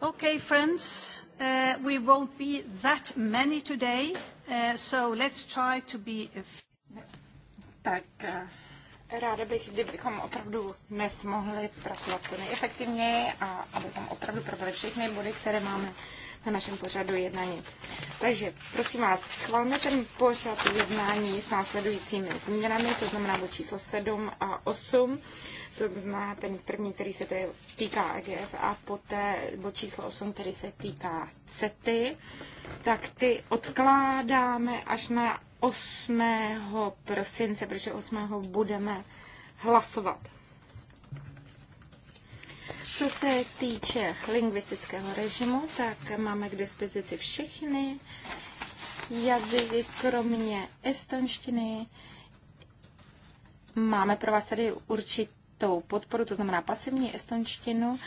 Okay, friends, uh, we won't be that many today, uh, so let's try to be... Tak eh, ráda bych, kdybychom opravdu dnes mohli pracovat co nejefektivněji a aby tam opravdu proběhly všechny body, které máme na našem pořadu jednání. Takže prosím vás, schválme ten pořad jednání s následujícími změnami, to znamená bod číslo 7 a 8. To znamená ten první, který se týká EGF a poté bod číslo 8, který se týká CETY, tak ty odkládáme až na 8. prosince, protože 8. budeme hlasovat. Co se týče lingvistického režimu, tak máme k dispozici všechny jazyky, kromě estonštiny. Máme pro vás tady určitě tou podporu, to znamená pasivní estonštinu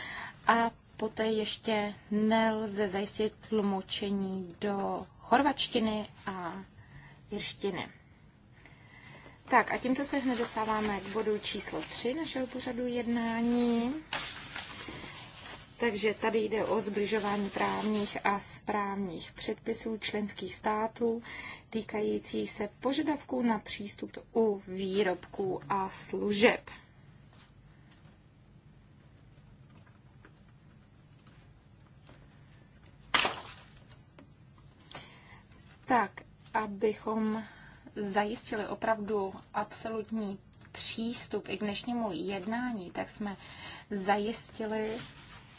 a poté ještě nelze zajistit tlumočení do chorvačtiny a jirštiny. Tak a tímto se hned dostáváme k bodu číslo 3 našeho pořadu jednání. Takže tady jde o zbližování právních a správních předpisů členských států týkajících se požadavků na přístup u výrobků a služeb. tak, abychom zajistili opravdu absolutní přístup i k dnešnímu jednání, tak jsme zajistili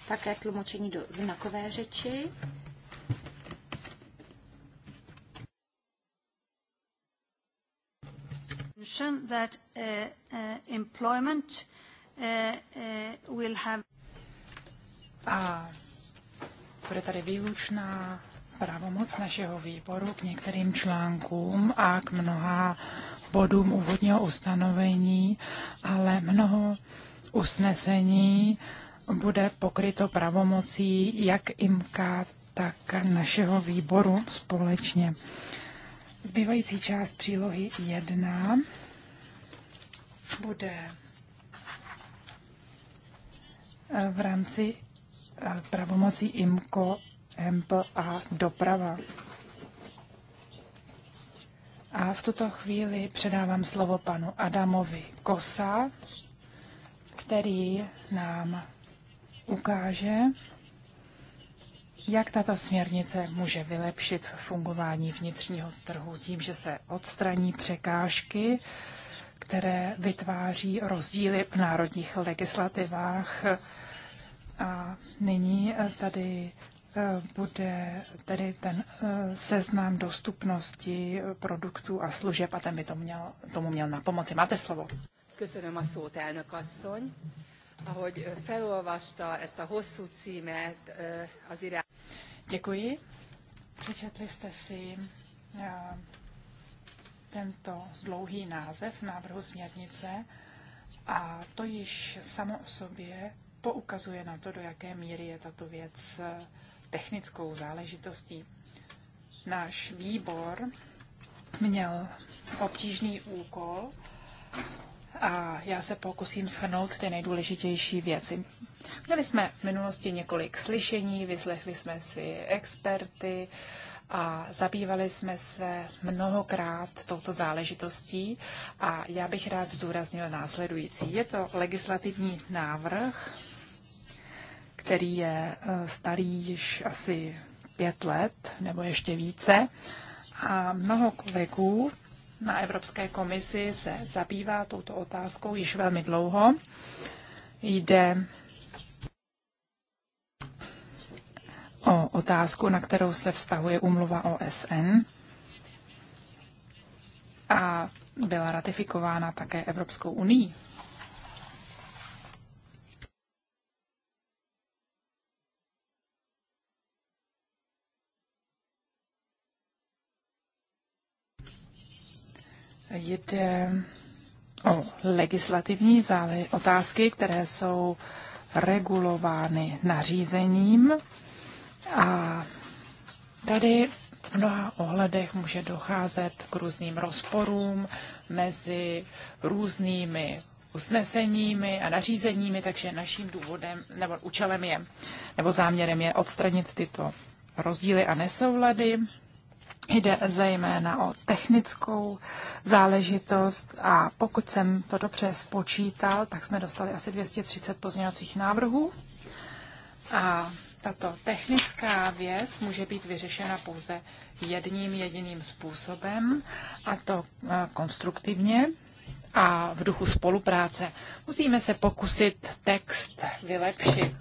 také tlumočení do znakové řeči. That, uh uh, uh, uh, will have... A bude tady výlučná pravomoc našeho výboru k některým článkům a k mnoha bodům úvodního ustanovení, ale mnoho usnesení bude pokryto pravomocí jak IMKA, tak našeho výboru společně. Zbývající část přílohy 1 bude v rámci eh, pravomocí IMKO Hempel a doprava. A v tuto chvíli předávám slovo panu Adamovi Kosa, který nám ukáže, jak tato směrnice může vylepšit fungování vnitřního trhu tím, že se odstraní překážky, které vytváří rozdíly v národních legislativách. A nyní tady bude tedy ten eh, seznam dostupnosti produktů a služeb a ten by to měl, tomu měl na pomoci. Máte slovo. Köszönöm a szót, elnök asszony. Ahogy eh, felolvasta ezt a hosszú címet eh, az irány... Děkuji. Přečetli jste si tento dlouhý název návrhu směrnice a to již samo o sobě poukazuje na to, do jaké míry je tato věc technickou záležitostí. Náš výbor měl obtížný úkol a já se pokusím shrnout ty nejdůležitější věci. Měli jsme v minulosti několik slyšení, vyslechli jsme si experty a zabývali jsme se mnohokrát touto záležitostí a já bych rád zdůraznil následující. Je to legislativní návrh, který je eh, starý již asi pět let nebo ještě více. A mnoho kolegů na Evropské komisi se zabývá touto otázkou již velmi dlouho. Jde o otázku, na kterou se vztahuje umluva OSN a byla ratifikována také Evropskou unii. jde o legislativní zále, otázky, které jsou regulovány nařízením a tady v mnoha ohledech může docházet k různým rozporům mezi různými usneseními a nařízeními, takže naším důvodem nebo účelem je, nebo záměrem je odstranit tyto rozdíly a nesoulady Jde zejména o technickou záležitost a pokud jsem to dobře spočítal, tak jsme dostali asi 230 pozměňovacích návrhů. A tato technická věc může být vyřešena pouze jedním jediným způsobem, a to e, konstruktivně a v duchu spolupráce. Musíme se pokusit text vylepšit.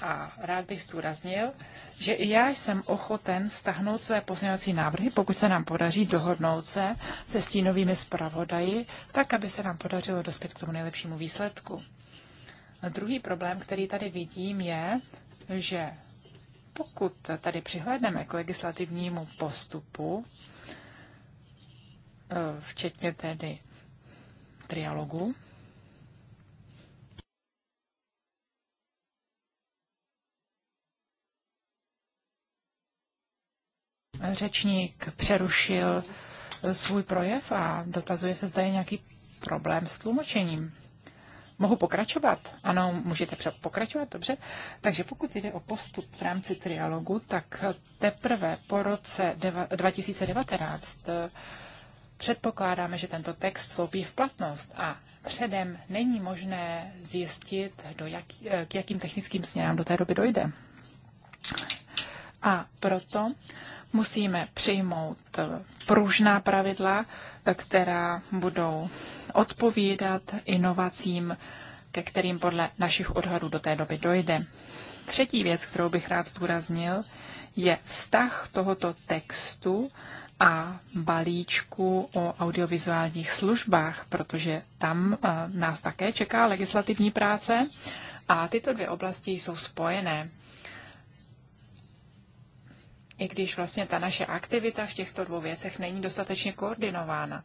A rád bych zdůraznil, že i já jsem ochoten stahnout své pozměňovací návrhy, pokud se nám podaří dohodnout se se stínovými zpravodaji, tak aby se nám podařilo dospět k tomu nejlepšímu výsledku. A druhý problém, který tady vidím, je, že pokud tady přihlédneme k legislativnímu postupu, eh, včetně tedy trialogu, Řečník přerušil eh, svůj projev a dotazuje se, zda je nějaký problém s tlumočením. Mohu pokračovat? Ano, můžete pokračovat, dobře. Takže pokud jde o postup v rámci trialogu, tak teprve po roce 2019 eh, předpokládáme, že tento text vstoupí v platnost a předem není možné zjistit, do jak, eh, k jakým technickým směrám do té doby dojde. A proto Musíme přijmout pružná pravidla, která budou odpovídat inovacím, ke kterým podle našich odhadů do té doby dojde. Třetí věc, kterou bych rád zdůraznil, je vztah tohoto textu a balíčku o audiovizuálních službách, protože tam eh, nás také čeká legislativní práce a tyto dvě oblasti jsou spojené i když vlastně ta naše aktivita v těchto dvou věcech není dostatečně koordinována.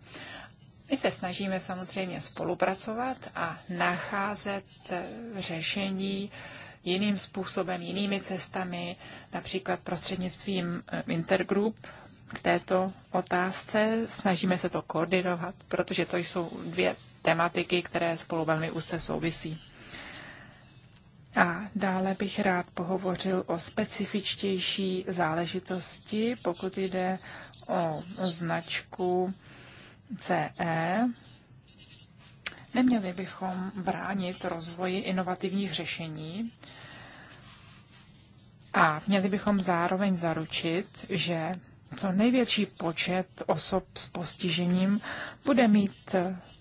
My se snažíme samozřejmě spolupracovat a nacházet eh, řešení jiným způsobem, jinými cestami, například prostřednictvím eh, Intergroup k této otázce. Snažíme se to koordinovat, protože to jsou dvě tematiky, které spolu velmi úzce souvisí. A dále bych rád pohovořil o specifičtější záležitosti, pokud jde o značku CE. Neměli bychom bránit rozvoji inovativních řešení a měli bychom zároveň zaručit, že co největší počet osob s postižením bude mít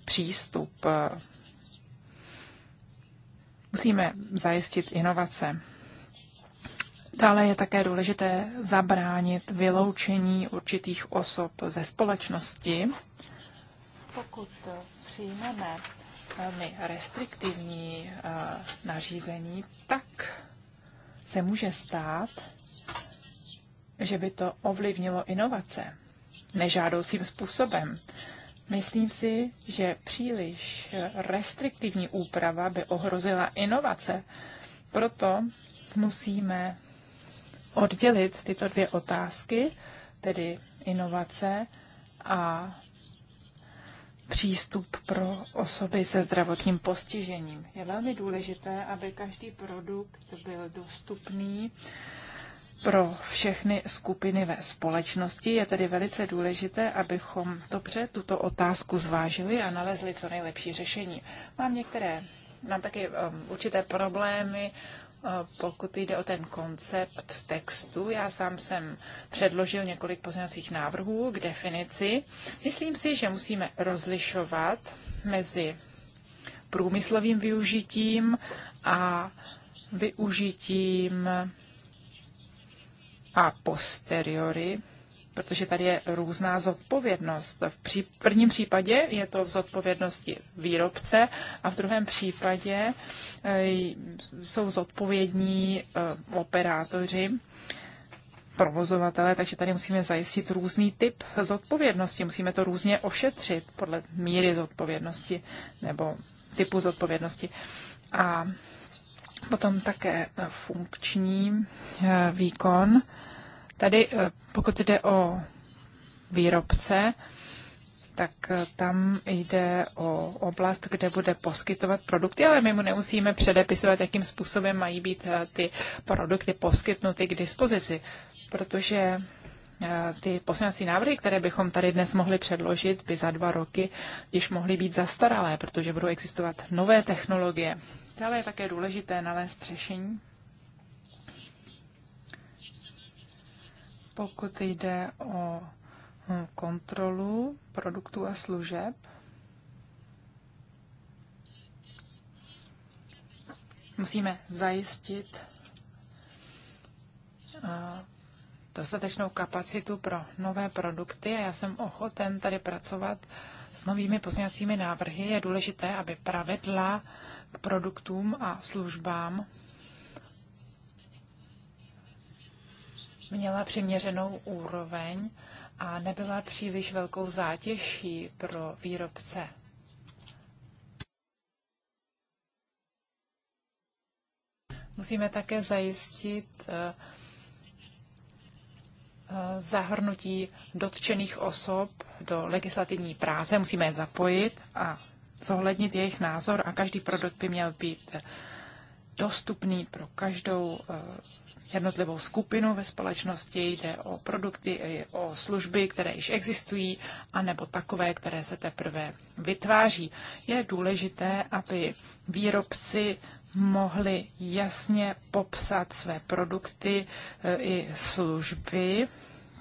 přístup Musíme zajistit inovace. Dále je také důležité zabránit vyloučení určitých osob ze společnosti. Pokud přijmeme velmi restriktivní eh, nařízení, tak se může stát, že by to ovlivnilo inovace nežádoucím způsobem. Myslím si, že příliš restriktivní úprava by ohrozila inovace. Proto musíme oddělit tyto dvě otázky, tedy inovace a přístup pro osoby se zdravotním postižením. Je velmi důležité, aby každý produkt byl dostupný pro všechny skupiny ve společnosti. Je tedy velice důležité, abychom dobře tuto otázku zvážili a nalezli co nejlepší řešení. Mám některé, mám taky um, určité problémy, uh, pokud jde o ten koncept textu. Já sám jsem předložil několik pozměňovacích návrhů k definici. Myslím si, že musíme rozlišovat mezi průmyslovým využitím a využitím a posteriori, protože tady je různá zodpovědnost. V prvním případě je to v zodpovědnosti výrobce a v druhém případě eh, jsou zodpovědní eh, operátoři, provozovatele, takže tady musíme zajistit různý typ zodpovědnosti. Musíme to různě ošetřit podle míry zodpovědnosti nebo typu zodpovědnosti. A Potom také eh, funkční eh, výkon. Tady, eh, pokud jde o výrobce, tak tam jde o oblast, kde bude poskytovat produkty, ale my mu nemusíme předepisovat, jakým způsobem mají být ty produkty poskytnuty k dispozici, protože Eh, ty poslanecí návrhy, které bychom tady dnes mohli předložit, by za dva roky již mohly být zastaralé, protože budou existovat nové technologie. Dále je také důležité nalézt řešení. Pokud jde o hm, kontrolu produktů a služeb, musíme zajistit eh, dostatečnou kapacitu pro nové produkty a já jsem ochoten tady pracovat s novými pozněcími návrhy. Je důležité, aby pravidla k produktům a službám měla přiměřenou úroveň a nebyla příliš velkou zátěží pro výrobce. Musíme také zajistit eh, Eh, zahrnutí dotčených osob do legislativní práce, musíme je zapojit a zohlednit jejich názor a každý produkt by měl být dostupný pro každou eh, jednotlivou skupinu ve společnosti, jde o produkty, o služby, které již existují, anebo takové, které se teprve vytváří. Je důležité, aby výrobci mohli jasně popsat své produkty e, i služby,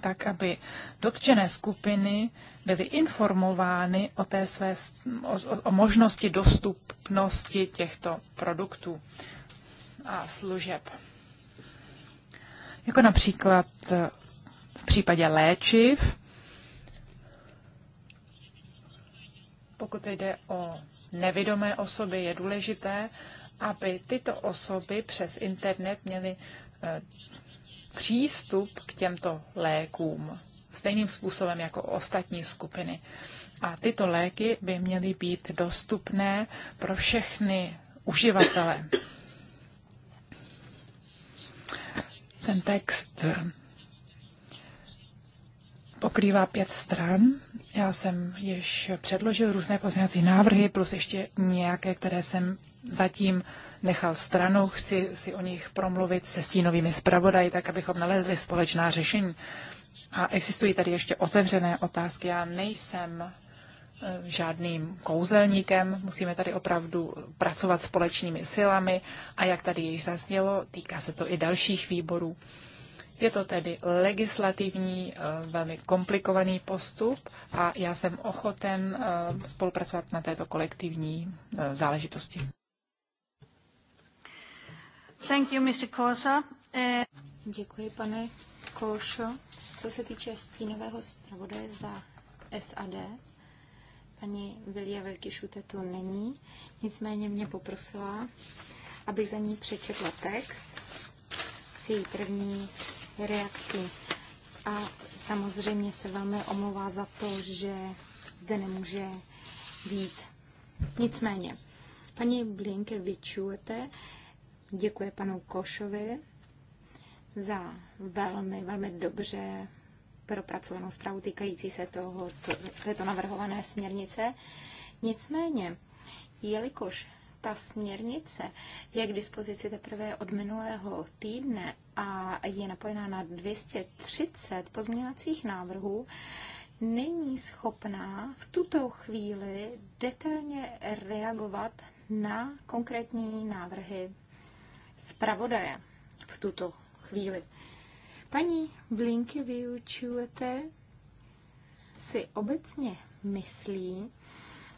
tak aby dotčené skupiny byly informovány o, té své, o, o možnosti dostupnosti těchto produktů a služeb. Jako například e, v případě léčiv, pokud jde o nevidomé osoby, je důležité, aby tyto osoby přes internet měly eh, přístup k těmto lékům stejným způsobem jako ostatní skupiny. A tyto léky by měly být dostupné pro všechny uživatele. Ten text eh, pokrývá pět stran. Já jsem již předložil různé pozměňovací návrhy, plus ještě nějaké, které jsem zatím nechal stranou. Chci si o nich promluvit se stínovými zpravodaji, tak abychom nalezli společná řešení. A existují tady ještě otevřené otázky. Já nejsem e, žádným kouzelníkem, musíme tady opravdu pracovat společnými silami a jak tady již zaznělo, týká se to i dalších výborů. Je to tedy legislativní, e, velmi komplikovaný postup a já jsem ochoten e, spolupracovat na této kolektivní záležitosti. Thank you, Mr. Kosa. Eh, Děkuji, pane Košo. Co se týče stínového zpravodaje za SAD, paní Vilia Velkyšute tu není, nicméně mě poprosila, abych za ní přečetla text s její první reakcí. A samozřejmě se velmi omlouvá za to, že zde nemůže být. Nicméně, paní Blinke, vyčujete, děkuje panu Košovi za velmi, velmi dobře propracovanou zprávu týkající se toho, to, této navrhované směrnice. Nicméně, jelikož ta směrnice je k dispozici teprve od minulého týdne a je napojená na 230 pozměňovacích návrhů, není schopná v tuto chvíli detailně reagovat na konkrétní návrhy zpravodaje v tuto chvíli. Paní Blinky vyučujete si obecně myslí,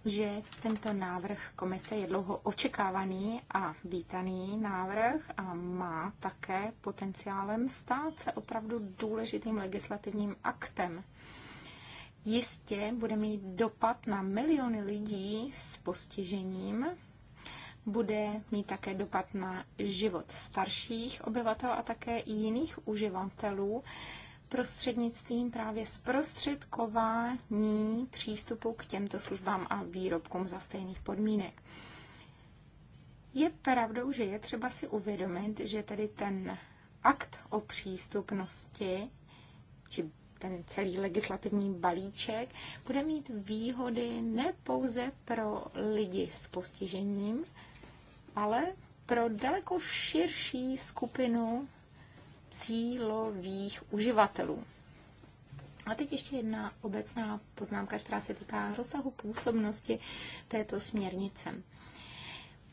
že tento návrh komise je dlouho očekávaný a vítaný návrh a má také potenciálem stát se opravdu důležitým legislativním aktem. Jistě bude mít dopad na miliony lidí s postižením, bude mít také dopad na život starších obyvatel a také i jiných uživatelů prostřednictvím právě zprostředkování přístupu k těmto službám a výrobkům za stejných podmínek. Je pravdou, že je třeba si uvědomit, že tedy ten akt o přístupnosti, či ten celý legislativní balíček, bude mít výhody ne pouze pro lidi s postižením, ale pro daleko širší skupinu cílových uživatelů. A teď ještě jedna obecná poznámka, která se týká rozsahu působnosti této směrnice.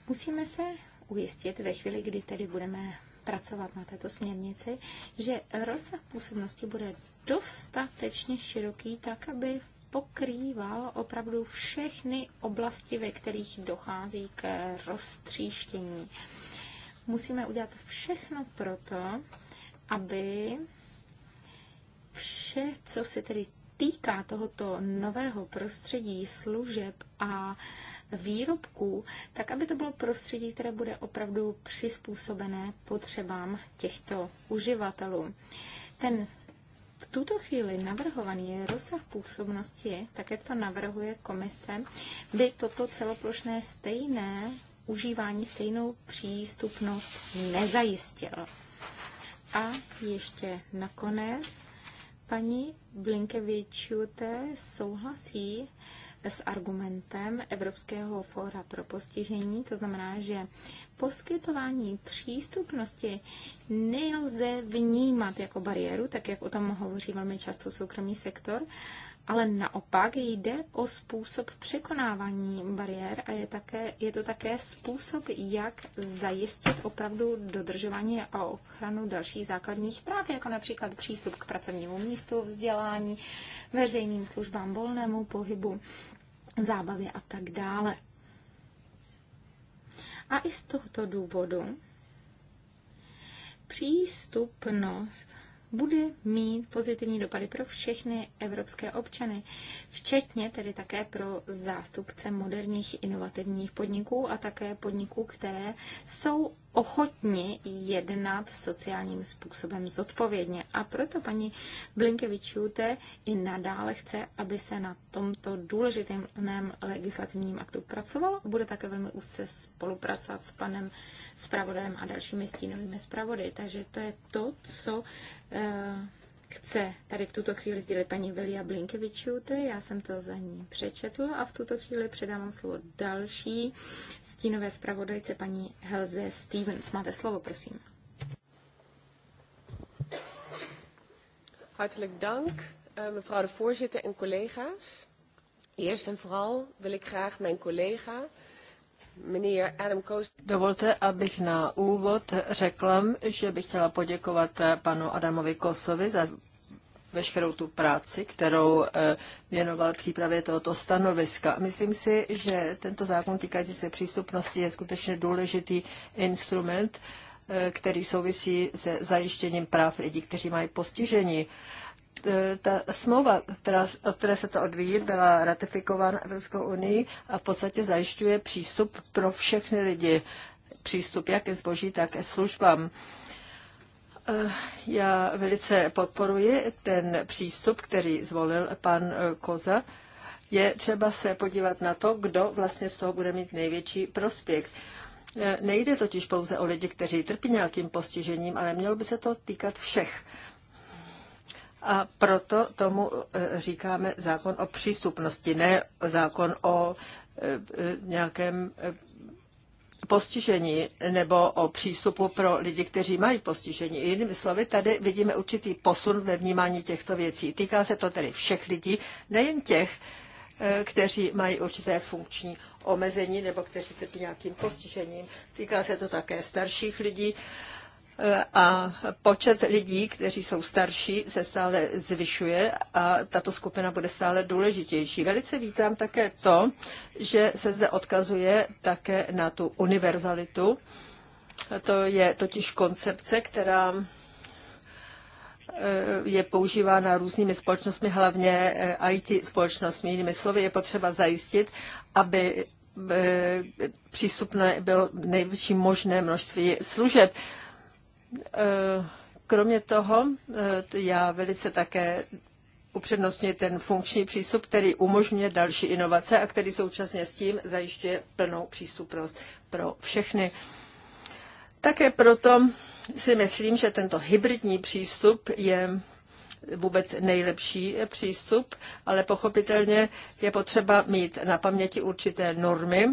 Musíme se ujistit ve chvíli, kdy tedy budeme pracovat na této směrnici, že rozsah působnosti bude dostatečně široký, tak aby pokrýval opravdu všechny oblasti, ve kterých dochází k roztříštění. Musíme udělat všechno proto, aby vše, co se tedy týká tohoto nového prostředí služeb a výrobků, tak aby to bylo prostředí, které bude opravdu přizpůsobené potřebám těchto uživatelů. Ten v tuto chvíli navrhovaný rozsah působnosti, tak jak to navrhuje komise, by toto celoplošné stejné užívání, stejnou přístupnost nezajistilo. A ještě nakonec paní Blinkevičute souhlasí s argumentem Evropského fóra pro postižení, to znamená, že poskytování přístupnosti nelze vnímat jako bariéru, tak jak o tom hovoří velmi často soukromý sektor, ale naopak jde o způsob překonávání bariér a je, také, je to také způsob, jak zajistit opravdu dodržování a ochranu dalších základních práv, jako například přístup k pracovnímu místu, vzdělání, veřejným službám, volnému pohybu, zábavě a tak dále. A i z tohoto důvodu přístupnost bude mít pozitivní dopady pro všechny evropské občany, včetně tedy také pro zástupce moderních inovativních podniků a také podniků, které jsou ochotni jednat sociálním způsobem zodpovědně. A proto paní Blinkevičůte i nadále chce, aby se na tomto důležitém legislativním aktu pracovalo bude také velmi úzce spolupracovat s panem zpravodajem a dalšími stínovými zpravody. Takže to je to, co eh, chce tady v tuto chvíli sdělit paní Vilia Blinkevičůte. Já jsem to za ní přečetl a v tuto chvíli předávám slovo další stínové zpravodajce paní Helze Stevens. Máte slovo, prosím. Hartelijk dank, eh, mevrouw de voorzitter en collega's. Eerst en vooral wil ik graag mijn collega Dovolte, abych na úvod řekla, že bych chtěla poděkovat eh, panu Adamovi Kosovi za veškerou tu práci, kterou eh, věnoval přípravě tohoto stanoviska. Myslím si, že tento zákon týkající se přístupnosti je skutečně důležitý instrument, eh, který souvisí se zajištěním práv lidí, kteří mají postižení. E, ta smlouva, která, od které se to odvíjí, byla ratifikována Evropskou unii a v podstatě zajišťuje přístup pro všechny lidi. Přístup jak ke zboží, tak ke službám. E, já velice podporuji ten přístup, který zvolil pan e, Koza. Je třeba se podívat na to, kdo vlastně z toho bude mít největší prospěch. Nejde totiž pouze o lidi, kteří trpí nějakým postižením, ale mělo by se to týkat všech. A proto tomu e, říkáme zákon o přístupnosti, ne zákon o e, e, nějakém postižení nebo o přístupu pro lidi, kteří mají postižení. Jinými slovy, tady vidíme určitý posun ve vnímání těchto věcí. Týká se to tedy všech lidí, nejen těch, kteří mají určité funkční omezení nebo kteří trpí nějakým postižením. Týká se to také starších lidí a počet lidí, kteří jsou starší, se stále zvyšuje a tato skupina bude stále důležitější. Velice vítám také to, že se zde odkazuje také na tu univerzalitu. To je totiž koncepce, která eh, je používána různými společnostmi, hlavně eh, IT společnostmi. Jinými slovy, je potřeba zajistit, aby eh, přístupné bylo nejvyšší možné množství služeb. Eh, kromě toho, eh, já velice také upřednostňuji ten funkční přístup, který umožňuje další inovace a který současně s tím zajišťuje plnou přístupnost pro všechny. Také proto si myslím, že tento hybridní přístup je vůbec nejlepší přístup, ale pochopitelně je potřeba mít na paměti určité normy,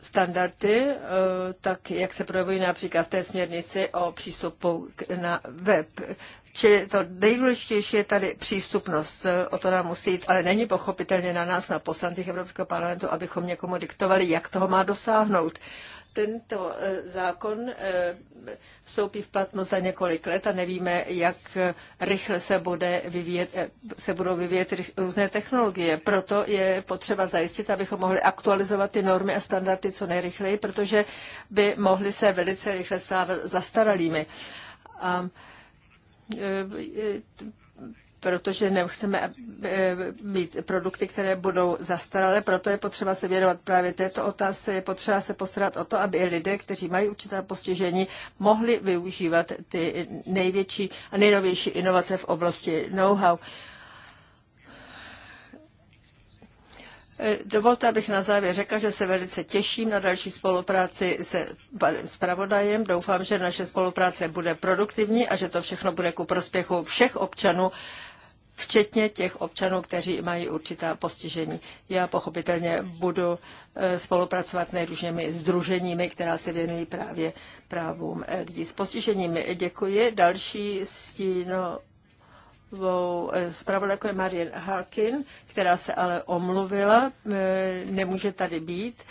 standardy, e, tak jak se projevují například v té směrnici o přístupu na web. Čili to nejdůležitější je tady přístupnost, e, o to nám musí jít, ale není pochopitelně na nás, na poslancích Evropského parlamentu, abychom někomu diktovali, jak toho má dosáhnout. Tento eh, zákon eh, vstoupí v platnost za několik let a nevíme, jak eh, rychle se, bude vyvíjet, se budou vyvíjet různé technologie. Proto je potřeba zajistit, abychom mohli aktualizovat ty normy a standardy co nejrychleji, protože by mohly se velice rychle stávat zastaralými. A protože nechceme eh, mít produkty, které budou zastaralé, proto je potřeba se věnovat právě této otázce, je potřeba se postarat o to, aby lidé, kteří mají určitá postižení, mohli využívat ty největší a nejnovější inovace v oblasti know-how. Eh, dovolte, abych na závěr řekla, že se velice těším na další spolupráci se panem zpravodajem. Doufám, že naše spolupráce bude produktivní a že to všechno bude ku prospěchu všech občanů včetně těch občanů, kteří mají určitá postižení. Já pochopitelně budu eh, spolupracovat s združeními, která se věnují právě právům lidí s postiženími. Děkuji. Další stíno eh, zpravodajku je Marian Harkin, která se ale omluvila, eh, nemůže tady být.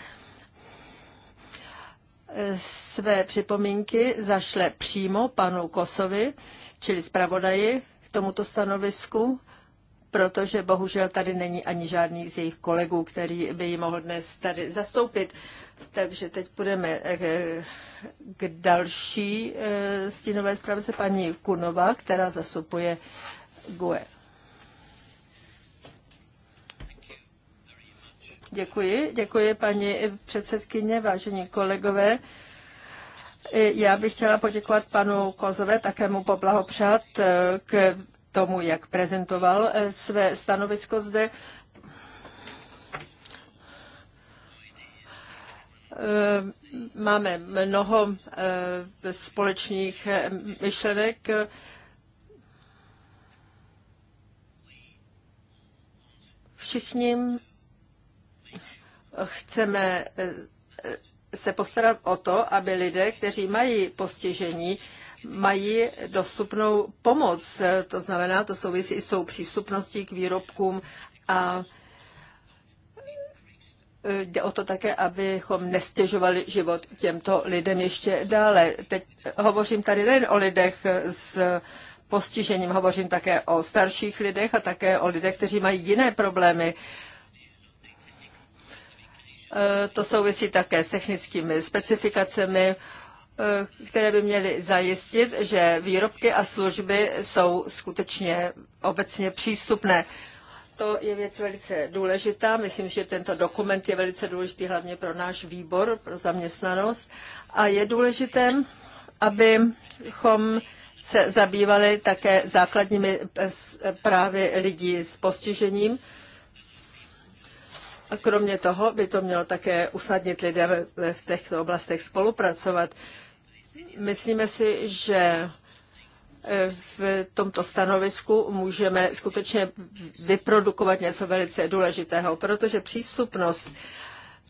Své připomínky zašle přímo panu Kosovi, čili zpravodaji k tomuto stanovisku, protože bohužel tady není ani žádný z jejich kolegů, který by ji mohl dnes tady zastoupit. Takže teď půjdeme eh, k další eh, stínové se paní Kunova, která zastupuje GUE. Děkuji, děkuji paní předsedkyně, vážení kolegové. Já bych chtěla poděkovat panu Kozové, také mu poblahopřát eh, k tomu, jak prezentoval eh, své stanovisko zde. Eh, máme mnoho společných myšlenek. Všichni chceme se postarat o to, aby lidé, kteří mají postižení, mají dostupnou pomoc. To znamená, to souvisí i s tou přístupností k výrobkům a e, jde o to také, abychom nestěžovali život těmto lidem ještě dále. Teď hovořím tady nejen o lidech s postižením, hovořím také o starších lidech a také o lidech, kteří mají jiné problémy. Eh, to souvisí také s technickými specifikacemi, eh, které by měly zajistit, že výrobky a služby jsou skutečně obecně přístupné. To je věc velice důležitá. Myslím, že tento dokument je velice důležitý hlavně pro náš výbor pro zaměstnanost a je důležité, abychom se zabývali také základními eh, právy lidí s postižením. A kromě toho by to mělo také usnadnit lidem v těchto oblastech spolupracovat. Myslíme si, že eh, v tomto stanovisku můžeme skutečně vyprodukovat něco velice důležitého, protože přístupnost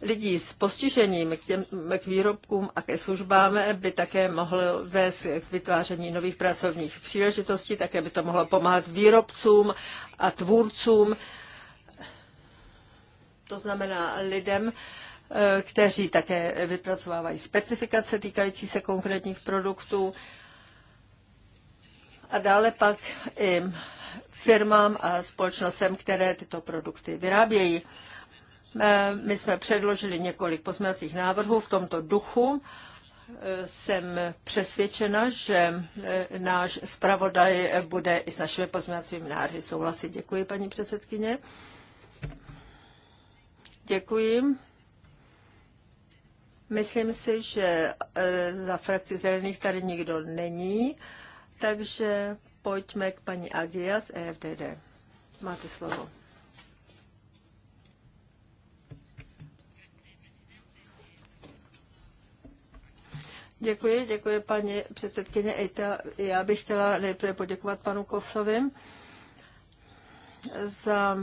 lidí s postižením k, těm, k výrobkům a ke službám by také mohlo vést k vytváření nových pracovních příležitostí, také by to mohlo pomáhat výrobcům a tvůrcům to znamená lidem, eh, kteří také vypracovávají specifikace týkající se konkrétních produktů a dále pak i firmám a společnostem, které tyto produkty vyrábějí. Eh, my jsme předložili několik pozměňovacích návrhů v tomto duchu. Eh, jsem přesvědčena, že náš zpravodaj bude i s našimi pozměňovacími návrhy souhlasit. Děkuji, paní předsedkyně. Děkuji. Myslím si, že e, za frakci zelených tady nikdo není, takže pojďme k paní Agia z EFDD. Máte slovo. Děkuji, děkuji paní předsedkyně. Já bych chtěla nejprve poděkovat panu Kosovi za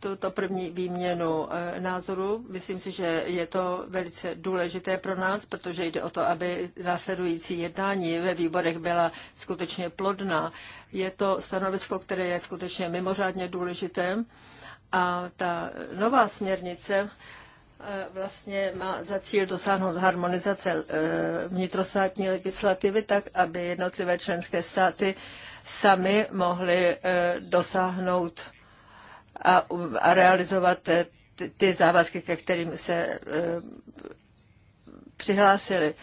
tuto první výměnu eh, názoru, Myslím si, že je to velice důležité pro nás, protože jde o to, aby následující jednání ve výborech byla skutečně plodná. Je to stanovisko, které je skutečně mimořádně důležité a ta nová směrnice eh, vlastně má za cíl dosáhnout harmonizace eh, vnitrostátní legislativy tak, aby jednotlivé členské státy sami mohly dosáhnout a, a realizovat eh, ty, ty závazky, ke kterým se e, přihlásili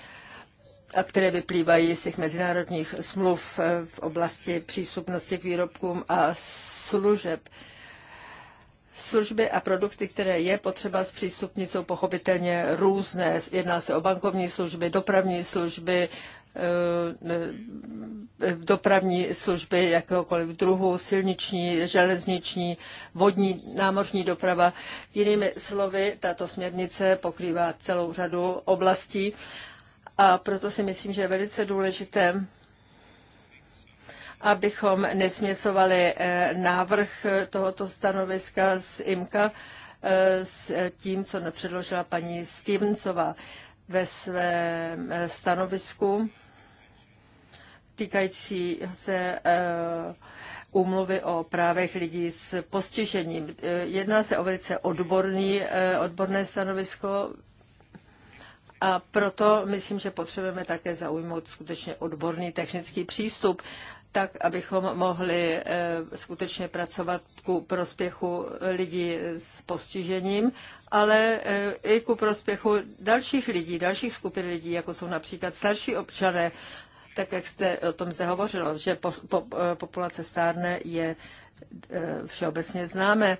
a které vyplývají z těch mezinárodních smluv eh, v oblasti přístupnosti k výrobkům a služeb. Služby a produkty, které je potřeba zpřístupnit, jsou pochopitelně různé. Jedná se o bankovní služby, dopravní služby, Eh, eh, dopravní služby jakéhokoliv druhu, silniční, železniční, vodní, námořní doprava. Jinými slovy, tato směrnice pokrývá celou řadu oblastí a proto si myslím, že je velice důležité, abychom nesměsovali eh, návrh tohoto stanoviska z IMKA s tím, co předložila paní Stevensová ve svém stanovisku týkající se eh, úmluvy o právech lidí s postižením. Eh, jedná se o velice odborný, eh, odborné stanovisko a proto myslím, že potřebujeme také zaujmout skutečně odborný technický přístup, tak abychom mohli skutečně pracovat ku prospěchu lidí s postižením, ale i ku prospěchu dalších lidí, dalších skupin lidí, jako jsou například starší občané tak jak jste o tom zde hovořilo, že po, po, eh, populace stárne je eh, všeobecně známé.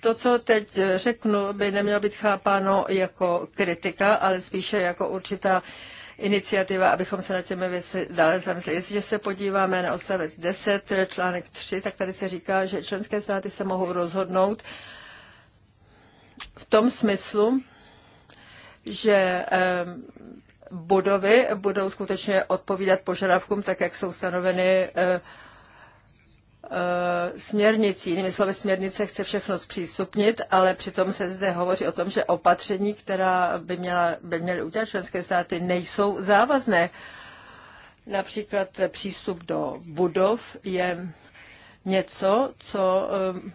To, co teď řeknu, by nemělo být chápáno jako kritika, ale spíše jako určitá iniciativa, abychom se na těmi věci dále zamysleli. Jestliže se podíváme na odstavec 10, článek 3, tak tady se říká, že členské státy se mohou rozhodnout v tom smyslu, že eh, budovy budou skutečně odpovídat požadavkům, tak jak jsou stanoveny eh, eh, směrnicí. Jinými slovy, směrnice chce všechno zpřístupnit, ale přitom se zde hovoří o tom, že opatření, která by, měla, by měly udělat členské státy, nejsou závazné. Například přístup do budov je něco, co eh,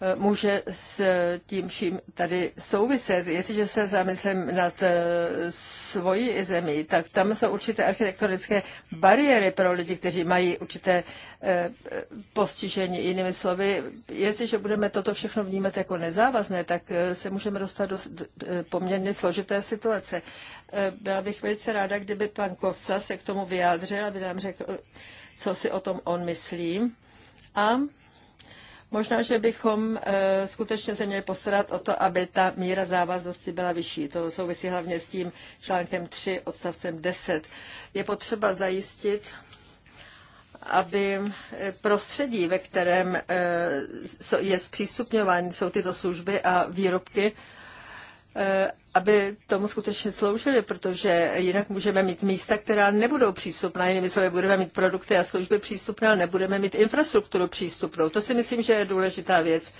Eh, může s tím vším tady souviset. Jestliže se zamyslím nad eh, svoji zemí, tak tam jsou určité architektonické bariéry pro lidi, kteří mají určité eh, postižení. Jinými slovy, jestliže budeme toto všechno vnímat jako nezávazné, tak se můžeme dostat do poměrně složité situace. Byla bych velice ráda, kdyby pan Kosa se k tomu vyjádřil, aby nám řekl, co si o tom on myslí. A Možná, že bychom eh, skutečně se měli postarat o to, aby ta míra závaznosti byla vyšší. To souvisí hlavně s tím článkem 3 odstavcem 10. Je potřeba zajistit, aby eh, prostředí, ve kterém eh, je zpřístupňování, jsou tyto služby a výrobky, Eh, aby tomu skutečně sloužili, protože jinak můžeme mít místa, která nebudou přístupná, jinými slovy budeme mít produkty a služby přístupné, ale nebudeme mít infrastrukturu přístupnou. To si myslím, že je důležitá věc.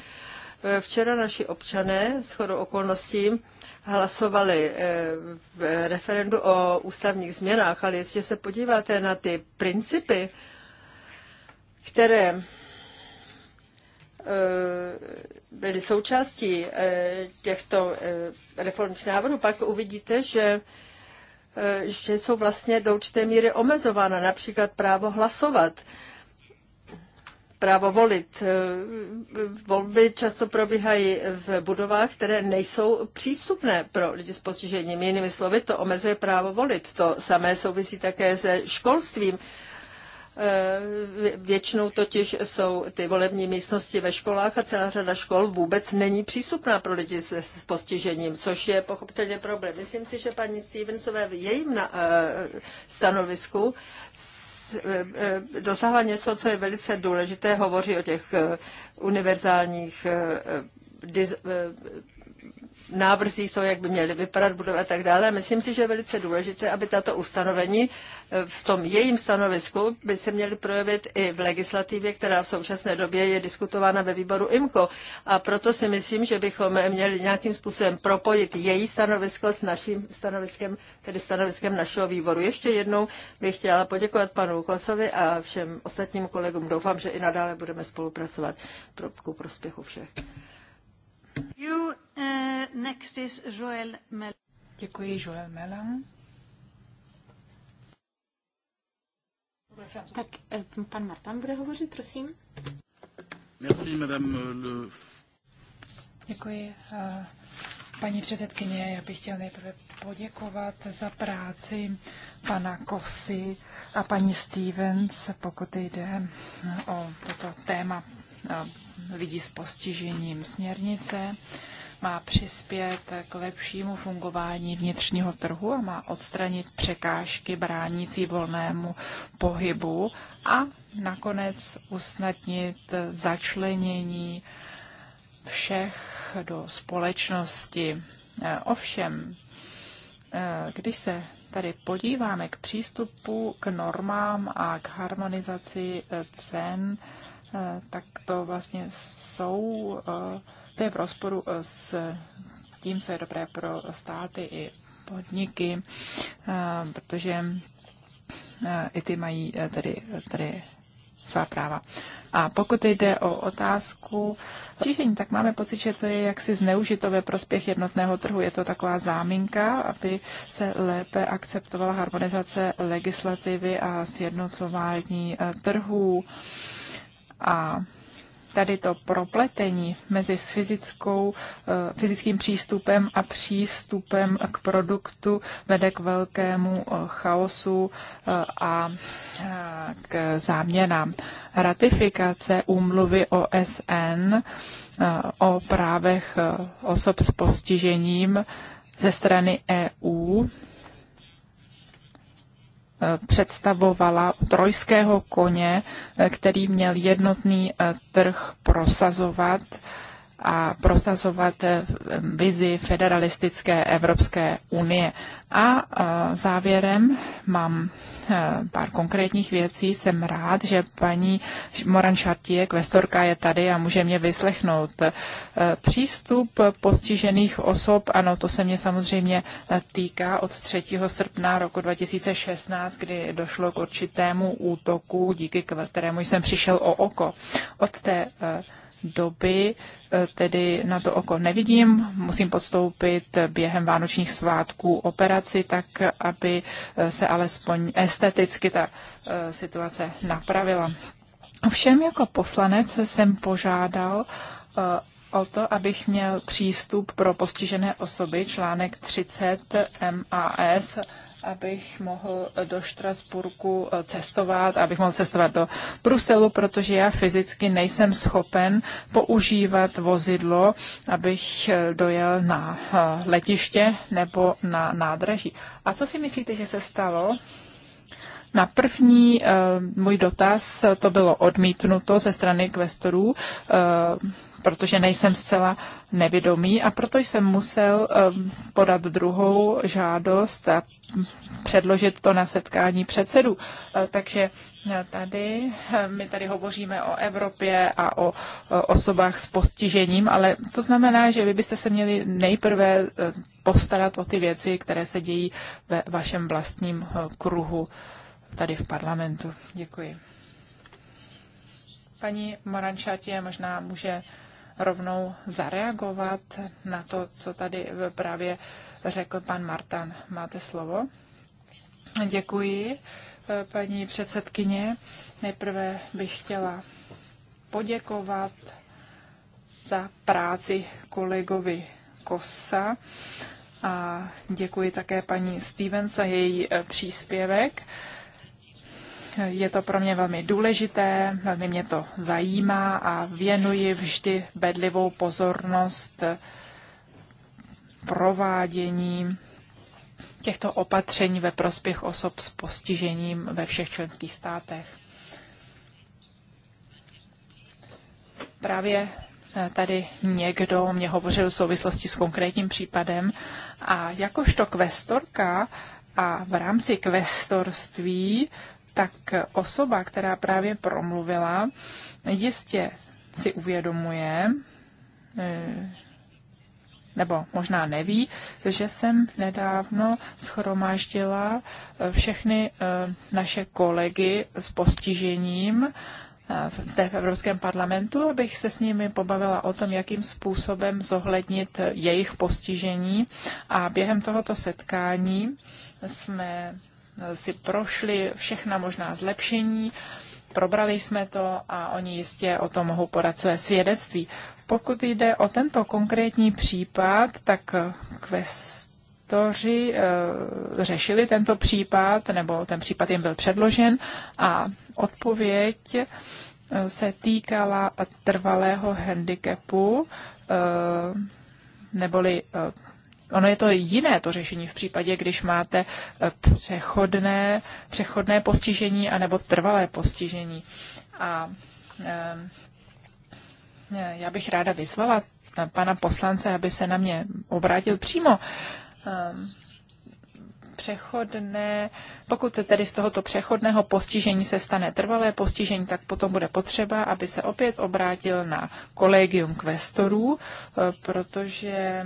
Eh, včera naši občané s chodou okolností hlasovali eh, v referendu o ústavních změnách, ale jestliže se podíváte na ty principy, které byli součástí eh, těchto eh, reformních návrhů, pak uvidíte, že eh, že jsou vlastně do určité míry omezována, například právo hlasovat, právo volit. Volby často probíhají v budovách, které nejsou přístupné pro lidi s postižením. Jinými slovy, to omezuje právo volit. To samé souvisí také se školstvím. Eh, většinou totiž jsou ty volební místnosti ve školách a celá řada škol vůbec není přístupná pro lidi s, s postižením, což je pochopitelně problém. Myslím si, že paní Stevensové v jejím na, eh, stanovisku eh, dosáhla něco, co je velice důležité, hovoří o těch univerzálních návrzích toho, jak by měly vypadat budovy a tak dále. Myslím si, že je velice důležité, aby tato ustanovení eh, v tom jejím stanovisku by se měly projevit i v legislativě, která v současné době je diskutována ve výboru IMCO. A proto si myslím, že bychom měli nějakým způsobem propojit její stanovisko s naším stanoviskem, tedy stanoviskem našeho výboru. Ještě jednou bych chtěla poděkovat panu Kosovi a všem ostatním kolegům. Doufám, že i nadále budeme spolupracovat pro, ku prospěchu všech. You, uh, Děkuji, Joel Melan. Tak eh, pan Martin bude hovořit, prosím. Merci, madame eh, le... Děkuji. Paní předsedkyně, já bych chtěl nejprve poděkovat za práci pana Kosy a paní Stevens, pokud jde o toto téma lidí s postižením. Směrnice má přispět k lepšímu fungování vnitřního trhu a má odstranit překážky bránící volnému pohybu a nakonec usnadnit začlenění všech do společnosti. Ovšem, když se tady podíváme k přístupu k normám a k harmonizaci cen, Eh, tak to vlastně jsou, eh, to je v rozporu eh, s tím, co je dobré pro státy i podniky, protože i ty mají tady tady svá práva. A pokud jde o otázku čišení, tak máme pocit, že to je jaksi zneužito ve prospěch jednotného trhu. Je to taková záminka, aby se lépe akceptovala harmonizace legislativy a sjednocování trhů. A tady to propletení mezi fyzickou, eh, fyzickým přístupem a přístupem k produktu vede k velkému eh, chaosu eh, a k záměnám. Ratifikace úmluvy OSN o právech osob s postižením ze strany EU představovala trojského koně, který měl jednotný eh, trh prosazovat a prosazovat eh, vizi federalistické Evropské unie. A eh, závěrem mám eh, pár konkrétních věcí. Jsem rád, že paní Moran Šartie, kvestorka, je tady a může mě vyslechnout. Přístup postižených osob, ano, to se mě samozřejmě týká od 3. srpna roku 2016, kdy došlo k určitému útoku, díky kterému jsem přišel o oko. Od té doby, e, tedy na to oko nevidím. Musím podstoupit během vánočních svátků operaci, tak aby e, se alespoň esteticky ta e, situace napravila. Ovšem jako poslanec jsem požádal o to, abych měl přístup pro postižené osoby, článek 30 MAS abych mohl do Štrasburku eh, cestovat, abych mohl cestovat do Bruselu, protože já fyzicky nejsem schopen používat vozidlo, abych eh, dojel na eh, letiště nebo na nádraží. A co si myslíte, že se stalo? Na první můj dotaz to bylo odmítnuto ze strany kvestorů, protože nejsem zcela nevědomý a proto jsem musel podat druhou žádost a předložit to na setkání předsedů. E, takže e, tady e, my tady hovoříme o Evropě a o osobách s postižením, ale to znamená, že vy byste se měli nejprve postarat o ty věci, které se dějí ve vašem vlastním kruhu tady v parlamentu. Děkuji. Paní Morančatě možná může rovnou zareagovat na to, co tady právě řekl pan Martan. Máte slovo? Děkuji, paní předsedkyně. Nejprve bych chtěla poděkovat za práci kolegovi Kosa a děkuji také paní Stevens za její eh, příspěvek. Je to pro mě velmi důležité, velmi mě to zajímá a věnuji vždy bedlivou pozornost eh, provádění těchto opatření ve prospěch osob s postižením ve všech členských státech. Právě eh, tady někdo mě hovořil v souvislosti s konkrétním případem a jakožto kvestorka a v rámci kvestorství, tak osoba, která právě promluvila, jistě si uvědomuje, eh, nebo možná neví, že jsem nedávno schromáždila eh, všechny eh, naše kolegy s postižením eh, zde v Evropském parlamentu, abych se s nimi pobavila o tom, jakým způsobem zohlednit jejich postižení. A během tohoto setkání jsme si prošli všechna možná zlepšení, Probrali jsme to a oni jistě o tom mohou podat své svědectví. Pokud jde o tento konkrétní případ, tak kvestoři e, řešili tento případ, nebo ten případ jim byl předložen a odpověď eh, se týkala trvalého handicapu, e, neboli Ono je to jiné to řešení v případě, když máte eh, přechodné, přechodné postižení anebo trvalé postižení. A e, já bych ráda vyzvala pana poslance, aby se na mě obrátil přímo. E, přechodné, pokud tedy z tohoto přechodného postižení se stane trvalé postižení, tak potom bude potřeba, aby se opět obrátil na kolegium kvestorů, protože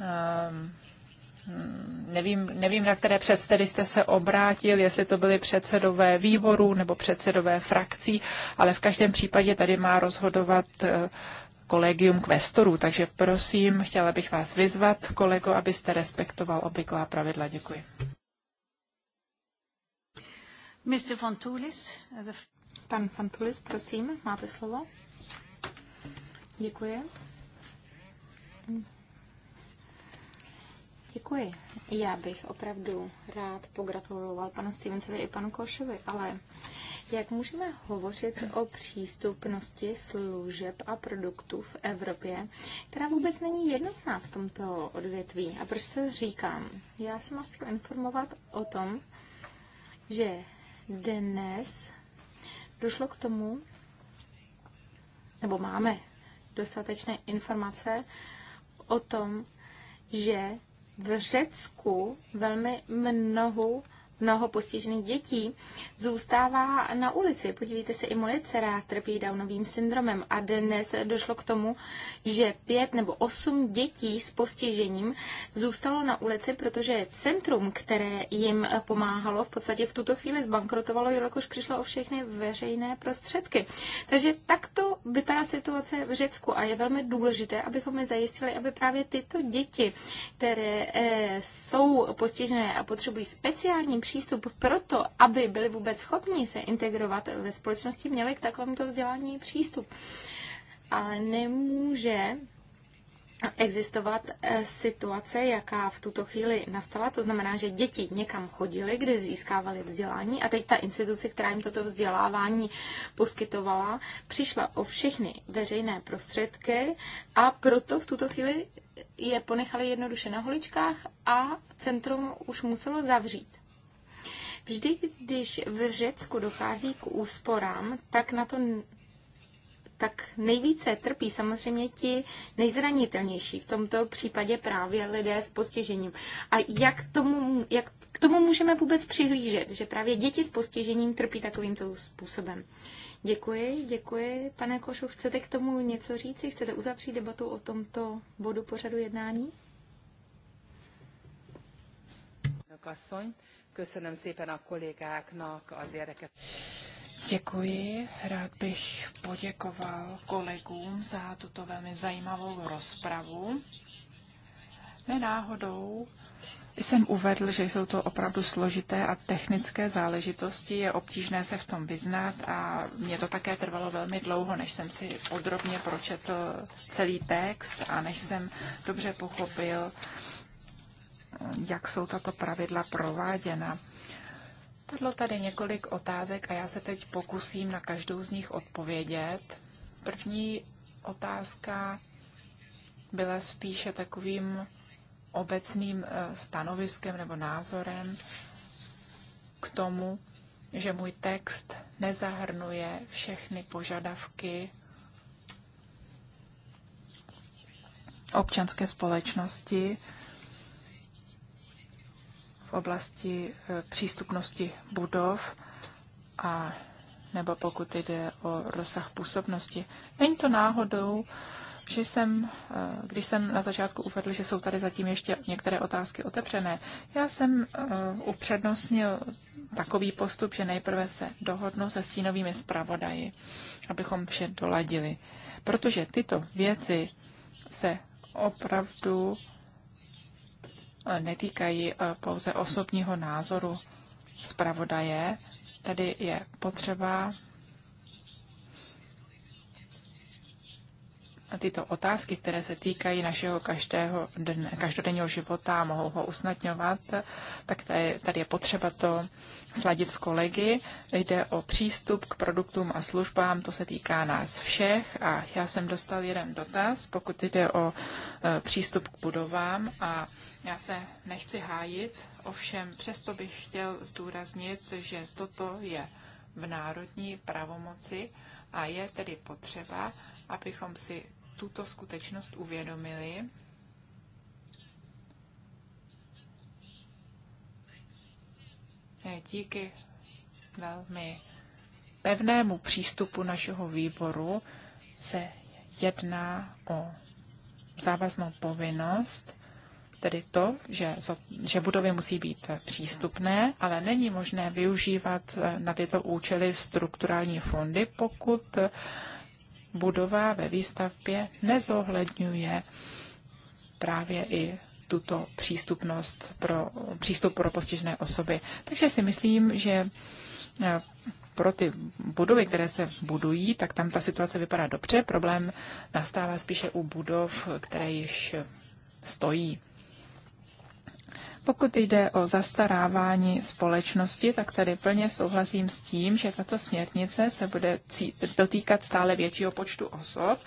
Ehm, nevím, nevím, na které předsedy jste se obrátil, jestli to byly předsedové výborů nebo předsedové frakcí, ale v každém případě tady má rozhodovat eh, kolegium kvestorů. Takže prosím, chtěla bych vás vyzvat, kolego, abyste respektoval obvyklá pravidla. Děkuji. Mr. Fontulis, the... Pan Fontulis, prosím, máte slovo. Děkuji. Děkuji. Já bych opravdu rád pogratuloval panu Stevensovi i panu Košovi, ale jak můžeme hovořit o přístupnosti služeb a produktů v Evropě, která vůbec není jednotná v tomto odvětví? A proč to říkám? Já jsem vás chtěla informovat o tom, že dnes došlo k tomu, nebo máme dostatečné informace o tom, že v Řecku velmi mnohu mnoho postižených dětí zůstává na ulici. Podívejte se, i moje dcera trpí Downovým syndromem a dnes došlo k tomu, že pět nebo osm dětí s postižením zůstalo na ulici, protože centrum, které jim pomáhalo, v podstatě v tuto chvíli zbankrotovalo, jelikož přišlo o všechny veřejné prostředky. Takže takto vypadá situace v Řecku a je velmi důležité, abychom je zajistili, aby právě tyto děti, které eh, jsou postižené a potřebují speciální přístup proto, aby byli vůbec schopni se integrovat ve společnosti, měli k takovémuto vzdělání přístup. Ale nemůže existovat eh, situace, jaká v tuto chvíli nastala. To znamená, že děti někam chodily, kde získávaly vzdělání a teď ta instituce, která jim toto vzdělávání poskytovala, přišla o všechny veřejné prostředky a proto v tuto chvíli je ponechali jednoduše na holičkách a centrum už muselo zavřít. Vždy, když v Řecku dochází k úsporám, tak na to tak nejvíce trpí samozřejmě ti nejzranitelnější, v tomto případě právě lidé s postižením. A jak, tomu, jak k tomu můžeme vůbec přihlížet, že právě děti s postižením trpí takovýmto způsobem? Děkuji, děkuji. Pane Košu, chcete k tomu něco říct? Chcete uzavřít debatu o tomto bodu pořadu jednání? Kasszony. Köszönöm szépen a kollégáknak az érdeket. Děkuji. Rád bych poděkoval kolegům za tuto velmi zajímavou rozpravu. Nenáhodou jsem uvedl, že jsou to opravdu složité a technické záležitosti, je obtížné se v tom vyznat a mě to také trvalo velmi dlouho, než jsem si podrobně pročetl celý text a než jsem dobře pochopil, jak jsou tato pravidla prováděna. Padlo tady několik otázek a já se teď pokusím na každou z nich odpovědět. První otázka byla spíše takovým obecným eh, stanoviskem nebo názorem k tomu, že můj text nezahrnuje všechny požadavky občanské společnosti, v oblasti e, přístupnosti budov a nebo pokud jde o rozsah působnosti. Není to náhodou, že jsem, e, když jsem na začátku uvedl, že jsou tady zatím ještě některé otázky otevřené, já jsem e, upřednostnil takový postup, že nejprve se dohodnu se stínovými zpravodaji, abychom vše doladili. Protože tyto věci se opravdu netýkají e, pouze osobního názoru zpravodaje. Tady je potřeba tyto otázky, které se týkají našeho každého dne, každodenního života a mohou ho usnadňovat, tak tady je potřeba to sladit s kolegy. Jde o přístup k produktům a službám, to se týká nás všech a já jsem dostal jeden dotaz, pokud jde o e, přístup k budovám a já se nechci hájit, ovšem přesto bych chtěl zdůraznit, že toto je v národní pravomoci a je tedy potřeba, abychom si tuto skutečnost uvědomili. Eh, díky velmi pevnému přístupu našeho výboru se jedná o závaznou povinnost, tedy to, že, že budovy musí být přístupné, ale není možné využívat eh, na tyto účely strukturální fondy, pokud eh, budova ve výstavbě nezohledňuje právě i tuto přístupnost pro, přístup pro postižené osoby. Takže si myslím, že eh, pro ty budovy, které se budují, tak tam ta situace vypadá dobře. Problém nastává spíše u budov, které již stojí. Pokud jde o zastarávání společnosti, tak tady plně souhlasím s tím, že tato směrnice se bude dotýkat stále většího počtu osob,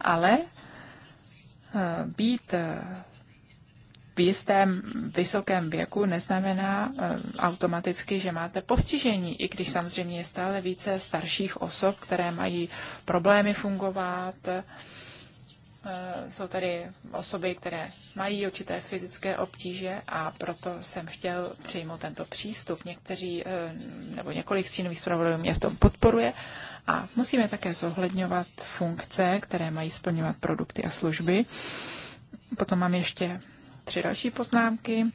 ale eh, být eh, v jistém vysokém věku neznamená eh, automaticky, že máte postižení, i když samozřejmě je stále více starších osob, které mají problémy fungovat, Eh, jsou tady osoby, které mají určité fyzické obtíže a proto jsem chtěl přijmout tento přístup. Někteří eh, nebo několik stínových zpravodajů mě v tom podporuje a musíme také zohledňovat funkce, které mají splňovat produkty a služby. Potom mám ještě tři další poznámky.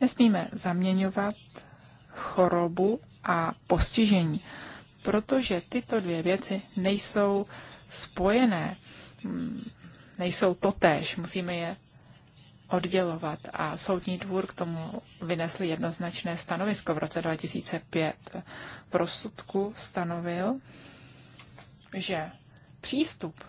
Nesmíme zaměňovat chorobu a postižení, protože tyto dvě věci nejsou spojené hmm, nejsou totéž, musíme je oddělovat. A soudní dvůr k tomu vynesl jednoznačné stanovisko v roce 2005. V rozsudku stanovil, že přístup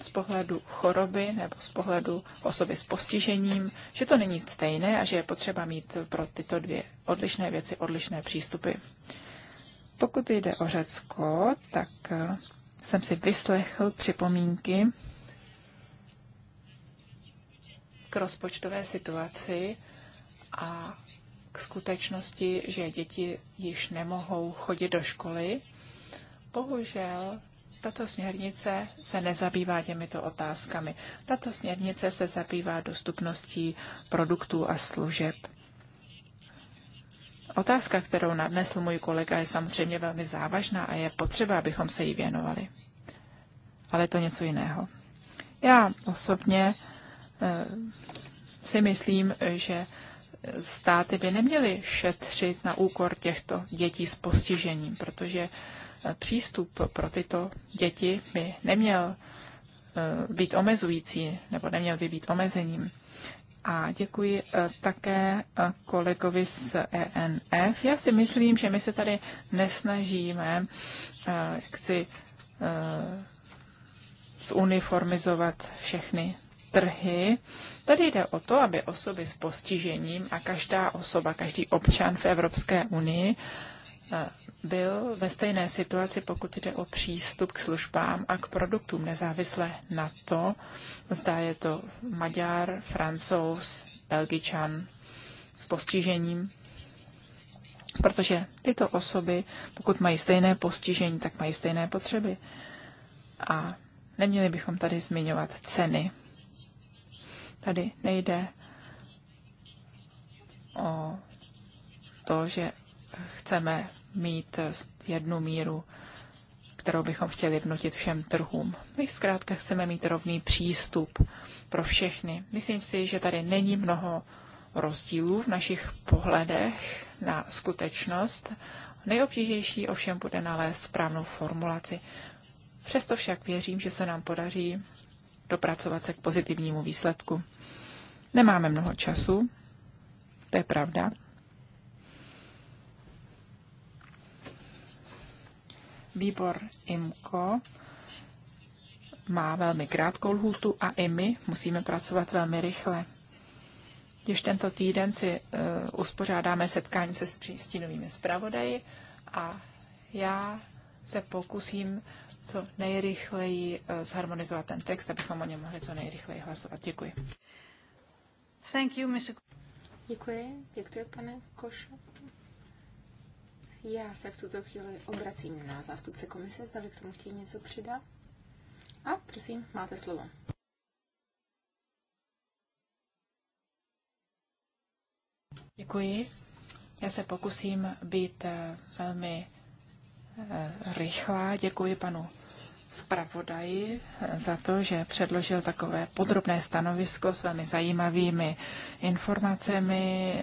z pohledu choroby nebo z pohledu osoby s postižením, že to není stejné a že je potřeba mít pro tyto dvě odlišné věci odlišné přístupy. Pokud jde o Řecko, tak jsem si vyslechl připomínky k rozpočtové situaci a k skutečnosti, že děti již nemohou chodit do školy. Bohužel tato směrnice se nezabývá těmito otázkami. Tato směrnice se zabývá dostupností produktů a služeb. Otázka, kterou nadnesl můj kolega, je samozřejmě velmi závažná a je potřeba, abychom se jí věnovali. Ale je to něco jiného. Já osobně eh, si myslím, že státy by neměly šetřit na úkor těchto dětí s postižením, protože eh, přístup pro tyto děti by neměl eh, být omezující nebo neměl by být omezením. A děkuji eh, také eh, kolegovi z ENF. Já si myslím, že my se tady nesnažíme eh, jak si zuniformizovat všechny trhy. Tady jde o to, aby osoby s postižením a každá osoba, každý občan v Evropské unii byl ve stejné situaci, pokud jde o přístup k službám a k produktům, nezávisle na to, zda je to Maďar, Francouz, Belgičan s postižením. Protože tyto osoby, pokud mají stejné postižení, tak mají stejné potřeby. A neměli bychom tady zmiňovat ceny. Tady nejde o to, že chceme mít eh, jednu míru, kterou bychom chtěli vnutit všem trhům. My zkrátka chceme mít rovný přístup pro všechny. Myslím si, že tady není mnoho rozdílů v našich pohledech na skutečnost. Nejobtížnější ovšem bude nalézt správnou formulaci. Přesto však věřím, že se nám podaří dopracovat se k pozitivnímu výsledku. Nemáme mnoho času, to je pravda. Výbor IMCO má velmi krátkou lhůtu a i my musíme pracovat velmi rychle. Již tento týden si uh, uspořádáme setkání se stínovými zpravodaji a já se pokusím co nejrychleji uh, zharmonizovat ten text, abychom o něm mohli co nejrychleji hlasovat. Děkuji. Thank you, Mr. Děkuji, děkuji, pane Košo. Já se v tuto chvíli obracím na zástupce komise, zda k tomu chtějí něco přidat. A prosím, máte slovo. Děkuji. Já se pokusím být eh, velmi eh, rychlá. Děkuji panu zpravodaji za to, že předložil takové podrobné stanovisko s velmi zajímavými informacemi,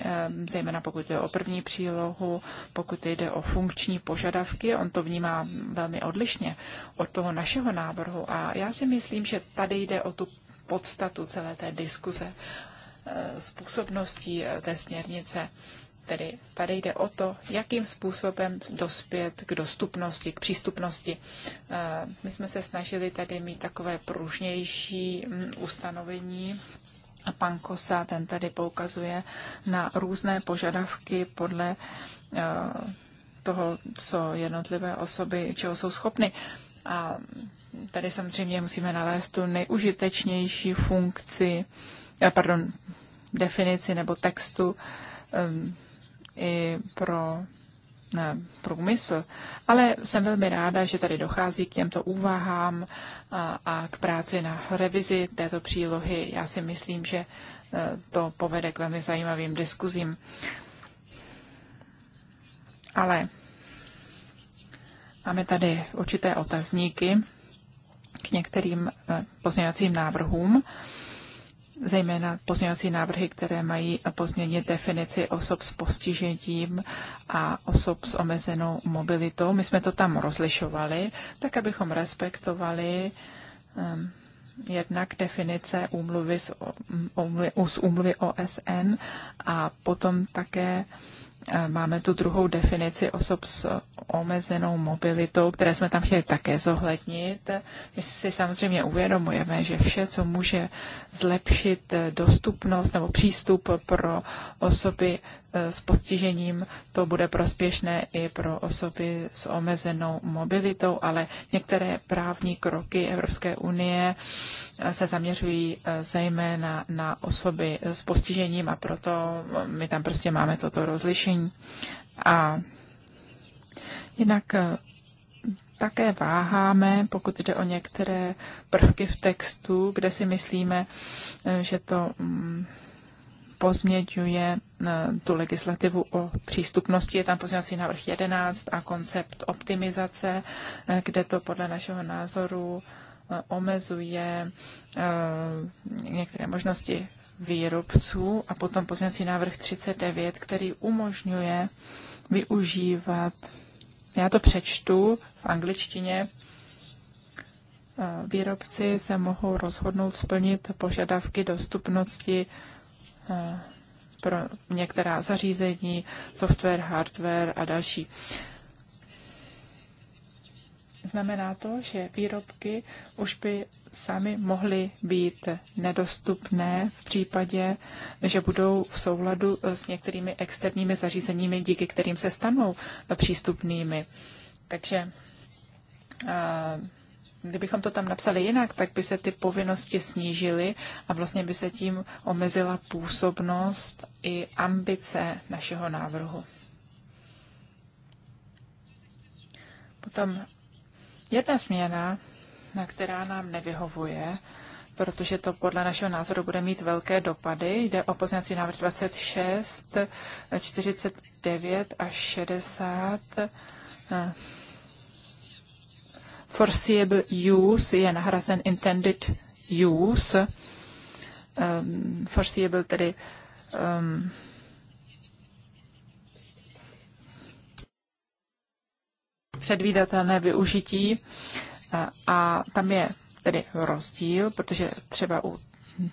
zejména pokud jde o první přílohu, pokud jde o funkční požadavky. On to vnímá velmi odlišně od toho našeho návrhu a já si myslím, že tady jde o tu podstatu celé té diskuze způsobností eh, eh, té směrnice. Tedy tady jde o to, jakým způsobem dospět k dostupnosti, k přístupnosti. Eh, my jsme se snažili tady mít takové pružnější mm, ustanovení. A pan Kosa, ten tady poukazuje na různé požadavky podle eh, toho, co jednotlivé osoby, čeho jsou schopny. A tady samozřejmě musíme nalézt tu nejužitečnější funkci, eh, pardon, definici nebo textu, ehm, i pro ne, průmysl, ale jsem velmi ráda, že tady dochází k těmto úvahám a, a k práci na revizi této přílohy. Já si myslím, že e, to povede k velmi zajímavým diskuzím. Ale máme tady určité otazníky k některým e, pozměňovacím návrhům zejména pozměňovací návrhy, které mají pozměnit definici osob s postižením a osob s omezenou mobilitou. My jsme to tam rozlišovali, tak abychom respektovali um, jednak definice úmluvy, z úmluvy OSN a potom také Eh, máme tu druhou definici osob s omezenou mobilitou, které jsme tam chtěli také zohlednit. My si samozřejmě uvědomujeme, že vše, co může zlepšit eh, dostupnost nebo přístup pro osoby Eh, s postižením, to bude prospěšné i pro osoby s omezenou mobilitou, ale některé právní kroky Evropské unie eh, se zaměřují eh, zejména na osoby s postižením a proto my tam prostě máme toto rozlišení. A jinak také váháme, pokud jde o některé prvky v textu, kde si myslíme, že to mm, pozměňuje eh, tu legislativu o přístupnosti. Je tam pozměňovací návrh 11 a koncept optimizace, eh, kde to podle našeho názoru eh, omezuje některé možnosti výrobců a potom pozměňovací návrh 39, který umožňuje využívat, já to přečtu v angličtině, výrobci se mohou rozhodnout splnit požadavky dostupnosti Eh, pro některá zařízení, software, hardware a další. Znamená to, že výrobky už by sami mohly být nedostupné v případě, že budou v souladu s některými externími zařízeními, díky kterým se stanou přístupnými. Takže eh, Kdybychom to tam napsali jinak, tak by se ty povinnosti snížily a vlastně by se tím omezila působnost i ambice našeho návrhu. Potom jedna změna, na která nám nevyhovuje, protože to podle našeho názoru bude mít velké dopady. Jde o pozměňovací návrh 26, 49 a 60 foreseeable use je nahrazen intended use. Um, foreseeable tedy um, předvídatelné využití a, a tam je tedy rozdíl, protože třeba u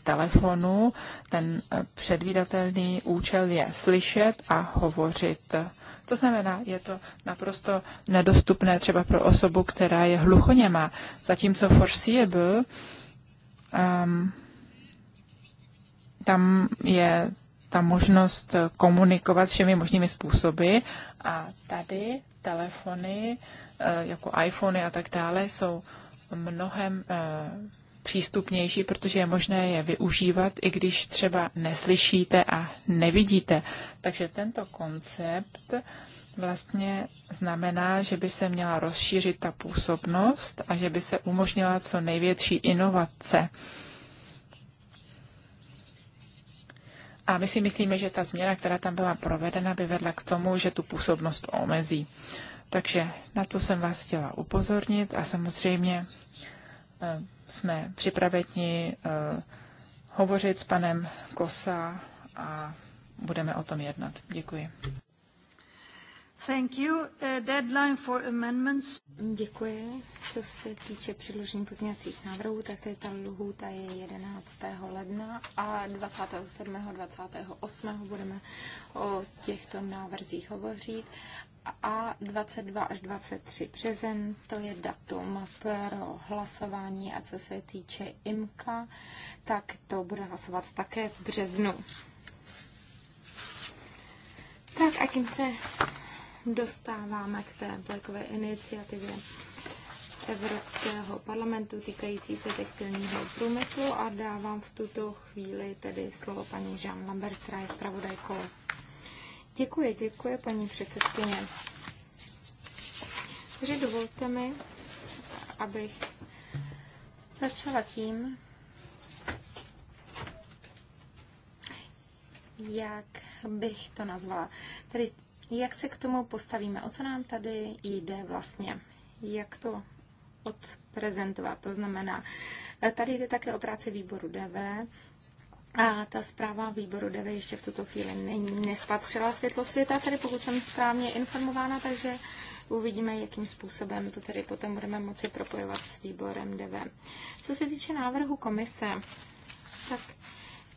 telefonu ten předvídatelný účel je slyšet a hovořit to znamená, je to naprosto nedostupné třeba pro osobu, která je hluchoněma. Zatímco foreseeable, um, tam je ta možnost komunikovat všemi možnými způsoby a tady telefony, eh, jako iPhony a tak dále, jsou mnohem eh, přístupnější, protože je možné je využívat, i když třeba neslyšíte a nevidíte. Takže tento koncept vlastně znamená, že by se měla rozšířit ta působnost a že by se umožnila co největší inovace. A my si myslíme, že ta změna, která tam byla provedena, by vedla k tomu, že tu působnost omezí. Takže na to jsem vás chtěla upozornit a samozřejmě eh, jsme připraveni eh, hovořit s panem Kosa a budeme o tom jednat. Děkuji. Thank you. Deadline for amendments. Děkuji. Co se týče předložení pozměňovacích návrhů, tak je ta lhůta je 11. ledna a 27. 28. budeme o těchto návrzích hovořit a 22 až 23 březen, to je datum pro hlasování a co se týče IMKA, tak to bude hlasovat také v březnu. Tak a tím se dostáváme k té blekové iniciativě Evropského parlamentu týkající se textilního průmyslu a dávám v tuto chvíli tedy slovo paní Jean Lambert, která je zpravodajkou. Děkuji, děkuji, paní předsedkyně. Takže dovolte mi, abych začala tím, jak bych to nazvala. Tedy jak se k tomu postavíme, o co nám tady jde vlastně, jak to odprezentovat. To znamená, tady jde také o práci výboru DV, a ta zpráva výboru DV ještě v tuto chvíli není, nespatřila světlo světa, tedy pokud jsem správně informována, takže uvidíme, jakým způsobem to tedy potom budeme moci propojovat s výborem DV. Co se týče návrhu komise, tak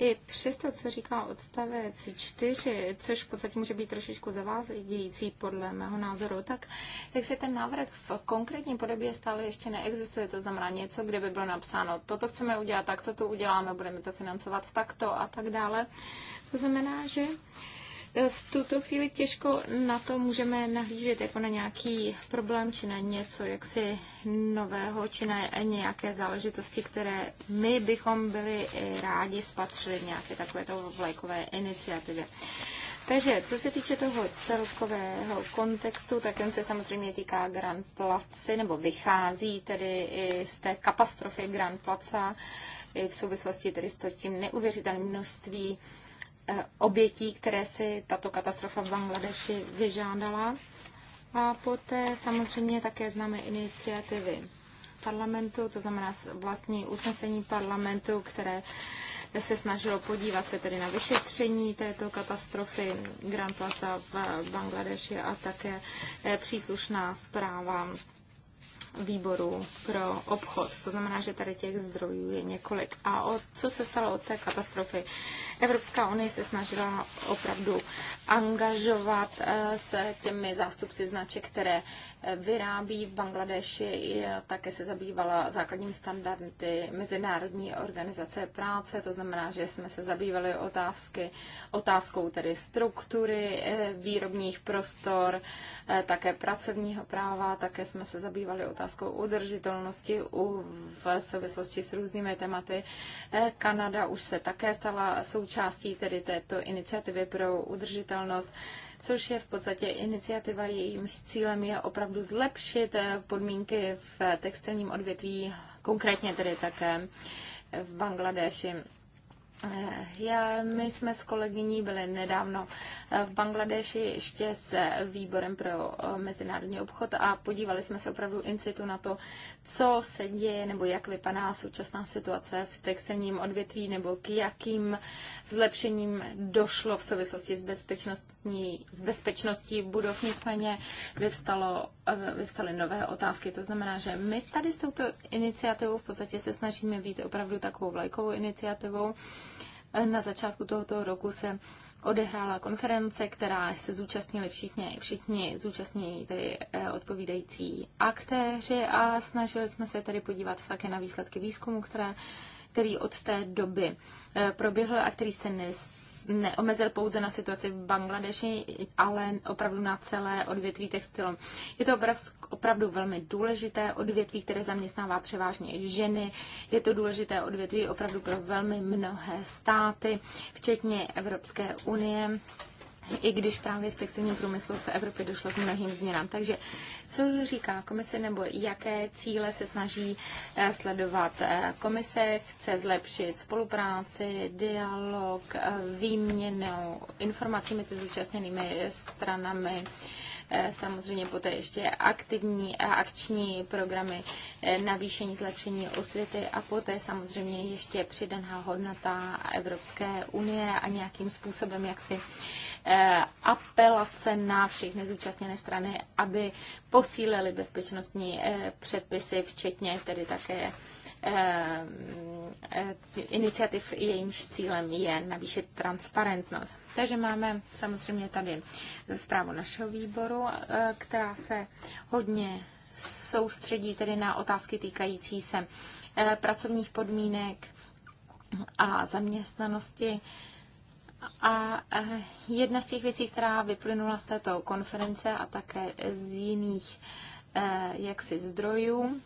i přesto, co říká odstavec 4, což v podstatě může být trošičku zavázející podle mého názoru, tak jak se ten návrh v konkrétní podobě stále ještě neexistuje, to znamená něco, kde by bylo napsáno, toto chceme udělat, tak toto uděláme, budeme to financovat takto a tak dále. To znamená, že v tuto chvíli těžko na to můžeme nahlížet jako na nějaký problém či na něco jaksi nového či na nějaké záležitosti, které my bychom byli rádi spatřili v nějaké takovéto vlajkové iniciativě. Takže co se týče toho celkového kontextu, tak ten se samozřejmě týká Grand Place, nebo vychází tedy i z té katastrofy Grand Place v souvislosti tedy s tím neuvěřitelným množství Eh, obětí, které si tato katastrofa v Bangladeši vyžádala. A poté samozřejmě také známe iniciativy parlamentu, to znamená vlastní usnesení parlamentu, které se snažilo podívat se tedy na vyšetření této katastrofy Grand Plaza v Bangladeši a také eh, příslušná zpráva výboru pro obchod. To znamená, že tady těch zdrojů je několik. A o, co se stalo od té katastrofy? Evropská unie se snažila opravdu angažovat eh, se těmi zástupci značek, které eh, vyrábí v Bangladeši. Také se zabývala základními standardy Mezinárodní organizace práce. To znamená, že jsme se zabývali otázky, otázkou tedy struktury eh, výrobních prostor, také pracovního práva, také jsme se zabývali otázkou otázkou udržitelnosti u, v souvislosti s různými tématy. E, Kanada už se také stala součástí tedy této iniciativy pro udržitelnost což je v podstatě iniciativa, jejímž cílem je opravdu zlepšit e, podmínky v textilním odvětví, konkrétně tedy také v Bangladeši. Eh, já, my jsme s kolegyní byli nedávno eh, v Bangladeši ještě s výborem pro eh, mezinárodní obchod a podívali jsme se opravdu in situ na to, co se děje nebo jak vypadá současná situace v textilním odvětví nebo k jakým zlepšením došlo v souvislosti s, bezpečnostní, s bezpečností budov. Nicméně vyvstalo, vyvstaly nové otázky. To znamená, že my tady s touto iniciativou v podstatě se snažíme být opravdu takovou vlajkovou iniciativou, na začátku tohoto roku se odehrála konference, která se zúčastnili všichni, všichni zúčastnili tedy eh, odpovídající aktéři a snažili jsme se tedy podívat také na výsledky výzkumu, které, který od té doby eh, proběhl a který se nes neomezil pouze na situaci v Bangladeši, ale opravdu na celé odvětví textilu. Je to opravdu velmi důležité odvětví, které zaměstnává převážně ženy. Je to důležité odvětví opravdu pro velmi mnohé státy, včetně Evropské unie i když právě v textilním průmyslu v Evropě došlo k mnohým změnám. Takže co říká komise nebo jaké cíle se snaží eh, sledovat eh, komise? Chce zlepšit spolupráci, dialog, eh, výměnu informací mezi zúčastněnými stranami, samozřejmě poté ještě aktivní a akční programy navýšení, zlepšení osvěty a poté samozřejmě ještě přidaná hodnota Evropské unie a nějakým způsobem, jak si Eh, apelace na všechny zúčastněné strany, aby posílili bezpečnostní eh, předpisy, včetně tedy také eh, iniciativ, jejímž cílem je navýšit transparentnost. Takže máme samozřejmě tady zprávu našeho výboru, která se hodně soustředí tedy na otázky týkající se pracovních podmínek a zaměstnanosti a eh, jedna z těch věcí, která vyplynula z této konference a také z jiných eh, jaksi zdrojů,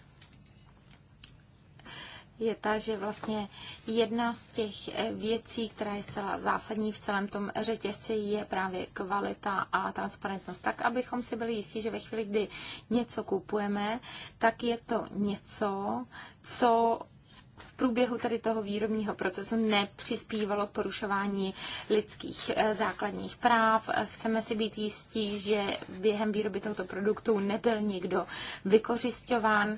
je ta, že vlastně jedna z těch eh, věcí, která je zcela zásadní v celém tom řetězci, je právě kvalita a transparentnost. Tak, abychom si byli jistí, že ve chvíli, kdy něco kupujeme, tak je to něco, co v průběhu tady toho výrobního procesu nepřispívalo k porušování lidských eh, základních práv. Chceme si být jistí, že během výroby tohoto produktu nebyl nikdo vykořišťován.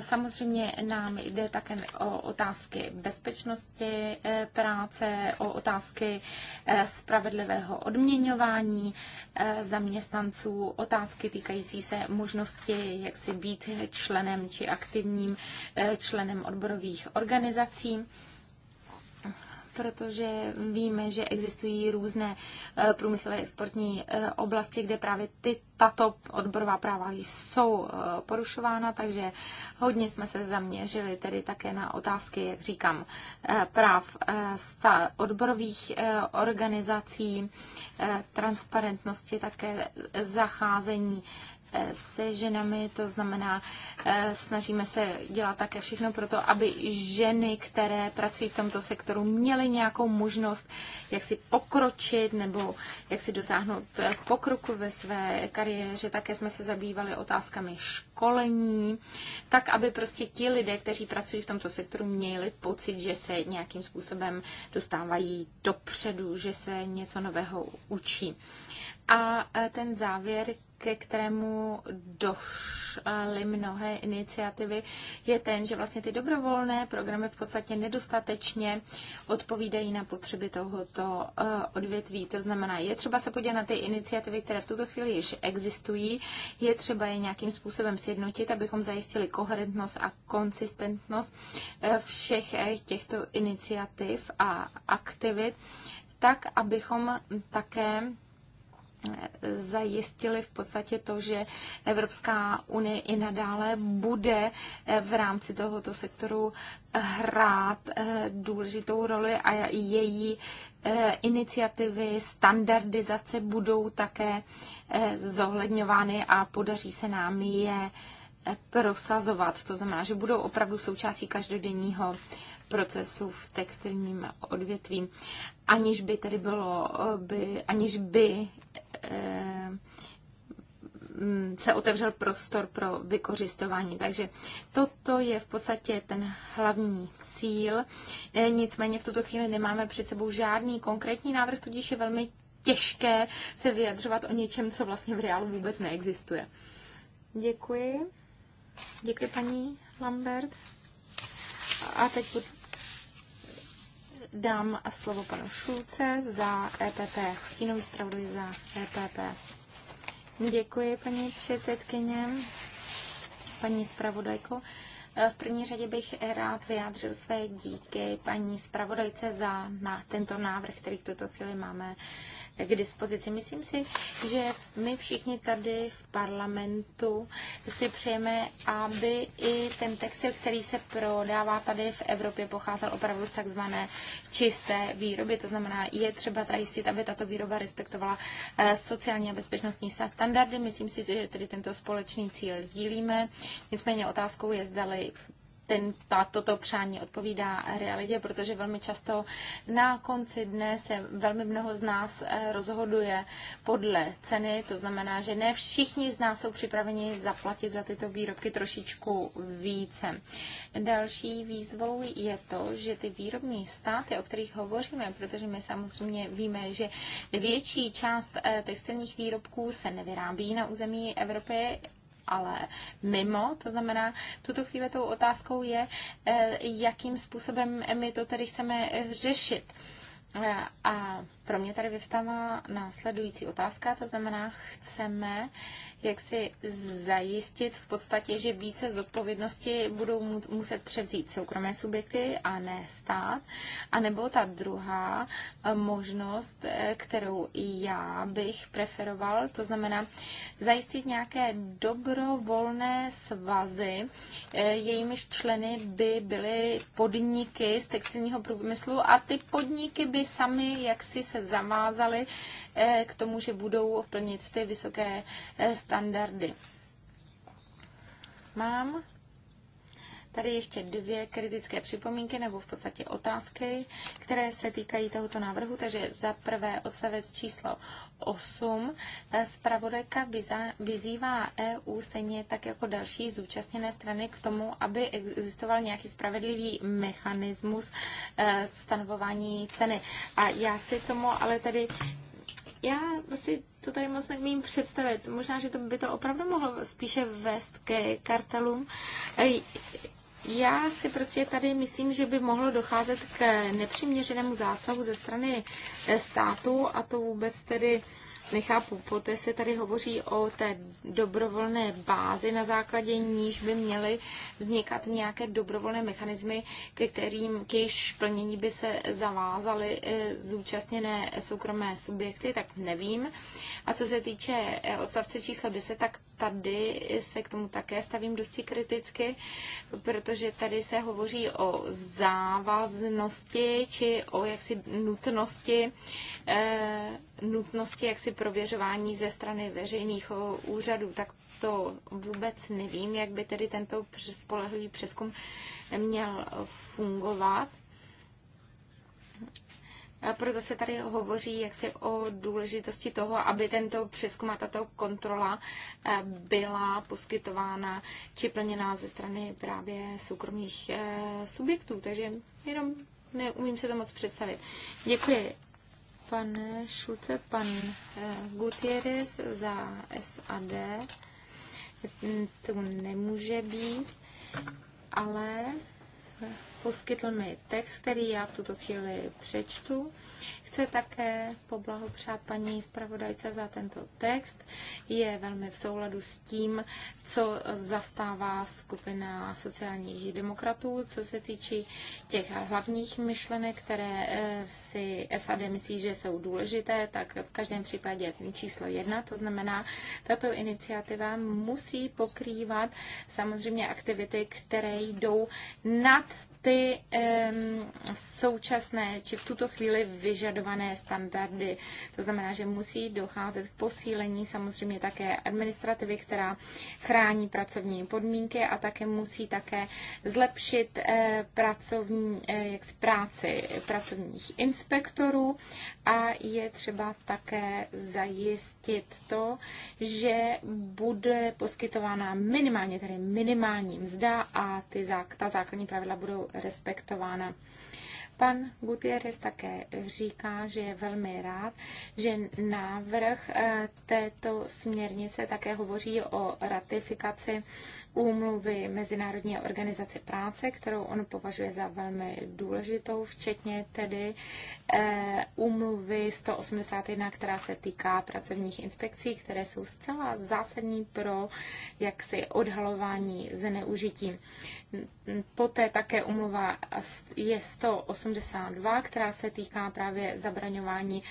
Samozřejmě nám jde také o otázky bezpečnosti eh, práce, o otázky eh, spravedlivého odměňování eh, zaměstnanců, otázky týkající se možnosti, jak si být členem či aktivním členem odborových organizací protože víme, že existují různé eh, průmyslové exportní eh, oblasti, kde právě ty, tato odborová práva jsou eh, porušována, takže hodně jsme se zaměřili tedy také na otázky, jak říkám, práv odborových organizací, transparentnosti, také zacházení Eh, se ženami, to znamená, eh, snažíme se dělat také všechno pro to, aby ženy, které pracují v tomto sektoru, měly nějakou možnost, jak si pokročit nebo jak si dosáhnout eh, pokroku ve své kariéře. Také jsme se zabývali otázkami školení, tak aby prostě ti lidé, kteří pracují v tomto sektoru, měli pocit, že se nějakým způsobem dostávají dopředu, že se něco nového učí. A ten závěr, ke kterému došly mnohé iniciativy, je ten, že vlastně ty dobrovolné programy v podstatě nedostatečně odpovídají na potřeby tohoto eh, odvětví. To znamená, je třeba se podívat na ty iniciativy, které v tuto chvíli již existují, je třeba je nějakým způsobem sjednotit, abychom zajistili koherentnost a konsistentnost eh, všech eh, těchto iniciativ a aktivit, tak abychom také zajistili v podstatě to, že Evropská unie i nadále bude eh, v rámci tohoto sektoru hrát eh, důležitou roli a její eh, iniciativy, standardizace budou také zohledňovány a podaří se nám je prosazovat. To znamená, že budou opravdu součástí každodenního procesu v textilním odvětví, aniž by tedy bylo, by, aniž by Eh, se otevřel prostor pro vykořistování. Takže toto je v podstatě ten hlavní cíl. Eh, nicméně v tuto chvíli nemáme před sebou žádný konkrétní návrh, tudíž je velmi těžké se vyjadřovat o něčem, co vlastně v reálu vůbec neexistuje. Děkuji. Děkuji paní Lambert. A teď dám slovo panu Šulce za EPP, stínový zpravodaj za EPP. Děkuji, paní předsedkyně, paní zpravodajko. V první řadě bych rád vyjádřil své díky paní zpravodajce za na tento návrh, který v tuto chvíli máme k dispozici. Myslím si, že my všichni tady v parlamentu si přejeme, aby i ten textil, který se prodává tady v Evropě, pocházel opravdu z takzvané čisté výroby. To znamená, je třeba zajistit, aby tato výroba respektovala eh, sociální a bezpečnostní standardy. Myslím si, že tedy tento společný cíl sdílíme. Nicméně otázkou je, zdali ten, toto přání odpovídá realitě, protože velmi často na konci dne se velmi mnoho z nás eh, rozhoduje podle ceny, to znamená, že ne všichni z nás jsou připraveni zaplatit za tyto výrobky trošičku více. Další výzvou je to, že ty výrobní státy, o kterých hovoříme, protože my samozřejmě víme, že větší část eh, textilních výrobků se nevyrábí na území Evropy, ale mimo. To znamená, tuto chvíli tou otázkou je, eh, jakým způsobem my to tedy chceme řešit. Eh, a pro mě tady vyvstává následující otázka, to znamená, chceme jak si zajistit v podstatě, že více zodpovědnosti budou muset převzít soukromé subjekty a ne stát. A nebo ta druhá eh, možnost, eh, kterou já bych preferoval, to znamená zajistit nějaké dobrovolné svazy, eh, jejímiž členy by byly podniky z textilního průmyslu a ty podniky by sami jaksi se zavázaly E, k tomu, že budou plnit ty vysoké e, standardy. Mám tady ještě dvě kritické připomínky nebo v podstatě otázky, které se týkají tohoto návrhu. Takže za prvé odstavec číslo 8. Spravodajka e, vyzývá EU stejně tak jako další zúčastněné strany k tomu, aby existoval nějaký spravedlivý mechanismus stanovování ceny. A já si tomu ale tady já si to tady moc nemím představit. Možná, že to by to opravdu mohlo spíše vést ke kartelům. E, já si prostě tady myslím, že by mohlo docházet k nepřiměřenému zásahu ze strany e, státu a to vůbec tedy nechápu. Poté se tady hovoří o té dobrovolné bázi, na základě níž by měly vznikat nějaké dobrovolné mechanismy, ke kterým, k jejich plnění by se zavázaly eh, zúčastněné soukromé subjekty, tak nevím. A co se týče eh, odstavce číslo 10, tak tady se k tomu také stavím dosti kriticky, protože tady se hovoří o závaznosti či o jaksi nutnosti Eh, nutnosti jaksi prověřování ze strany veřejných eh, úřadů, tak to vůbec nevím, jak by tedy tento spolehlivý přeskum měl fungovat. A proto se tady hovoří jaksi o důležitosti toho, aby tento přeskum a tato kontrola eh, byla poskytována či plněná ze strany právě soukromých subjektů. Takže jenom neumím se to moc představit. Děkuji pan Šulce, pan eh, Gutierrez za SAD to nemůže být, ale poskytl mi text, který já v tuto chvíli přečtu. Chci také poblahopřát paní zpravodajce za tento text. Je velmi v souladu s tím, co zastává skupina sociálních demokratů, co se týče těch hlavních myšlenek, které eh, si SAD myslí, že jsou důležité, tak v každém případě číslo jedna, to znamená, tato iniciativa musí pokrývat samozřejmě aktivity, které jdou nad ty současné či v tuto chvíli vyžadované standardy. To znamená, že musí docházet k posílení samozřejmě také administrativy, která chrání pracovní podmínky a také musí také zlepšit eh, pracovní, eh, jak z práci pracovních inspektorů a je třeba také zajistit to, že bude poskytována minimálně, tedy minimální mzda a ty, ta základní pravidla budou respektována. Pan Gutierrez také říká, že je velmi rád, že návrh eh, této směrnice také hovoří o ratifikaci úmluvy Mezinárodní organizace práce, kterou on považuje za velmi důležitou, včetně tedy eh, úmluvy 181, která se týká pracovních inspekcí, které jsou zcela zásadní pro jaksi odhalování zneužití. Poté také umluva je 182, která se týká právě zabraňování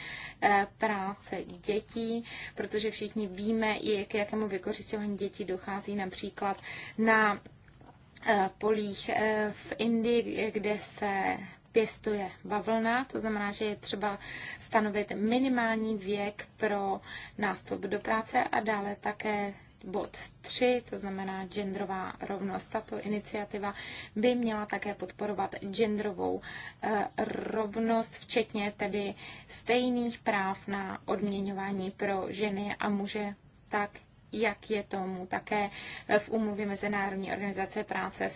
eh, práce dětí, protože všichni víme, i k jakému vykořišťování dětí dochází například na eh, polích eh, v Indii, kde se pěstuje bavlna, to znamená, že je třeba stanovit minimální věk pro nástup do práce a dále také bod 3, to znamená genderová rovnost. Tato iniciativa by měla také podporovat genderovou eh, rovnost, včetně tedy stejných práv na odměňování pro ženy a muže tak, jak je tomu také v úmluvě Mezinárodní organizace práce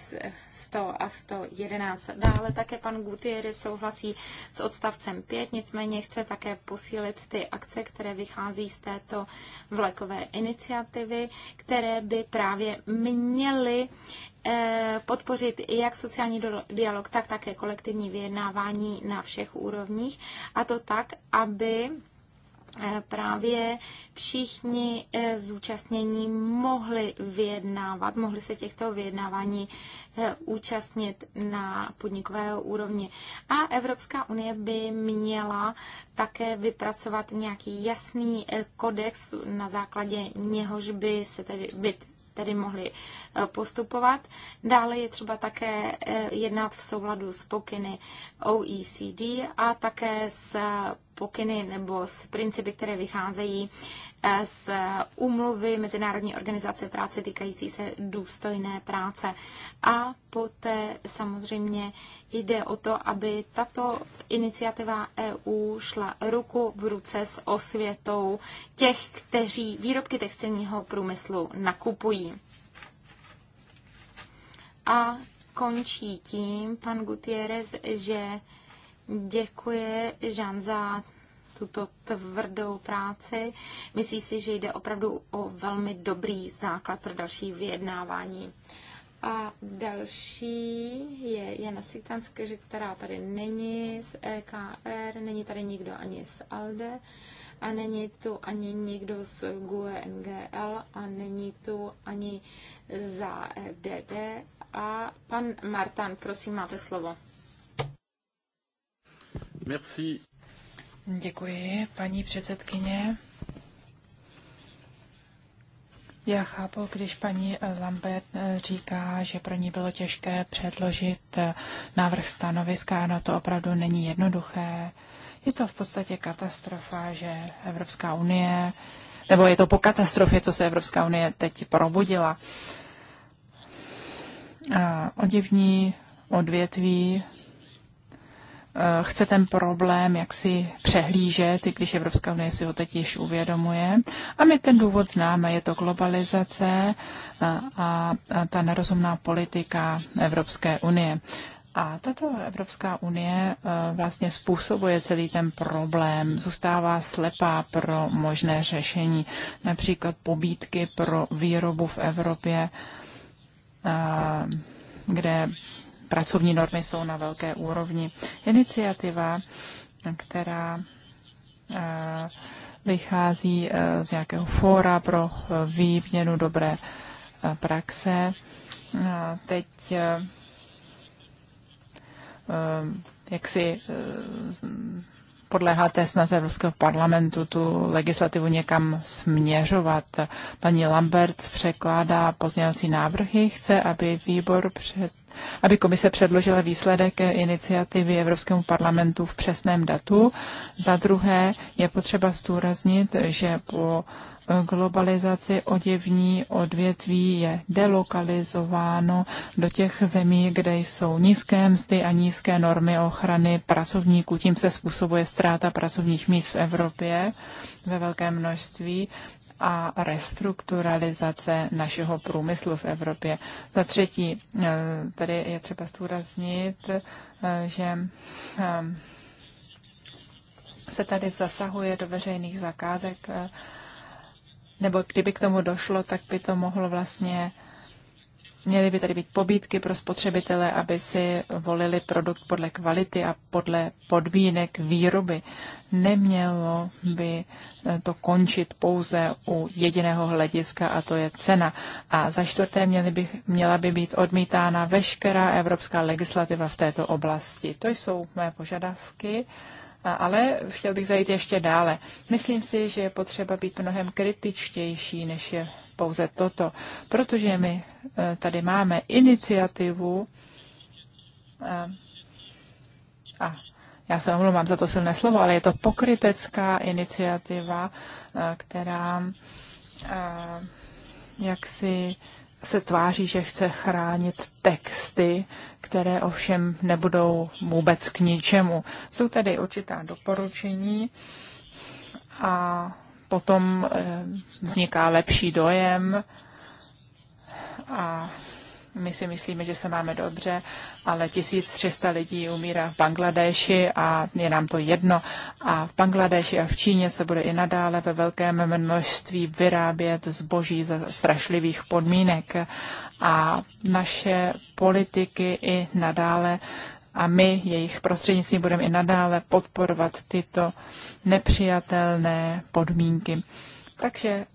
100 a 111. Dále také pan Gutierrez souhlasí s odstavcem 5, nicméně chce také posílit ty akce, které vychází z této vlekové iniciativy, které by právě měly eh, podpořit jak sociální dialog, tak také kolektivní vyjednávání na všech úrovních, a to tak, aby Eh, právě všichni eh, zúčastnění mohli vyjednávat, mohli se těchto vyjednávání eh, účastnit na podnikové úrovni. A Evropská unie by měla také vypracovat nějaký jasný kodex, na základě něhož by se tedy byt tedy mohli eh, postupovat. Dále je třeba také eh, jednat v souladu s pokyny OECD a také s pokyny nebo s principy, které vycházejí z úmluvy Mezinárodní organizace práce týkající se důstojné práce. A poté samozřejmě jde o to, aby tato iniciativa EU šla ruku v ruce s osvětou těch, kteří výrobky textilního průmyslu nakupují. A končí tím pan Gutierrez, že děkuje Jean za tuto tvrdou práci. Myslí si, že jde opravdu o velmi dobrý základ pro další vyjednávání. A další je Jana Sitanské, která tady není z EKR, není tady nikdo ani z ALDE a není tu ani nikdo z GUE NGL a není tu ani za DD. E a pan Martan, prosím, máte slovo. Merci. Děkuji, paní předsedkyně. Já chápu, když paní Lambert eh, říká, že pro ní bylo těžké předložit eh, návrh stanoviska, ano, to opravdu není jednoduché. Je to v podstatě katastrofa, že Evropská unie, nebo je to po katastrofě, co se Evropská unie teď probudila. A odivní odvětví Eh, chce ten problém jak si přehlížet, i když Evropská unie si ho teď již uvědomuje. A my ten důvod známe, je to globalizace eh, a ta nerozumná politika Evropské unie. A tato Evropská unie eh, vlastně způsobuje celý ten problém, zůstává slepá pro možné řešení, například pobídky pro výrobu v Evropě, kde pracovní normy jsou na velké úrovni. Iniciativa, která eh, vychází eh, z nějakého fóra pro eh, výměnu dobré praxe. Teď jak si podléhá té snaze Evropského parlamentu tu legislativu někam směřovat. Paní Lambert překládá pozměňovací návrhy, chce, aby výbor před aby komise předložila výsledek iniciativy Evropskému parlamentu v přesném datu. Za druhé je potřeba zdůraznit, že po globalizaci oděvní odvětví je delokalizováno do těch zemí, kde jsou nízké mzdy a nízké normy ochrany pracovníků. Tím se způsobuje ztráta pracovních míst v Evropě ve velkém množství a restrukturalizace našeho průmyslu v Evropě. Za třetí, eh, tady je třeba zdůraznit, eh, že eh, se tady zasahuje do veřejných zakázek, nebo kdyby k tomu došlo, tak by to mohlo vlastně Měly by tady být pobídky pro spotřebitele, aby si volili produkt podle kvality a podle podmínek výroby. Nemělo by eh, to končit pouze u jediného hlediska, a to je cena. A za čtvrté měly by, měla by být odmítána veškerá evropská legislativa v této oblasti. To jsou mé požadavky ale chtěl bych zajít ještě dále. Myslím si, že je potřeba být mnohem kritičtější, než je pouze toto, protože my e, tady máme iniciativu a, a já se omlouvám za to silné slovo, ale je to pokrytecká iniciativa, e, která e, jak si se tváří, že chce chránit texty, které ovšem nebudou vůbec k ničemu. Jsou tedy určitá doporučení a potom eh, vzniká lepší dojem a my si myslíme, že se máme dobře, ale 1300 lidí umírá v Bangladeši a je nám to jedno. A v Bangladeši a v Číně se bude i nadále ve velkém množství vyrábět zboží za strašlivých podmínek. A naše politiky i nadále a my jejich prostřednictvím budeme i nadále podporovat tyto nepřijatelné podmínky. Takže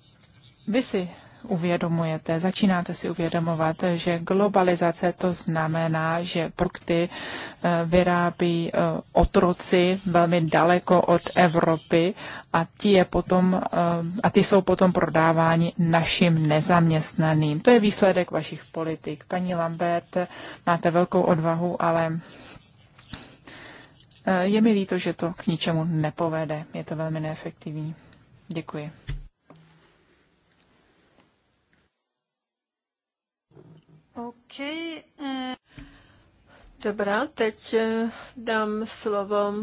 vy si uvědomujete, začínáte si uvědomovat, že globalizace to znamená, že produkty eh, vyrábí eh, otroci velmi daleko od Evropy a ti, je potom, eh, a ti jsou potom prodáváni našim nezaměstnaným. To je výsledek vašich politik. Paní Lambert, máte velkou odvahu, ale je mi líto, že to k ničemu nepovede. Je to velmi neefektivní. Děkuji. Eh, Dobrá, teď eh, dám slovo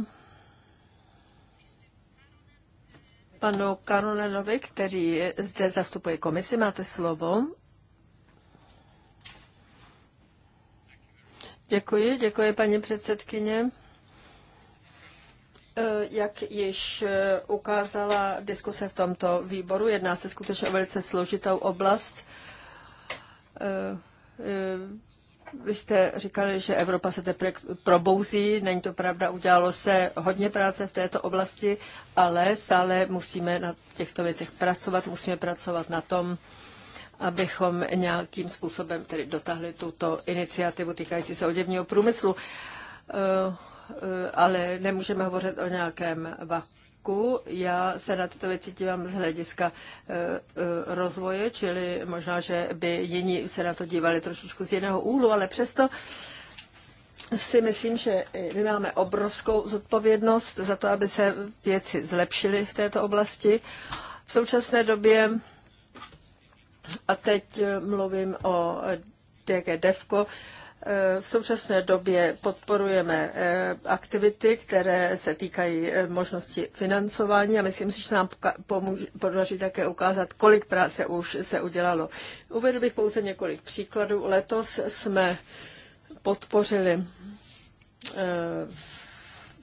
panu Karolenovi, který zde zastupuje komisi. Máte slovo. Děkuji, děkuji paní předsedkyně. Eh, jak již ukázala diskuse v tomto výboru, jedná se skutečně o velice složitou oblast Eh, vy jste říkali, že Evropa se teprve probouzí, není to pravda, udělalo se hodně práce v této oblasti, ale stále musíme na těchto věcech pracovat, musíme pracovat na tom, abychom nějakým způsobem tedy dotáhli tuto iniciativu týkající se oděvního průmyslu. Eh, eh, ale nemůžeme hovořit o nějakém vaku roku. Já se na tyto věci dívám z hlediska e, e, rozvoje, čili možná, že by jiní se na to dívali trošičku z jiného úhlu, ale přesto si myslím, že my máme obrovskou zodpovědnost za to, aby se věci zlepšily v této oblasti. V současné době, a teď mluvím o DG Devko, v současné době podporujeme eh, aktivity, které se týkají eh, možnosti financování a myslím si, že nám pomůže podaří také ukázat, kolik práce už se udělalo. Uvedl bych pouze několik příkladů. Letos jsme podpořili eh,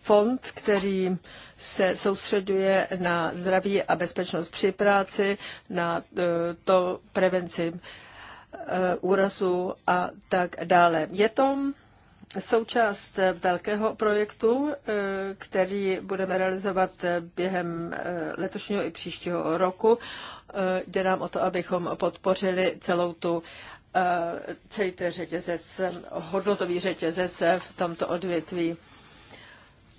fond, který se soustředuje na zdraví a bezpečnost při práci, na to prevenci Eh, úrazu a tak dále. Je to součást velkého projektu, eh, který budeme realizovat během eh, letošního i příštího roku. Jde nám o to, abychom podpořili celou tu celý ten řetězec, hodnotový řetězec v tomto odvětví.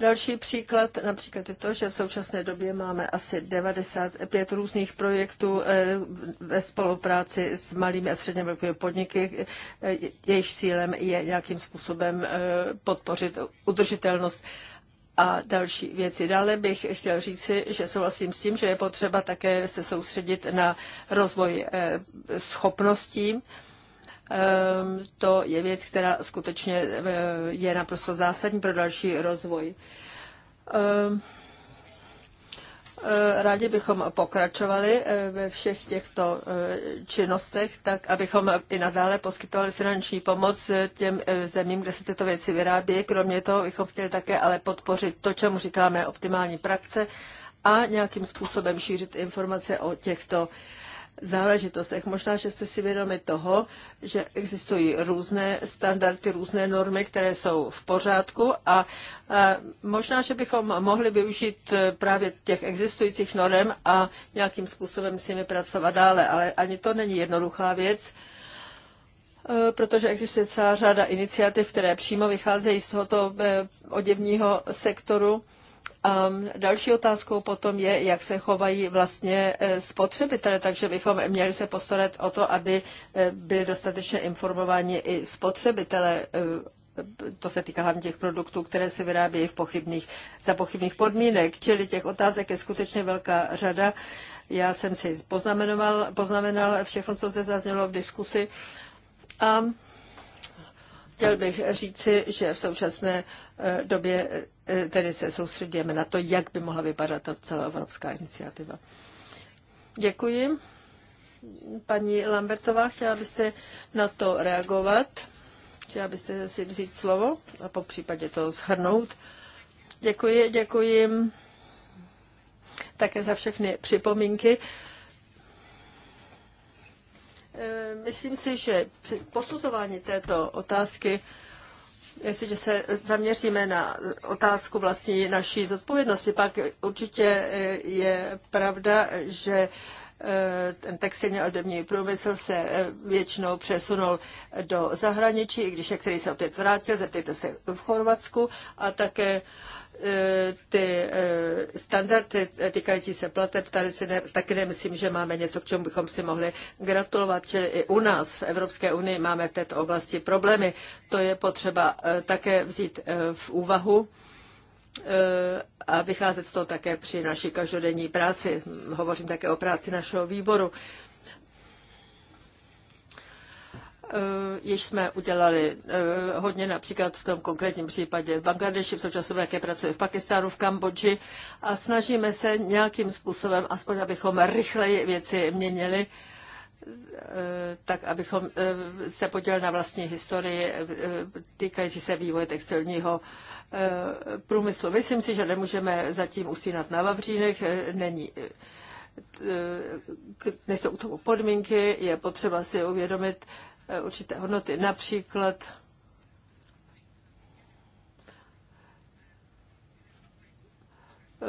Další příklad například je to, že v současné době máme asi 95 různých projektů eh, ve spolupráci s malými a středně velkými podniky. Eh, jejich cílem je nějakým způsobem eh, podpořit udržitelnost a další věci. Dále bych chtěl říci, že souhlasím s tím, že je potřeba také se soustředit na rozvoj schopností Ehm, to je věc, která skutečně eh, je naprosto zásadní pro další rozvoj. Ehm, eh, rádi bychom pokračovali eh, ve všech těchto činnostech, tak abychom i nadále poskytovali finanční pomoc těm zemím, kde se tyto věci vyrábí. Kromě toho bychom chtěli také ale podpořit to, čemu říkáme optimální praxe a nějakým způsobem šířit informace o těchto uh, záležitostech. Možná, že jste si vědomi toho, že existují různé standardy, různé normy, které jsou v pořádku a možná, že bychom mohli využít eh, právě těch existujících norm a nějakým způsobem s nimi pracovat dále, ale ani to není jednoduchá věc eh, protože existuje celá řada iniciativ, které přímo vycházejí z tohoto eh, oděvního sektoru Um, další otázkou potom je, jak se chovají vlastně eh, spotřebitele, takže bychom měli se postarat o to, aby eh, byli dostatečně informováni i spotřebitele. Eh, to se týká hlavně těch produktů, které se vyrábějí v pochybných, za pochybných podmínek, čili těch otázek je skutečně velká řada. Já jsem si poznamenal, poznamenal všechno, co zde zaznělo v diskusi. Um, Chtěl bych říci, že v současné eh, době eh, tedy se soustředíme na to, jak by mohla vypadat ta evropská iniciativa. Děkuji. Paní Lambertová, chtěla byste na to reagovat? Chtěla byste si vzít slovo a po případě to shrnout? Děkuji, děkuji také za všechny připomínky. Eh, myslím si, že při posuzování této otázky, jestliže se zaměříme na otázku vlastní naší zodpovědnosti, pak určitě eh, je pravda, že eh, ten textilní a průmysl se většinou přesunul do zahraničí, i když některý se opět vrátil, zeptejte se v Chorvatsku a také Eh, ty eh, standardy týkající se plateb, tady si ne, taky nemyslím, že máme něco, k čemu bychom si mohli gratulovat, že i u nás v Evropské unii máme v této oblasti problémy. To je potřeba eh, také vzít v úvahu a vycházet z toho také při naší každodenní práci. Hovořím také o práci našeho výboru. Eh, již jsme udělali eh, hodně, například v tom konkrétním případě v Bangladeši, v současné jaké pracuje v Pakistánu, v Kambodži a snažíme se nějakým způsobem, aspoň abychom rychleji věci měnili, eh, tak abychom se podělili na vlastní historii týkající se vývoje textilního průmyslu. Myslím si, že nemůžeme zatím usínat na Vavřínech, není nejsou k tomu podmínky, je potřeba si uvědomit, Eh, určité hodnoty. Například eh,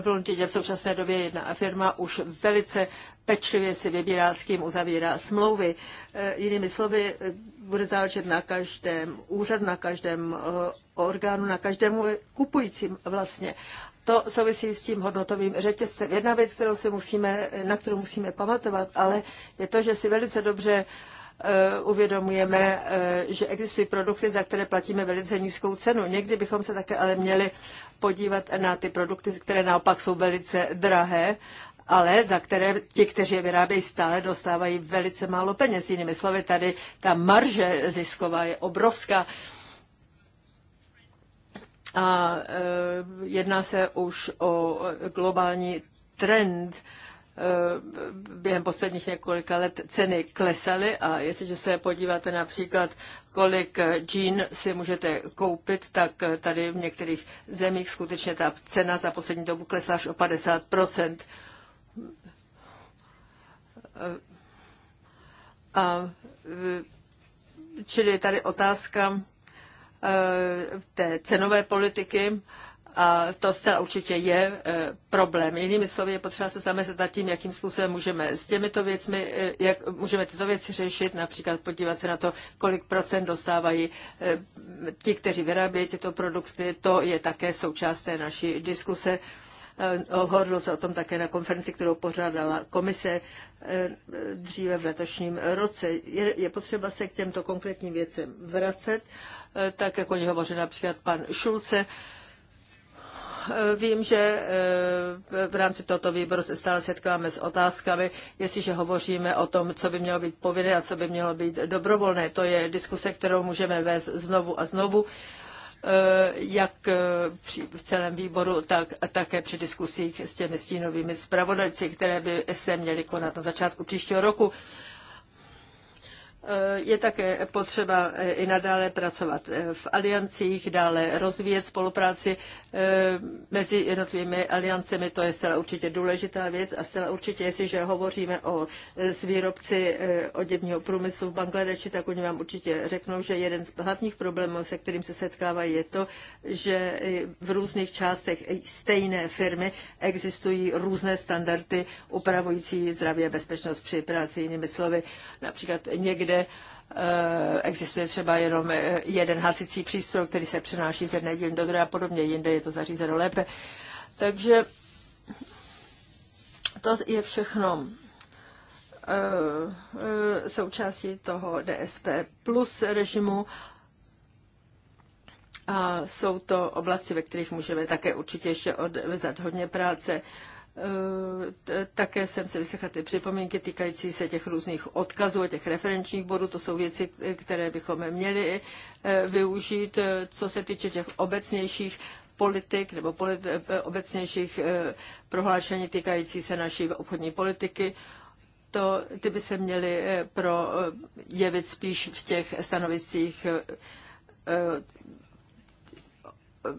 v Londýně v současné době jedna firma už velice pečlivě si vybírá, s kým uzavírá smlouvy. Eh, jinými slovy, bude záležet na každém úřadu, na každém orgánu, na každému kupujícím vlastně to souvisí s tím hodnotovým řetězcem. Jedna věc, kterou si musíme, na kterou musíme pamatovat, ale je to, že si velice dobře e, uvědomujeme, e, že existují produkty, za které platíme velice nízkou cenu. Někdy bychom se také ale měli podívat na ty produkty, které naopak jsou velice drahé, ale za které ti, kteří je vyrábějí, stále dostávají velice málo peněz. Jinými slovy, tady ta marže zisková je obrovská a eh, jedná se už o globální trend. Eh, během posledních několika let ceny klesaly a jestliže se podíváte například, kolik džín si můžete koupit, tak tady v některých zemích skutečně ta cena za poslední dobu klesá až o 50 A, eh, čili je tady otázka, Eh, té cenové politiky a to zcela určitě je eh, problém. Jinými slovy, je potřeba se zamyslet nad tím, jakým způsobem můžeme s těmito věcmi, eh, jak můžeme tyto věci řešit, například podívat se na to, kolik procent dostávají ti, kteří vyrábějí tyto produkty. To je také součást té naší diskuse. Eh, hovořilo se o tom také na konferenci, kterou pořádala komise eh, dříve v letošním roce. Je, je potřeba se k těmto konkrétním věcem vracet, eh, tak jako o ně hovořil například pan Šulce vím, že v rámci tohoto výboru se stále setkáme s otázkami, jestliže hovoříme o tom, co by mělo být povinné a co by mělo být dobrovolné. To je diskuse, kterou můžeme vést znovu a znovu. Eh, jak eh, v celém výboru, tak také při diskusích s těmi stínovými zpravodajci, které by se měly konat na začátku příštího roku. Eh, je také potřeba eh, i nadále pracovat eh, v aliancích, dále rozvíjet spolupráci mezi jednotlivými aliancemi. To je zcela určitě důležitá věc a zcela určitě, jestliže hovoříme o s výrobci oděvního průmyslu v Bangladeši, tak oni vám určitě řeknou, že jeden z hlavních problémů, se kterým se setkávají, je to, že v různých částech stejné firmy existují různé standardy upravující zdraví a bezpečnost při práci. Jinými slovy, například někde že eh, existuje třeba jenom eh, jeden hasicí přístroj, který se přenáší z jedné dílny do druhé a podobně, jinde je to zařízeno lépe. Takže to je všechno eh, součástí toho DSP plus režimu. A jsou to oblasti, ve kterých můžeme také určitě ještě odvezat hodně práce. Uh, Eh, také jsem se vyslechla ty připomínky týkající se těch různých odkazů a těch referenčních bodů. To jsou věci, eh, které bychom měli eh, využít. Co se týče těch obecnějších politik nebo polit, obecnějších prohlášení týkající se naší obchodní politiky, to ty by se měly projevit spíš v těch stanoviscích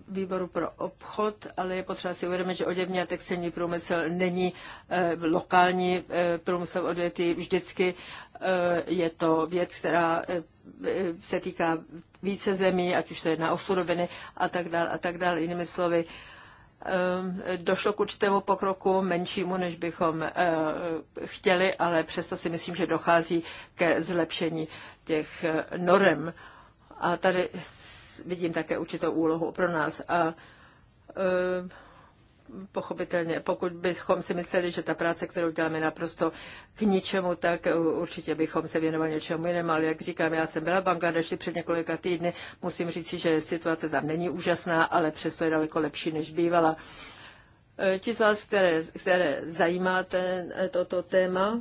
výboru pro obchod, ale je potřeba si uvědomit, že oděvní a textilní průmysl není eh, lokální eh, průmysl odvětví. Vždycky eh, je to věc, která se týká více zemí, ať už se jedná o suroviny a tak dále a tak dále. Jinými slovy, došlo k určitému pokroku, menšímu, než bychom chtěli, ale přesto si myslím, že dochází ke zlepšení těch norem. A tady vidím také určitou úlohu pro nás. A e, pochopitelně, pokud bychom si mysleli, že ta práce, kterou děláme, naprosto k ničemu, tak určitě bychom se věnovali něčemu jinému. Ale jak říkám, já jsem byla v Bangladeši před několika týdny, musím říct, že situace tam není úžasná, ale přesto je daleko lepší, než bývala. E, ti z vás, které, které zajímá ten, e, toto téma,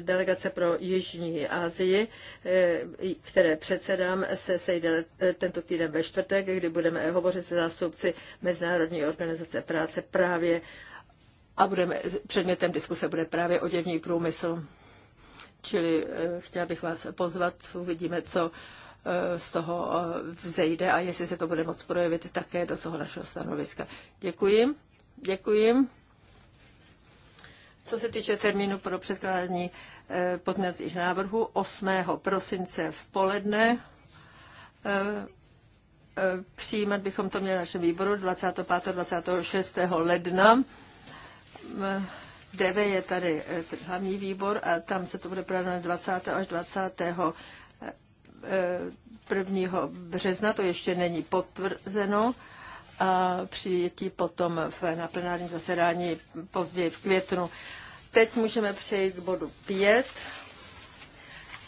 delegace pro Jižní Asii, eh, které předsedám, se sejde eh, tento týden ve čtvrtek, kdy budeme hovořit se zástupci Mezinárodní organizace práce právě a budeme, předmětem diskuse bude právě oděvní průmysl. Čili eh, chtěla bych vás pozvat, uvidíme, co z toho vzejde a jestli se to bude moc projevit také do toho našeho stanoviska. Děkuji. Děkuji. Co se týče termínu pro předkládání eh, podmětných návrhů 8. prosince v poledne, eh, eh, přijímat bychom to měli na našem výboru 25. 26. ledna. DV je tady hlavní výbor a tam se to bude právě 20. až 20. 1. března, to ještě není potvrzeno a přijetí potom v, na plenárním zasedání později v květnu. Teď můžeme přejít k bodu 5.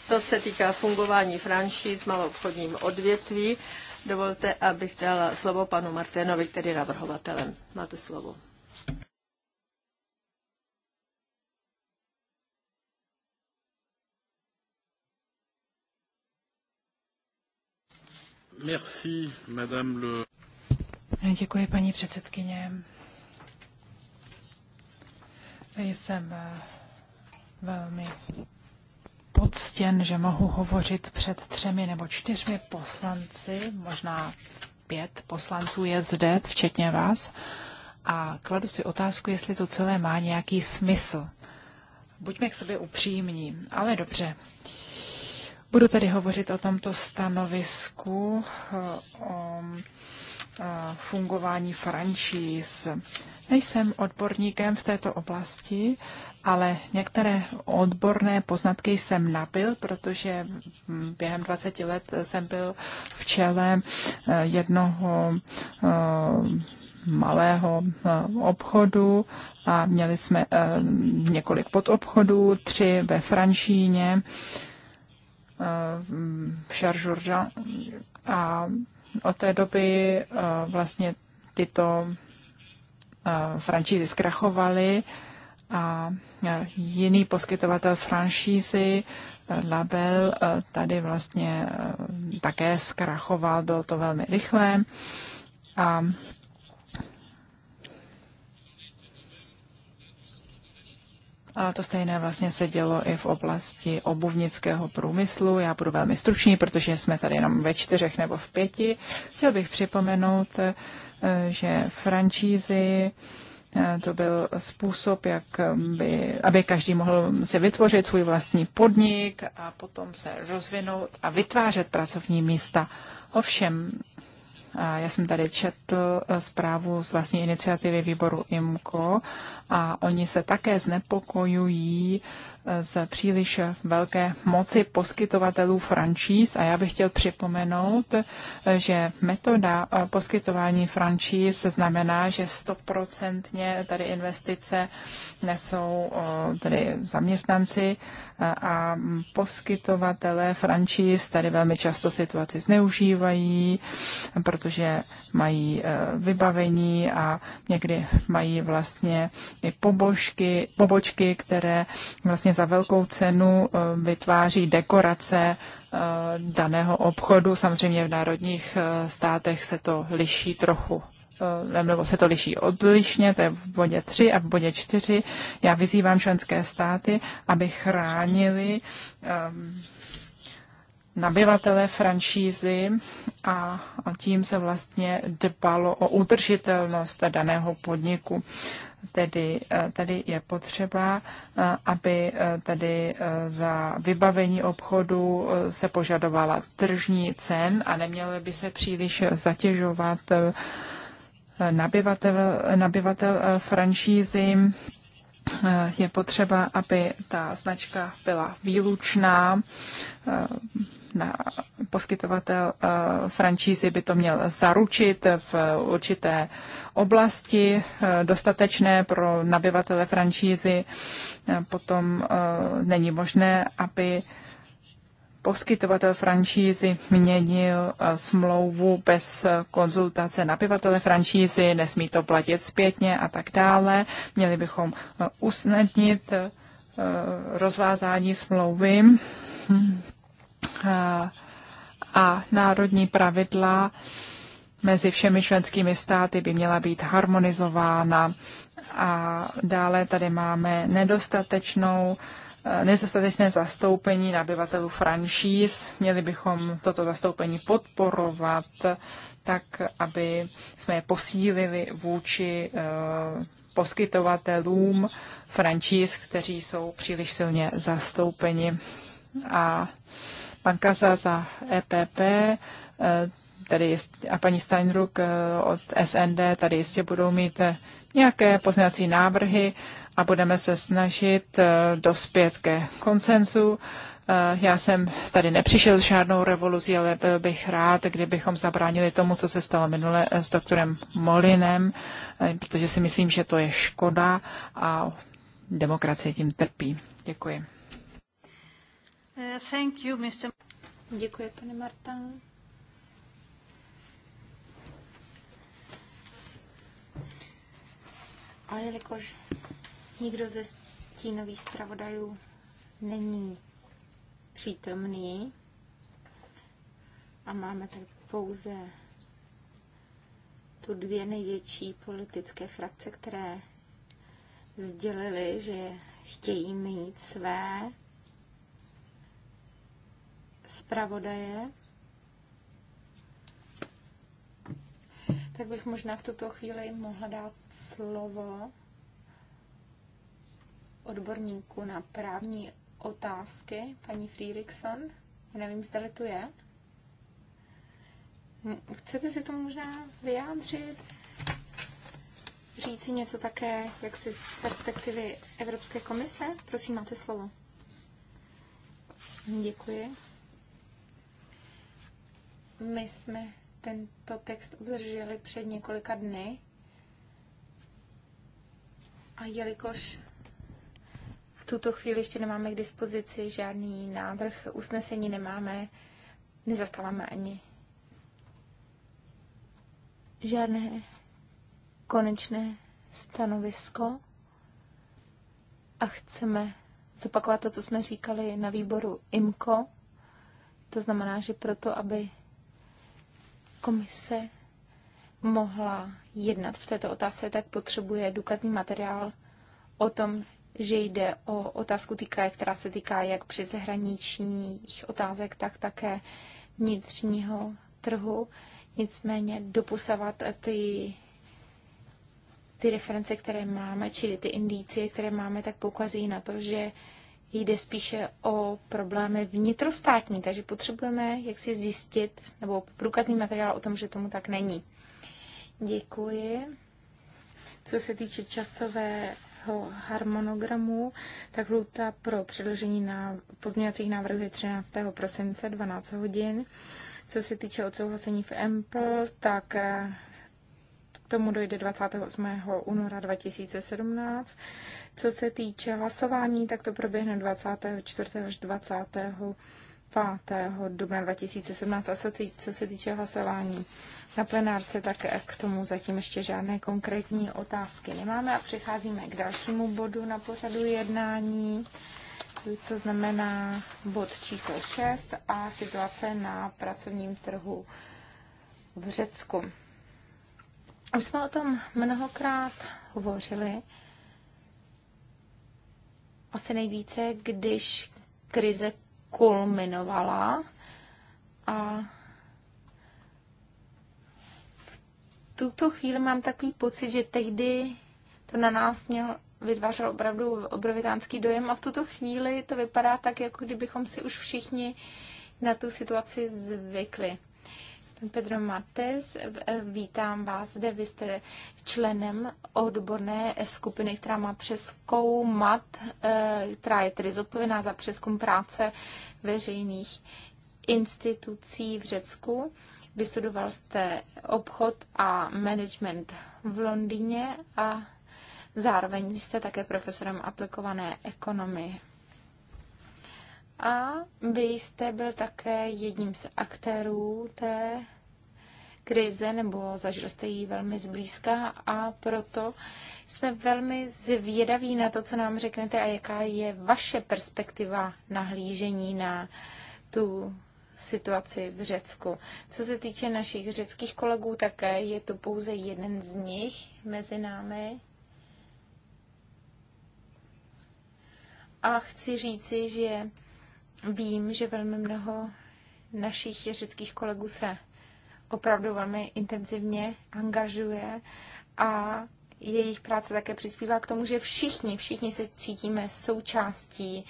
To se týká fungování franšíz v maloobchodním odvětví. Dovolte, abych dala slovo panu Marténovi, který je navrhovatelem. Máte slovo. Merci, madame le... Děkuji, paní předsedkyně. Jsem eh, velmi poctěn, že mohu hovořit před třemi nebo čtyřmi poslanci, možná pět poslanců je zde, včetně vás, a kladu si otázku, jestli to celé má nějaký smysl. Buďme k sobě upřímní, ale dobře. Budu tady hovořit o tomto stanovisku, eh, o fungování franšíz. Nejsem odborníkem v této oblasti, ale některé odborné poznatky jsem nabil, protože během 20 let jsem byl v čele eh, jednoho eh, malého eh, obchodu a měli jsme několik podobchodů, tři ve Franšíně, v Charles a od té doby eh, vlastně tyto eh, franšízy zkrachovaly a eh, jiný poskytovatel franšízy label tady vlastně také zkrachoval, bylo to velmi rychlé a A to stejné vlastně se dělo i v oblasti obuvnického průmyslu. Já budu velmi stručný, protože jsme tady jenom ve čtyřech nebo v pěti. Chtěl bych připomenout, eh, že francízy eh, to byl způsob, jak by, aby každý mohl si vytvořit svůj vlastní podnik a potom se rozvinout a vytvářet pracovní místa. Ovšem, já jsem tady četl eh, zprávu z vlastní iniciativy výboru IMCO a oni se také znepokojují eh, z příliš velké moci poskytovatelů franšíz a já bych chtěl připomenout, eh, že metoda poskytování franšíz znamená, že stoprocentně tady investice nesou tady zaměstnanci a poskytovatelé franšíz tady velmi často situaci zneužívají, protože mají eh, vybavení a někdy mají vlastně i pobožky, pobočky, které vlastně za velkou cenu eh, vytváří dekorace eh, daného obchodu. Samozřejmě v národních státech se to liší trochu Eh, nebo se to liší odlišně, to je v bodě 3 a v bodě 4. Já vyzývám členské státy, aby chránili um, nabyvatele franšízy a, a tím se vlastně dbalo o udržitelnost daného podniku. Tedy eh, tady je potřeba, eh, aby tady za vybavení obchodu se požadovala tržní cen a neměly by se příliš zatěžovat uh, nabyvatel, nabyvatel eh, franšízy, eh, je potřeba, aby ta značka byla výlučná. Eh, na poskytovatel franšízy by to měl zaručit v určité oblasti dostatečné pro nabyvatele franšízy. Potom není možné, aby poskytovatel franšízy měnil eh, smlouvu bez konzultace nabyvatele franšízy, nesmí to platit zpětně a tak dále. Měli bychom eh, usnadnit eh, rozvázání smlouvy a národní pravidla mezi všemi členskými státy by měla být harmonizována. A dále tady máme nedostatečnou uh, nedostatečné zastoupení nabyvatelů franšíz. Měli bychom toto zastoupení podporovat tak, aby jsme je posílili vůči eh, poskytovatelům franšíz, kteří jsou příliš silně zastoupeni. A pan Kaza za EPP, eh, tady a paní Steinruck eh, od SND tady jistě budou mít nějaké poznávací návrhy a budeme se snažit eh, dospět ke konsenzu. Eh, já jsem tady nepřišel s žádnou revoluzí, ale byl bych rád, kdybychom zabránili tomu, co se stalo minule eh, s doktorem Molinem, protože si myslím, že to je škoda a demokracie tím trpí. Děkuji. Thank you, Mr. Děkuji, pane Marta. A jelikož Nikdo ze stínových zpravodajů není přítomný a máme tady pouze tu dvě největší politické frakce, které sdělili, že chtějí mít své zpravodaje, tak bych možná v tuto chvíli mohla dát slovo odborníku na právní otázky, paní Friedrichson. nevím, zda tu je. Chcete si to možná vyjádřit? Říci něco také, jak si z perspektivy Evropské komise? Prosím, máte slovo. Děkuji. My jsme tento text obdrželi před několika dny a jelikož v tuto chvíli ještě nemáme k dispozici žádný návrh, usnesení nemáme, nezastáváme ani žádné konečné stanovisko a chceme zopakovat to, co jsme říkali na výboru IMCO. To znamená, že proto, aby komise mohla jednat v této otázce, tak potřebuje důkazní materiál o tom, že jde o otázku, týká, která se týká jak přeshraničních otázek, tak také vnitřního trhu. Nicméně dopusovat ty, ty reference, které máme, či ty indicie, které máme, tak poukazují na to, že jde spíše o problémy vnitrostátní, takže potřebujeme jak si zjistit, nebo průkazný materiál o tom, že tomu tak není. Děkuji. Co se týče časové harmonogramu, tak lhuta pro předložení na pozměňovacích návrhů je 13. prosince 12 hodin. Co se týče odsouhlasení v EMPL, tak eh, k tomu dojde 28. února 2017. Co se týče hlasování, tak to proběhne 24. až 20. 5. dubna 2017. A co, se týče hlasování na plenárce, tak k tomu zatím ještě žádné konkrétní otázky nemáme a přecházíme k dalšímu bodu na pořadu jednání. To znamená bod číslo 6 a situace na pracovním trhu v Řecku. Už jsme o tom mnohokrát hovořili. Asi nejvíce, když krize kulminovala a v tuto chvíli mám takový pocit, že tehdy to na nás mělo vytvářel opravdu obrovitánský dojem a v tuto chvíli to vypadá tak, jako kdybychom si už všichni na tu situaci zvykli. Pedro Martes, eh, vítám vás, kde vy jste členem odborné skupiny, která má přeskoumat, eh, která je tedy zodpovědná za přeskum práce veřejných institucí v Řecku. Vystudoval jste obchod a management v Londýně a zároveň jste také profesorem aplikované ekonomie. A vy jste byl také jedním z aktérů té krize, nebo zažil jste ji velmi zblízka a proto jsme velmi zvědaví na to, co nám řeknete a jaká je vaše perspektiva nahlížení na tu situaci v Řecku. Co se týče našich řeckých kolegů, také je to pouze jeden z nich mezi námi. A chci říci, že Vím, že velmi mnoho našich řeckých kolegů se opravdu velmi intenzivně angažuje a jejich práce také přispívá k tomu, že všichni, všichni se cítíme součástí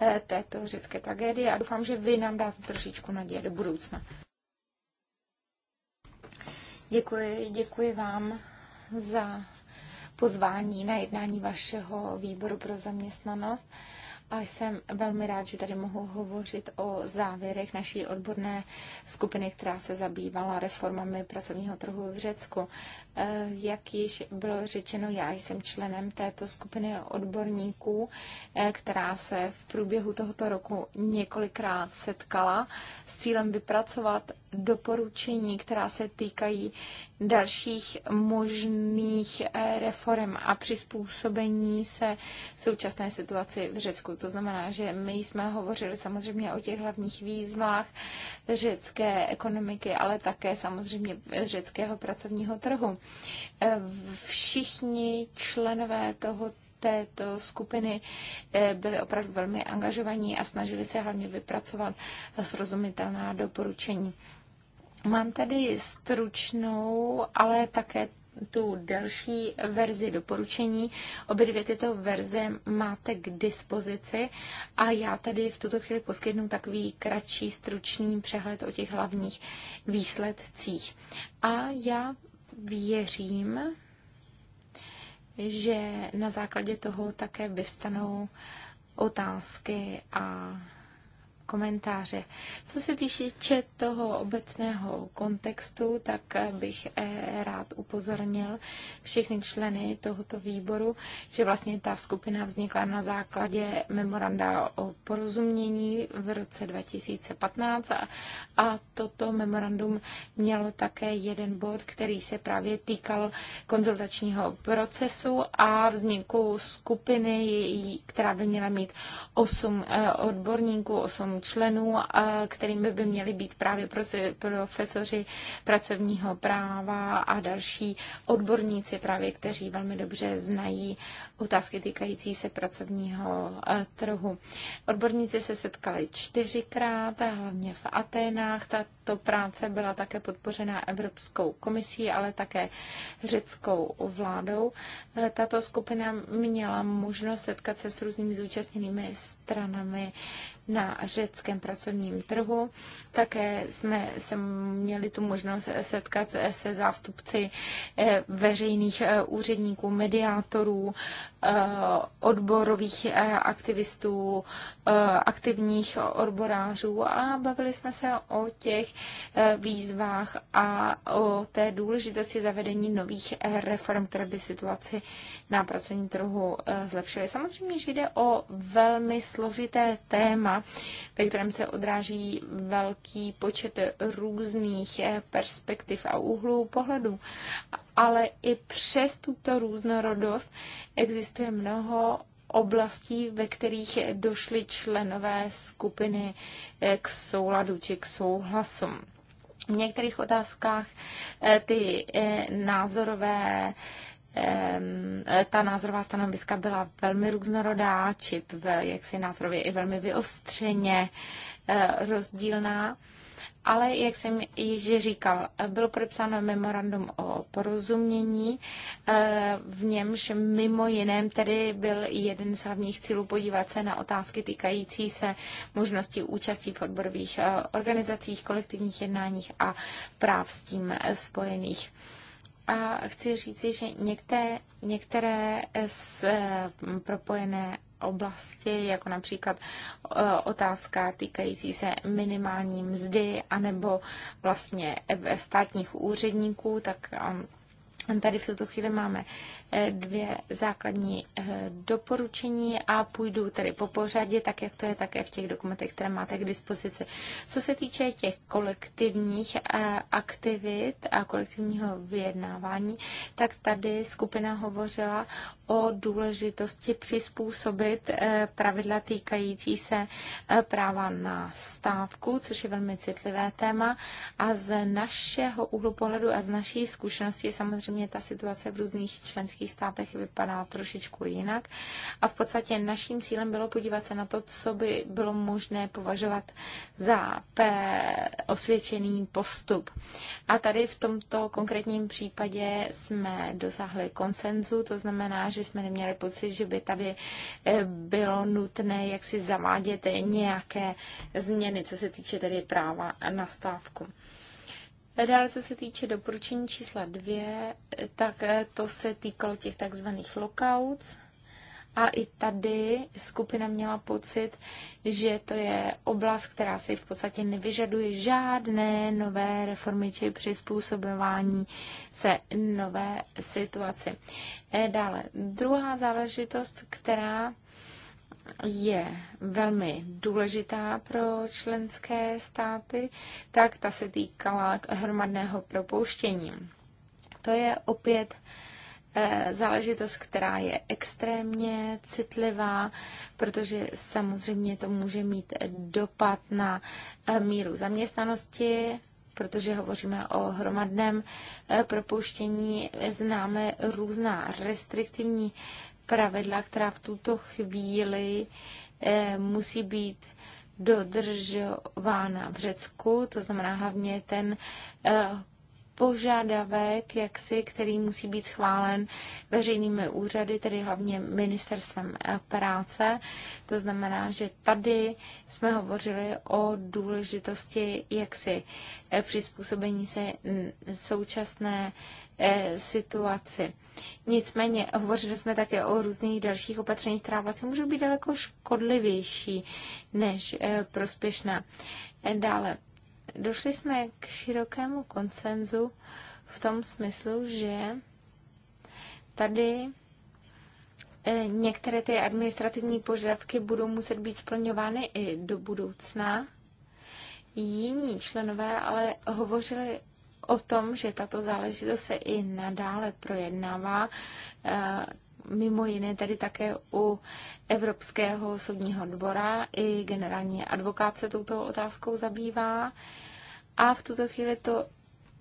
eh, této řecké tragédie a doufám, že vy nám dáte trošičku naděje do budoucna. Děkuji, děkuji vám za pozvání na jednání vašeho výboru pro zaměstnanost a jsem velmi rád, že tady mohu hovořit o závěrech naší odborné skupiny, která se zabývala reformami pracovního trhu v Řecku. Eh, jak již bylo řečeno, já jsem členem této skupiny odborníků, eh, která se v průběhu tohoto roku několikrát setkala s cílem vypracovat doporučení, která se týkají dalších možných eh, reform a přizpůsobení se současné situaci v Řecku. To znamená, že my jsme hovořili samozřejmě o těch hlavních výzvách řecké ekonomiky, ale také samozřejmě řeckého pracovního trhu. Eh, všichni členové toho této skupiny eh, byli opravdu velmi angažovaní a snažili se hlavně vypracovat srozumitelná doporučení. Mám tady stručnou, ale také tu delší verzi doporučení. Obě dvě tyto verze máte k dispozici a já tady v tuto chvíli poskytnu takový kratší, stručný přehled o těch hlavních výsledcích. A já věřím, že na základě toho také vystanou otázky a komentáře. Co se týče toho obecného kontextu, tak bych eh, rád upozornil všechny členy tohoto výboru, že vlastně ta skupina vznikla na základě memoranda o porozumění v roce 2015 a, toto memorandum mělo také jeden bod, který se právě týkal konzultačního procesu a vzniku skupiny, která by měla mít osm eh, odborníků, osm členů, kterými by měli být právě profesoři pracovního práva a další odborníci právě, kteří velmi dobře znají otázky týkající se pracovního eh, trhu. Odborníci se setkali čtyřikrát, hlavně v Aténách. Tato práce byla také podpořena Evropskou komisí, ale také řeckou vládou. Eh, tato skupina měla možnost setkat se s různými zúčastněnými stranami na řeckém pracovním trhu. Také jsme se měli tu možnost setkat se zástupci eh, veřejných eh, úředníků, mediátorů, eh, odborových aktivistů, aktivních odborářů a bavili jsme se o těch výzvách a o té důležitosti zavedení nových reform, které by situaci na pracovním trhu eh, zlepšily. Samozřejmě, že jde o velmi složité téma, ve kterém se odráží velký počet různých eh, perspektiv a úhlů pohledu. Ale i přes tuto různorodost existuje mnoho oblastí, ve kterých došly členové skupiny eh, k souladu či k souhlasu. V některých otázkách ty názorové E, ta názorová stanoviska byla velmi různorodá, čip jaksi názorově i velmi vyostřeně e, rozdílná. Ale, jak jsem již říkal, bylo podepsáno memorandum o porozumění, e, v němž mimo jiném tedy byl jeden z hlavních cílů podívat se na otázky týkající se možnosti účastí v odborových organizacích, kolektivních jednáních a práv s tím spojených. A chci říci, že některé, některé z eh, propojené oblasti, jako například eh, otázka týkající se minimální mzdy anebo vlastně e, státních úředníků, tak eh, Tady v tuto chvíli máme dvě základní eh, doporučení a půjdu tedy po pořadě, tak jak to je také v těch dokumentech, které máte k dispozici. Co se týče těch kolektivních eh, aktivit a kolektivního vyjednávání, tak tady skupina hovořila o důležitosti přizpůsobit eh, pravidla týkající se práva na stávku, což je velmi citlivé téma. A z našeho úhlu pohledu a z naší zkušenosti samozřejmě ta situace v různých členských členských státech vypadá trošičku jinak. A v podstatě naším cílem bylo podívat se na to, co by bylo možné považovat za osvědčený postup. A tady v tomto konkrétním případě jsme dosáhli konsenzu, to znamená, že jsme neměli pocit, že by tady eh, bylo nutné jak si zavádět nějaké změny, co se týče tedy práva na stávku. Dále, co se týče doporučení čísla dvě, tak eh, to se týkalo těch takzvaných lockouts. A i tady skupina měla pocit, že to je oblast, která si v podstatě nevyžaduje žádné nové reformy či přizpůsobování se nové situaci. Eh, dále, druhá záležitost, která je velmi důležitá pro členské státy, tak ta se týkala hromadného propouštění. To je opět eh, záležitost, která je extrémně citlivá, protože samozřejmě to může mít dopad na eh, míru zaměstnanosti, protože hovoříme o hromadném eh, propuštění, známe různá restriktivní pravidla, která v tuto chvíli eh, musí být dodržována v Řecku, to znamená hlavně ten eh, požadavek, jaksi, který musí být schválen veřejnými úřady, tedy hlavně ministerstvem eh, práce. To znamená, že tady jsme hovořili o důležitosti jaksi přizpůsobení se současné E, situaci. Nicméně hovořili jsme také o různých dalších opatřeních, která vlastně můžou být daleko škodlivější než e, prospěšná. E, dále, došli jsme k širokému konsenzu v tom smyslu, že tady některé ty administrativní požadavky budou muset být splňovány i do budoucna. Jiní členové ale hovořili o tom, že tato záležitost se i nadále projednává eh, mimo jiné tedy také u Evropského soudního dvora. I generální advokát se touto otázkou zabývá. A v tuto chvíli to,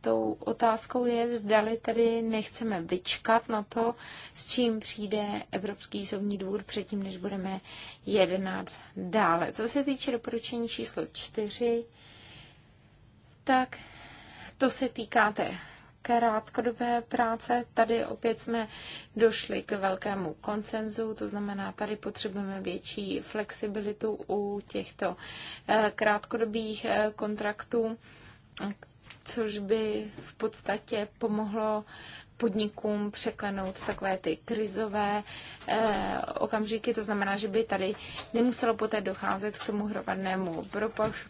tou otázkou je, zdali tedy nechceme vyčkat na to, s čím přijde Evropský soudní dvůr předtím, než budeme jednat dále. Co se týče doporučení číslo čtyři, tak to se týká té krátkodobé práce. Tady opět jsme došli k velkému koncenzu, to znamená, tady potřebujeme větší flexibilitu u těchto eh, krátkodobých eh, kontraktů, což by v podstatě pomohlo podnikům překlenout takové ty krizové eh, okamžiky. To znamená, že by tady nemuselo poté docházet k tomu hromadnému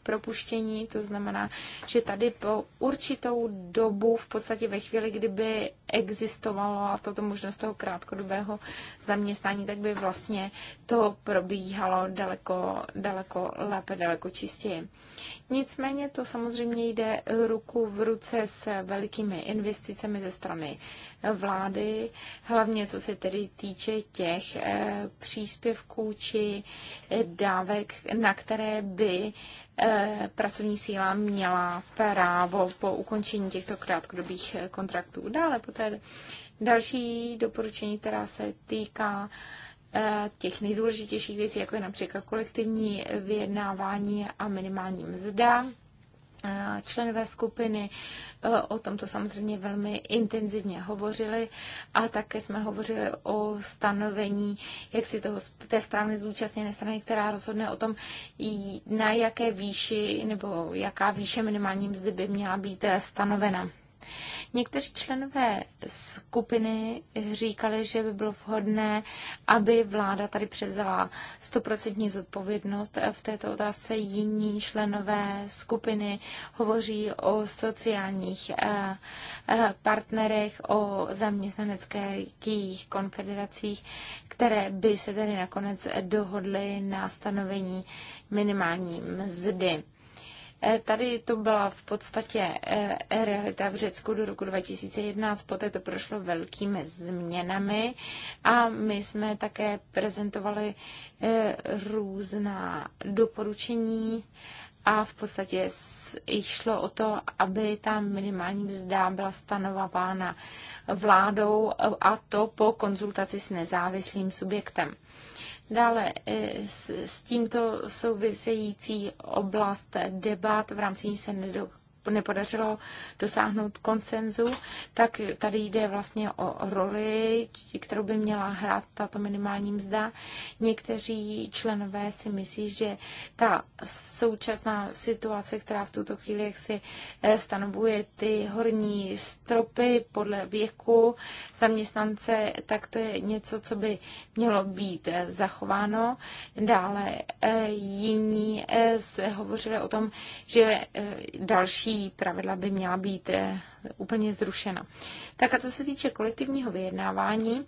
propuštění. To znamená, že tady po určitou dobu, v podstatě ve chvíli, kdyby existovalo a toto možnost toho krátkodobého zaměstnání, tak by vlastně to probíhalo daleko, daleko lépe, daleko čistěji. Nicméně to samozřejmě jde ruku v ruce s velikými investicemi ze strany vlády, hlavně co se tedy týče těch eh, příspěvků či dávek, na které by eh, pracovní síla měla právo po ukončení těchto krátkodobých eh, kontraktů. Dále poté další doporučení, která se týká těch nejdůležitějších věcí, jako je například kolektivní vyjednávání a minimální mzda členové skupiny e, o tomto samozřejmě velmi intenzivně hovořili a také jsme hovořili o stanovení jak si toho, té správné zúčastněné strany, která rozhodne o tom, na jaké výši nebo jaká výše minimální mzdy by měla být stanovena. Někteří členové skupiny říkali, že by bylo vhodné, aby vláda tady převzala stoprocentní zodpovědnost v této otázce. Jiní členové skupiny hovoří o sociálních eh, eh, partnerech, o zaměstnaneckých konfederacích, které by se tedy nakonec dohodly na stanovení minimální mzdy. Eh, tady to byla v podstatě eh, realita v Řecku do roku 2011, poté to prošlo velkými změnami a my jsme také prezentovali eh, různá doporučení a v podstatě šlo o to, aby ta minimální mzda byla stanovována vládou a to po konzultaci s nezávislým subjektem. Dále eh, s, s tímto související oblast debat, v rámci ní se nedokončí nepodařilo dosáhnout konsenzu, tak tady jde vlastně o roli, kterou by měla hrát tato minimální mzda. Někteří členové si myslí, že ta současná situace, která v tuto chvíli jak si eh, stanovuje ty horní stropy podle věku zaměstnance, tak to je něco, co by mělo být eh, zachováno. Dále eh, jiní se hovořili o tom, že další třetí pravidla by měla být eh, úplně zrušena. Tak a co se týče kolektivního vyjednávání,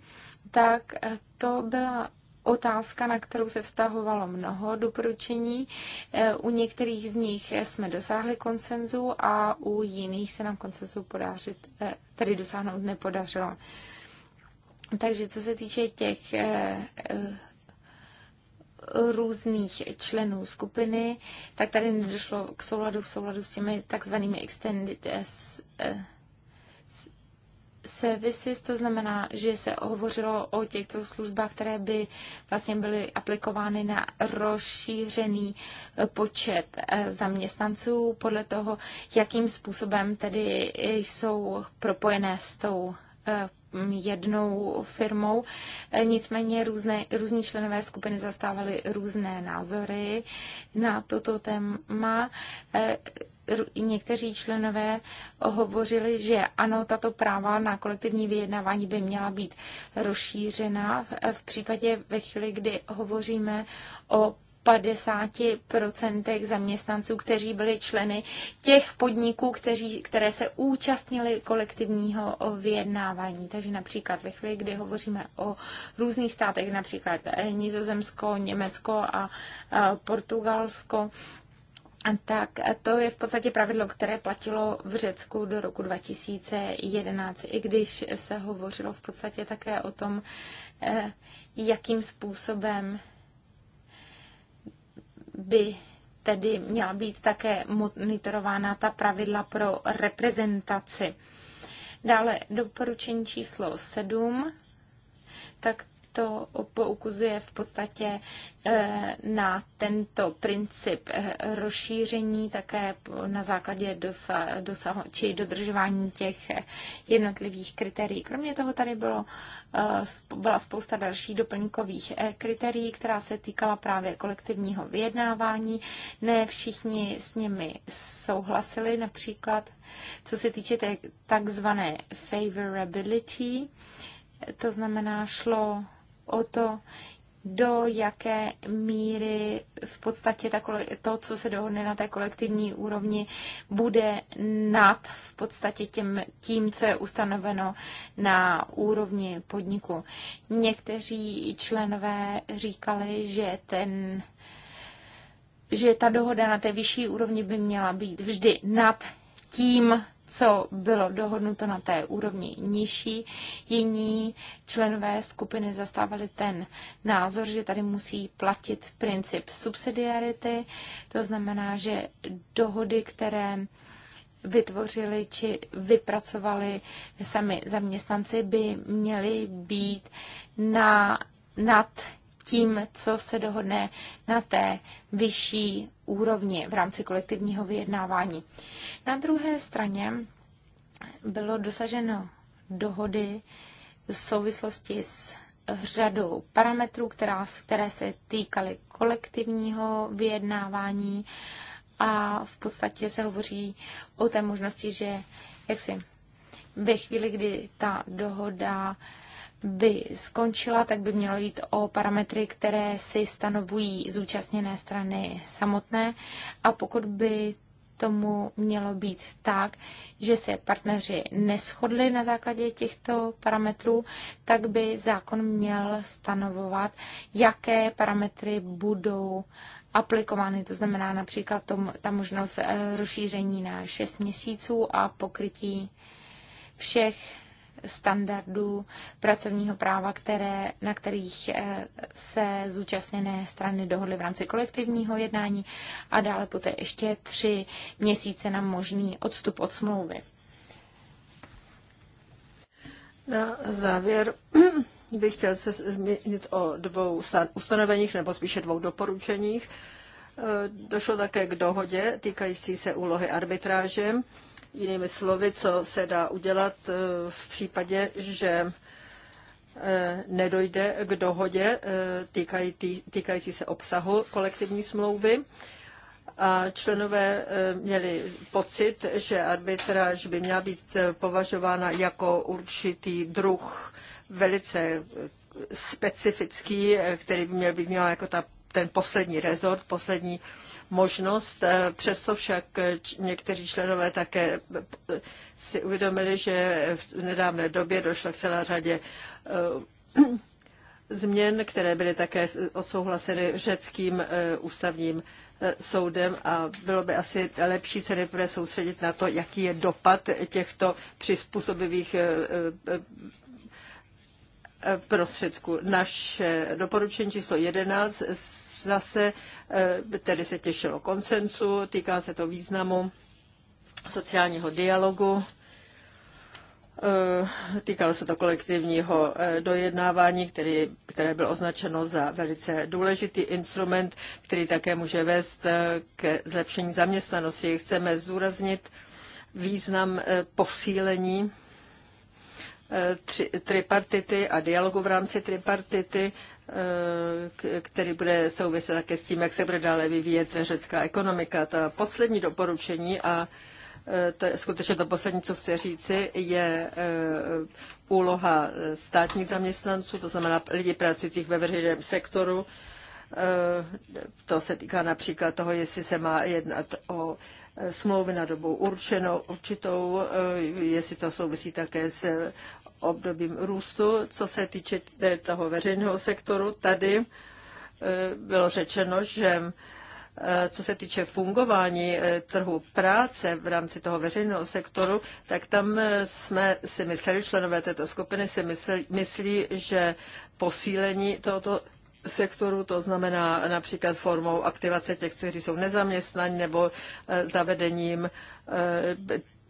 tak eh, to byla otázka, na kterou se vztahovalo mnoho doporučení. Eh, u některých z nich jsme dosáhli konsenzu a u jiných se nám konsenzu podařit, tedy dosáhnout nepodařilo. Takže co se týče těch různých členů skupiny, tak tady nedošlo k souladu v souladu s těmi takzvanými extended eh, services, to znamená, že se hovořilo o těchto službách, které by vlastně byly aplikovány na rozšířený eh, počet eh, zaměstnanců podle toho, jakým způsobem tedy jsou propojené s tou jednou firmou. E, nicméně různé, různí členové skupiny zastávali různé názory na toto téma e, někteří členové hovořili, že ano, tato práva na kolektivní vyjednávání by měla být rozšířena e, v případě ve chvíli, kdy hovoříme o 50% zaměstnanců, kteří byli členy těch podniků, kteří, které se účastnili kolektivního vyjednávání. Takže například ve chvíli, kdy hovoříme o různých státech, například eh, Nizozemsko, Německo a eh, Portugalsko, tak eh, to je v podstatě pravidlo, které platilo v Řecku do roku 2011, i když se hovořilo v podstatě také o tom, jakým způsobem by tedy měla být také monitorována ta pravidla pro reprezentaci. Dále doporučení číslo 7, tak to poukazuje v podstatě eh, na tento princip eh, rozšíření také na základě dosa, dosahu, či dodržování těch eh, jednotlivých kritérií. Kromě toho tady bylo, byla spousta dalších doplňkových kritérií, která se týkala právě kolektivního vyjednávání. Ne všichni s nimi souhlasili, například co se týče takzvané favorability, to znamená, šlo o to, do jaké míry v podstatě ta to, co se dohodne na té kolektivní úrovni, bude nad v podstatě tím, tím, co je ustanoveno na úrovni podniku. Někteří členové říkali, že ten že ta dohoda na té vyšší úrovni by měla být vždy nad tím, co bylo dohodnuto na té úrovni nižší. Jiní členové skupiny zastávali ten názor, že tady musí platit princip subsidiarity, to znamená, že dohody, které vytvořili či vypracovali sami zaměstnanci, by měly být na nad tím, co se dohodne na té vyšší úrovni v rámci kolektivního vyjednávání. Na druhé straně bylo dosaženo dohody v souvislosti s řadou parametrů, která, které se týkaly kolektivního vyjednávání a v podstatě se hovoří o té možnosti, že jaksi ve chvíli, kdy ta dohoda by skončila, tak by mělo jít o parametry, které si stanovují zúčastněné strany samotné. A pokud by tomu mělo být tak, že se partneři neschodli na základě těchto parametrů, tak by zákon měl stanovovat, jaké parametry budou aplikovány. To znamená například tom, ta možnost eh, rozšíření na 6 měsíců a pokrytí všech standardů pracovního práva, které, na kterých eh, se zúčastněné strany dohodly v rámci kolektivního jednání a dále poté ještě tři měsíce na možný odstup od smlouvy. Na závěr bych chtěl se zmínit o dvou ustanoveních nebo spíše dvou doporučeních. Eh, došlo také k dohodě týkající se úlohy arbitráže. Jinými slovy, co se dá udělat eh, v případě, že eh, nedojde k dohodě eh, týkající se obsahu kolektivní smlouvy. A členové měli pocit, že arbitráž by měla být považována jako určitý druh velice specifický, který by měl být měl jako ta, ten poslední rezort, poslední uh, možnost. Eh, přesto však eh, někteří členové také eh, si uvědomili, že v nedávné době došlo k celé řadě změn, které byly také odsouhlaseny řeckým ústavním soudem a bylo by asi lepší se nejprve soustředit na to, jaký je dopad těchto přizpůsobivých prostředků. Naše doporučení číslo 11 zase eh, tedy se těšilo koncensu, týká se to významu sociálního dialogu, eh, týkalo se to kolektivního eh, dojednávání, který, které bylo označeno za velice důležitý instrument, který také může vést k zlepšení zaměstnanosti. Chceme zúraznit význam posílení tripartity a dialogu v rámci tripartity Eh, který bude souviset také s tím, jak se bude dále vyvíjet řecká ekonomika. Ta poslední doporučení a eh, to je skutečně to poslední, co chci říci, je eh, úloha státních zaměstnanců, to znamená lidí pracujících ve veřejném sektoru. To se týká například toho, jestli se má jednat o smlouvy na dobu určenou, určitou, jestli to souvisí také s obdobím růstu. Co se týče toho veřejného sektoru, tady eh, bylo řečeno, že eh, co se týče fungování eh, trhu práce v rámci toho veřejného sektoru, tak tam jsme si mysleli, členové této skupiny si myslí, myslí že posílení tohoto sektoru, to znamená například formou aktivace těch, kteří jsou nezaměstnaní nebo zavedením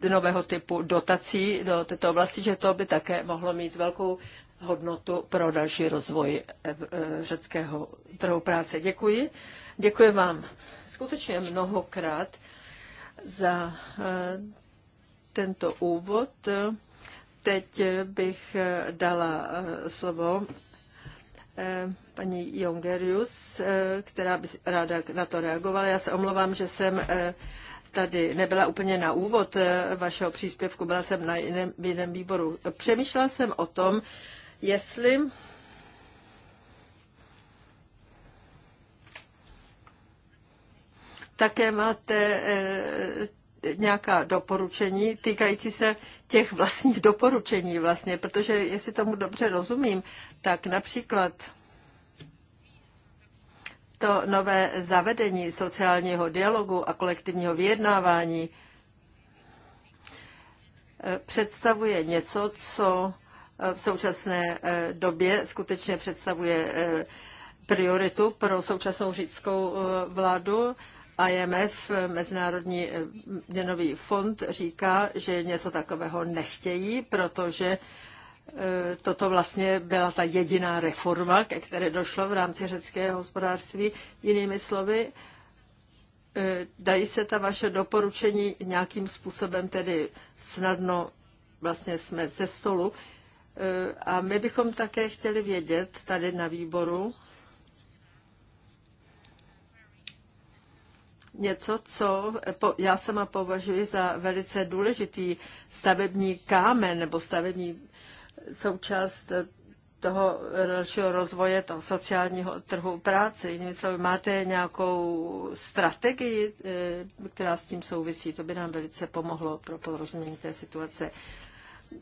nového typu dotací do této oblasti, že to by také mohlo mít velkou hodnotu pro další rozvoj eh, eh, řeckého trhu práce. Děkuji. Děkuji vám skutečně mnohokrát za eh, tento úvod. Teď bych dala slovo paní Jongerius, která by ráda na to reagovala. Já se omlouvám, že jsem tady nebyla úplně na úvod eh, vašeho příspěvku, byla jsem na jiném, v jiném výboru. Přemýšlela jsem o tom, jestli také máte eh, nějaká doporučení týkající se těch vlastních doporučení vlastně, protože jestli tomu dobře rozumím, tak například to nové zavedení sociálního dialogu a kolektivního vyjednávání eh, představuje něco, co eh, v současné eh, době skutečně představuje prioritu pro současnou řídskou vládu. IMF, Mezinárodní měnový fond, říká, že něco takového nechtějí, protože E, toto vlastně byla ta jediná reforma, ke které došlo v rámci řeckého hospodářství. Jinými slovy, e, dají se ta vaše doporučení nějakým způsobem tedy snadno vlastně jsme ze stolu. E, a my bychom také chtěli vědět tady na výboru něco, co já sama považuji za velice důležitý stavební kámen nebo stavební součást toho dalšího rozvoje, toho sociálního trhu práce. Jinými slovy, máte nějakou strategii, eh, která s tím souvisí? To by nám velice pomohlo pro porozumění té situace.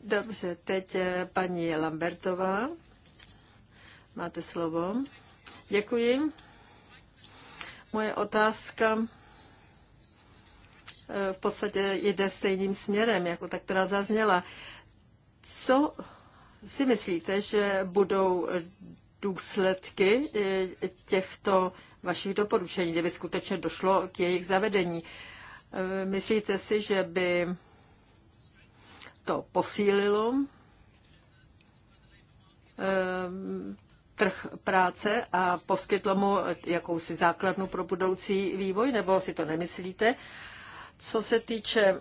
Dobře, teď eh, paní Lambertová. Máte slovo. Děkuji. Moje otázka eh, v podstatě jde stejným směrem, jako ta, která zazněla. Co si myslíte, že budou důsledky eh, těchto vašich doporučení, kdyby skutečně došlo k jejich zavedení? Eh, myslíte si, že by to posílilo eh, trh práce a poskytlo mu jakousi základnu pro budoucí vývoj, nebo si to nemyslíte? Co se týče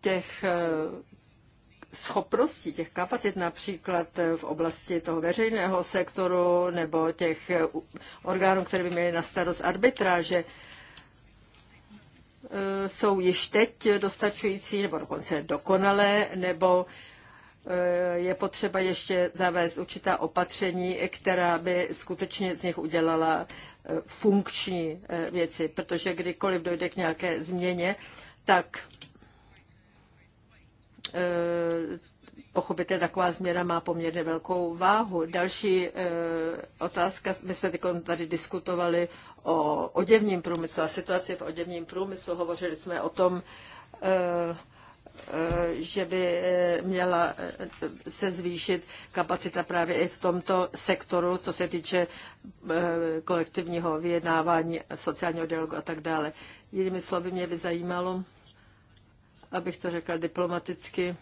těch schopností, těch kapacit například eh, v oblasti toho veřejného sektoru nebo těch eh, orgánů, které by měly na starost arbitráže, eh, jsou již teď dostačující nebo dokonce dokonalé, nebo je potřeba ještě zavést určitá opatření, která by skutečně z nich udělala funkční věci, protože kdykoliv dojde k nějaké změně, tak Eh, pochopitelně taková změna má poměrně velkou váhu. Další e, otázka, my jsme tady diskutovali o oděvním průmyslu a situaci v oděvním průmyslu. Hovořili jsme o tom, e, že by měla se zvýšit kapacita právě i v tomto sektoru, co se týče kolektivního vyjednávání, sociálního dialogu a tak dále. Jinými slovy, mě by zajímalo, abych to řekla diplomaticky,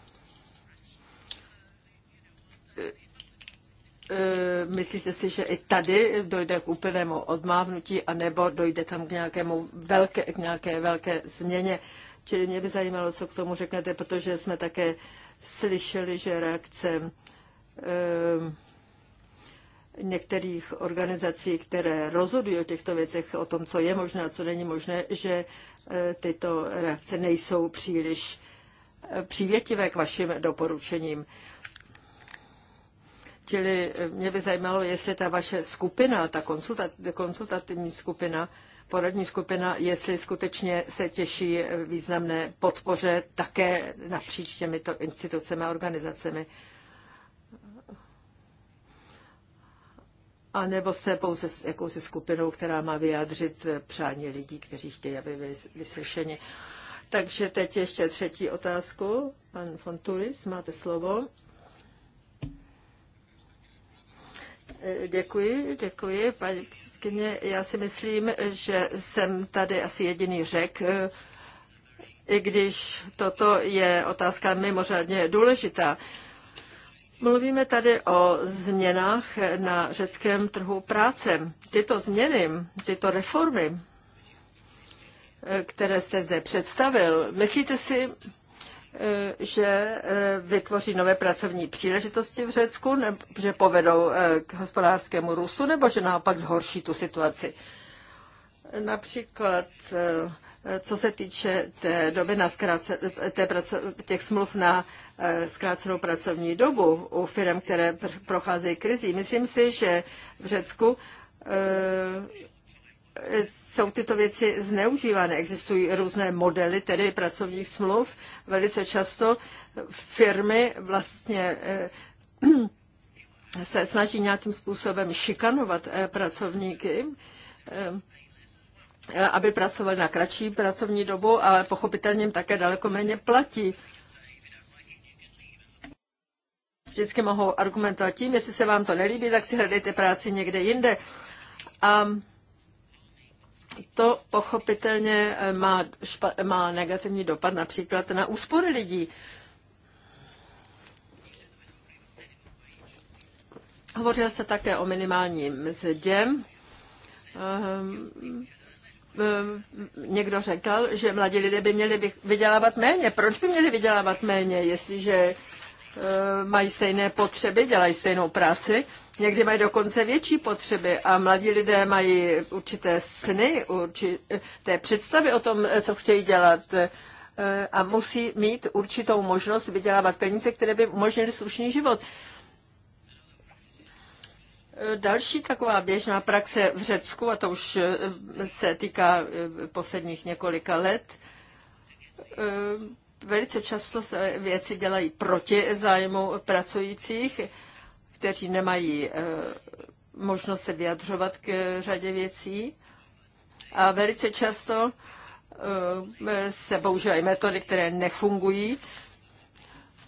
eh, myslíte si, že i tady dojde k úplnému odmávnutí, anebo dojde tam k, nějakému velké, k nějaké velké změně? Čili mě by zajímalo, co k tomu řeknete, protože jsme také slyšeli, že reakce eh, některých organizací, které rozhodují o těchto věcech, o tom, co je možné a co není možné, že E, tyto reakce nejsou příliš e, přívětivé k vašim doporučením. Čili e, mě by zajímalo, jestli ta vaše skupina, ta konsultat, konsultativní skupina, poradní skupina, jestli skutečně se těší významné podpoře také napříč těmito institucemi a organizacemi. Uh, A nebo se pouze s jakousi skupinou, která má vyjádřit přání lidí, kteří chtějí, aby byli vyslyšeni. Takže teď ještě třetí otázku. Pan von Turis, máte slovo. E, děkuji, děkuji, paní Kyně, Já si myslím, že jsem tady asi jediný řek, e, i když toto je otázka mimořádně důležitá. Mluvíme tady o změnách na řeckém trhu práce. Tyto změny, tyto reformy, které jste zde představil, myslíte si, že vytvoří nové pracovní příležitosti v Řecku, nebo že povedou eh, k hospodářskému růstu, nebo že naopak zhorší tu situaci? Například eh, co se týče té doby na zkrátce, té praco, těch smluv na Eh, zkrácenou pracovní dobu u firm, které procházejí krizí. Myslím si, že v Řecku eh, jsou tyto věci zneužívány. Existují různé modely, tedy pracovních smluv. Velice často firmy vlastně eh, se snaží nějakým způsobem šikanovat pracovníky, aby pracovali na kratší pracovní dobu, ale pochopitelně jim také daleko méně platí vždycky mohou argumentovat tím, jestli se vám to nelíbí, tak si hledejte práci někde jinde. A to pochopitelně eh, má, špa, má negativní dopad například na úspory lidí. Hovořil se také o minimálním mzdě. Ehm, ehm, někdo řekl, že mladí lidé by měli vydělávat méně. Proč by měli vydělávat méně, jestliže Eh, mají stejné potřeby, dělají stejnou práci, někdy mají dokonce větší potřeby a mladí lidé mají určité sny, určité eh, představy o tom, eh, co chtějí dělat a musí mít určitou možnost vydělávat peníze, které by umožnily slušný život. Další taková běžná praxe v Řecku, a to už se týká posledních několika let, Velice často se věci dělají proti zájmu pracujících, kteří nemají eh, možnost se vyjadřovat k řadě věcí. A velice často eh, se používají metody, které nefungují,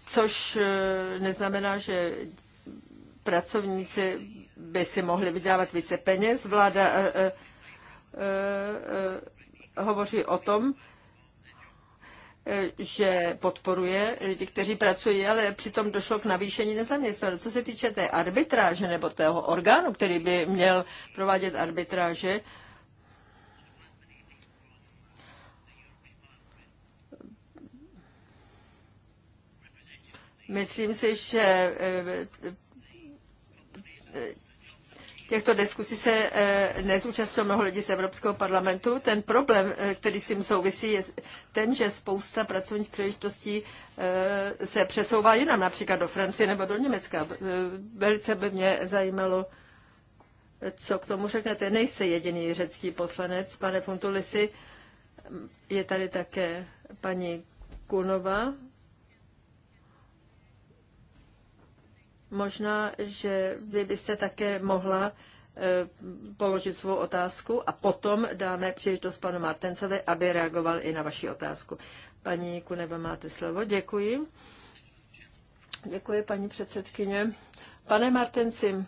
což eh, neznamená, že pracovníci by si mohli vydávat více peněz. Vláda hovoří o tom, že podporuje lidi, kteří pracují, ale přitom došlo k navýšení nezaměstnanosti. Co se týče té arbitráže nebo tého orgánu, který by měl provádět arbitráže, myslím si, že eh, eh, Těchto diskusí se eh, nezúčastnilo mnoho lidí z Evropského parlamentu. Ten problém, eh, který s tím souvisí, je ten, že spousta pracovních příležitostí eh, se přesouvá jinam, například do Francie nebo do Německa. Velice by mě zajímalo, co k tomu řeknete. Nejste jediný řecký poslanec, pane Funtulisi. Je tady také paní Kunova Možná, že vy byste také mohla eh, položit svou otázku a potom dáme příležitost panu Martencovi, aby reagoval i na vaši otázku. Paní Kuneva, máte slovo. Děkuji. Děkuji, paní předsedkyně. Pane Martenci,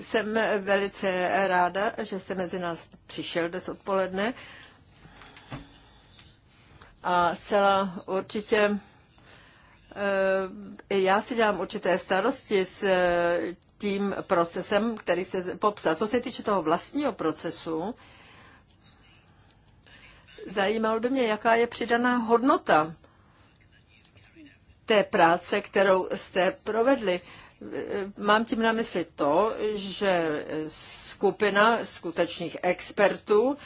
jsem velice ráda, že jste mezi nás přišel dnes odpoledne a zcela určitě Eh, já si dělám určité starosti s eh, tím procesem, který jste popsal. Co se týče toho vlastního procesu, zajímalo by mě, jaká je přidaná hodnota té práce, kterou jste provedli. Eh, mám tím na mysli to, že skupina skutečných expertů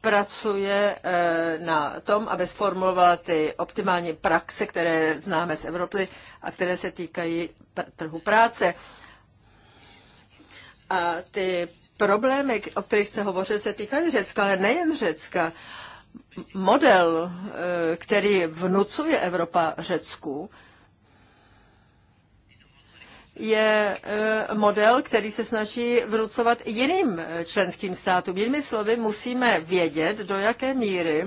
pracuje eh, na tom, aby sformulovala ty optimální praxe, které známe z Evropy a které se týkají trhu práce. A ty problémy, o kterých se hovoří, se týkají Řecka, ale nejen Řecka. Model, eh, který vnucuje Evropa Řecku, je eh, model, který se snaží vnucovat jiným eh, členským státům. Jinými slovy, musíme vědět, do jaké míry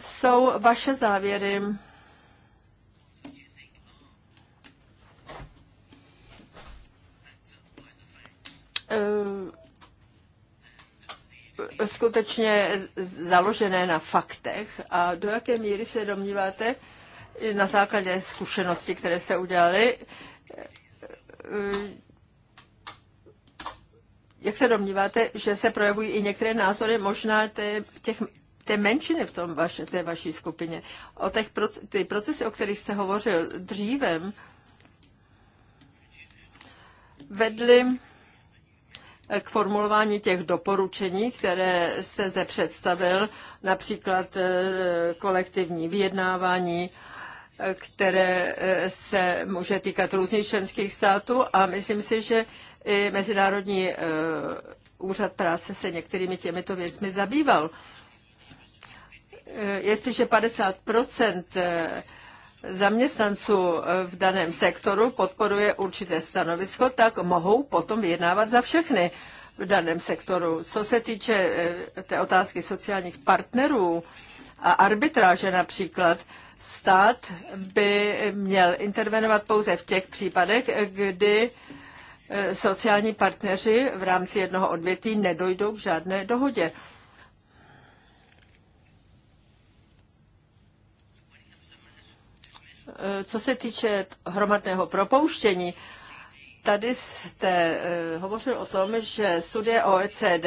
jsou vaše závěry eh, skutečně založené na faktech a do jaké míry se domníváte, na základě zkušeností, které se udělali, jak se domníváte, že se projevují i některé názory možná té, těch, té menšiny v tom vaše, té vaší skupině? O těch ty procesy, o kterých jste hovořil dřívem, vedly k formulování těch doporučení, které se zde představil, například eh, kolektivní vyjednávání, které eh, se může týkat různých členských států a myslím si, že i Mezinárodní eh, úřad práce se některými těmito věcmi zabýval. Eh, jestliže 50 zaměstnanců v daném sektoru podporuje určité stanovisko, tak mohou potom vyjednávat za všechny v daném sektoru. Co se týče té otázky sociálních partnerů a arbitráže například, stát by měl intervenovat pouze v těch případech, kdy eh, sociální partneři v rámci jednoho odvětví nedojdou k žádné dohodě. Eh, co se týče hromadného propouštění, tady jste eh, hovořil o tom, že studie OECD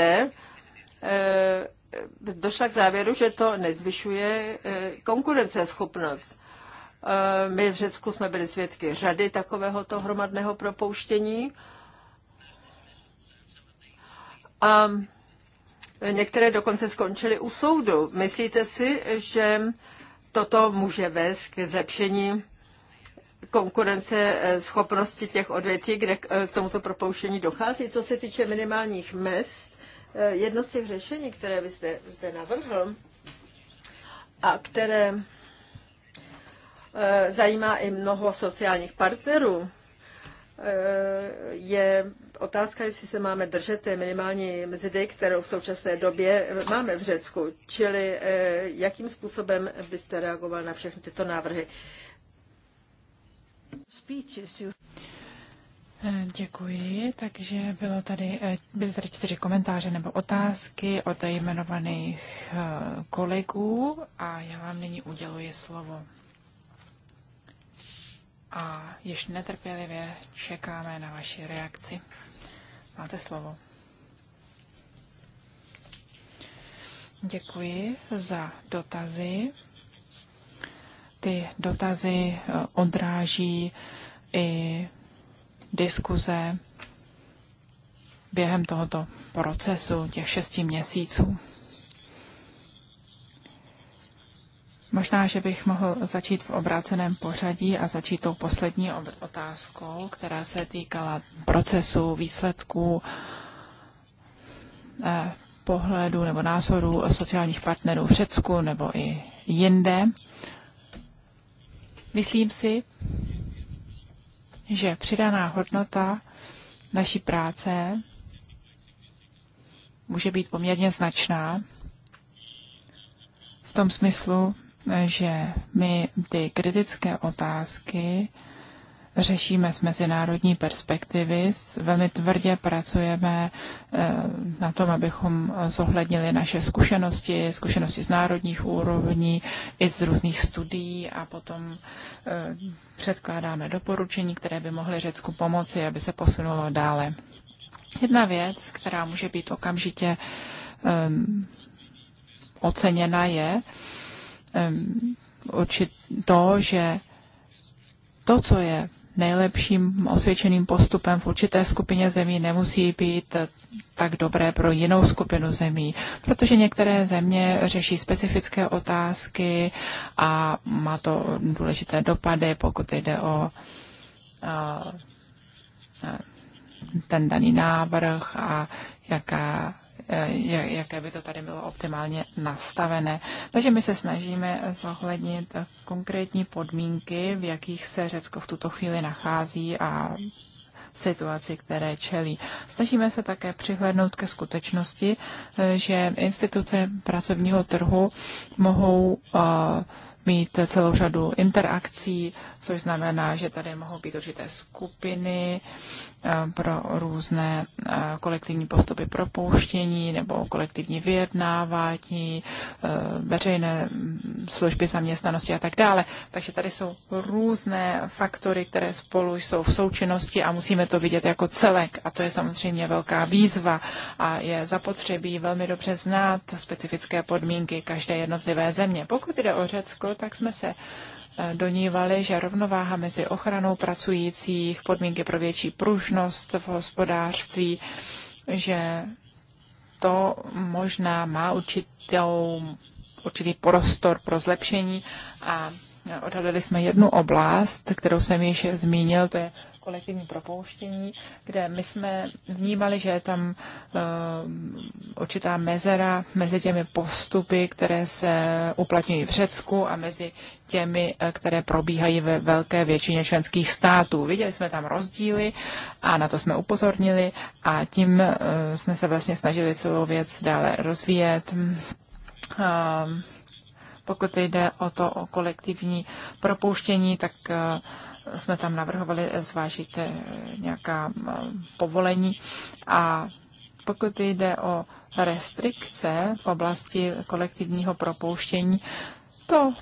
došla k závěru, že to nezvyšuje eh, konkurenceschopnost. Eh, my v Řecku jsme byli svědky řady takovéhoto hromadného propouštění. A některé dokonce skončily u soudu. Myslíte si, že toto může vést k zlepšení konkurence schopnosti těch odvětví, kde eh, k tomuto propouštění dochází? Co se týče minimálních mest, Eh, jedno z těch řešení, které byste zde navrhl a které eh, zajímá i mnoho sociálních partnerů, eh, je otázka, jestli se máme držet té minimální mzdy, kterou v současné době máme v Řecku, čili jakým způsobem byste reagoval na všechny tyto návrhy. Děkuji. Takže bylo tady, eh, byly tady čtyři komentáře nebo otázky od jmenovaných eh, kolegů a já vám nyní uděluji slovo. A ještě netrpělivě čekáme na vaši reakci. Máte slovo. Děkuji za dotazy. Ty dotazy eh, odráží i diskuze během tohoto procesu těch šesti měsíců. Možná, že bych mohl začít v obráceném pořadí a začít tou poslední otázkou, která se týkala procesu, výsledků, eh, pohledu nebo názorů sociálních partnerů v Řecku nebo i jinde. Myslím si, že přidaná hodnota naší práce může být poměrně značná v tom smyslu, že my ty kritické otázky řešíme z mezinárodní perspektivy. Velmi tvrdě pracujeme eh, na tom, abychom zohlednili naše zkušenosti, zkušenosti z národních úrovní i z různých studií a potom eh, předkládáme doporučení, které by mohly Řecku pomoci, aby se posunulo dále. Jedna věc, která může být okamžitě um, oceněna, je um, určit to, že to, co je nejlepším osvědčeným postupem v určité skupině zemí nemusí být tak dobré pro jinou skupinu zemí, protože některé země řeší specifické otázky a má to důležité dopady, pokud jde o ten daný návrh a jaká Eh, jaké by to tady bylo optimálně nastavené. Takže my se snažíme zohlednit konkrétní podmínky, v jakých se Řecko v tuto chvíli nachází a situaci, které čelí. Snažíme se také přihlédnout ke skutečnosti, eh, že instituce pracovního trhu mohou eh, mít celou řadu interakcí, což znamená, že tady mohou být určité skupiny, Eh, pro různé eh, kolektivní postupy propouštění nebo kolektivní vyjednávání, eh, veřejné mm, služby zaměstnanosti a tak dále. Takže tady jsou různé faktory, které spolu jsou v součinnosti a musíme to vidět jako celek. A to je samozřejmě velká výzva a je zapotřebí velmi dobře znát specifické podmínky každé jednotlivé země. Pokud jde o Řecko, tak jsme se donívali, že rovnováha mezi ochranou pracujících, podmínky pro větší pružnost v hospodářství, že to možná má určitou, určitý prostor pro zlepšení a odhadali jsme jednu oblast, kterou jsem již zmínil, to je kolektivní propouštění, kde my jsme vnímali, že je tam očitá eh, určitá mezera mezi těmi postupy, které se uplatňují v Řecku a mezi těmi, eh, které probíhají ve velké většině členských států. Viděli jsme tam rozdíly a na to jsme upozornili a tím eh, jsme se vlastně snažili celou věc dále rozvíjet. pokud jde o to o kolektivní propouštění, tak jsme tam navrhovali zvážit eh, nějaká eh, povolení a pokud jde o restrikce v oblasti kolektivního propouštění, to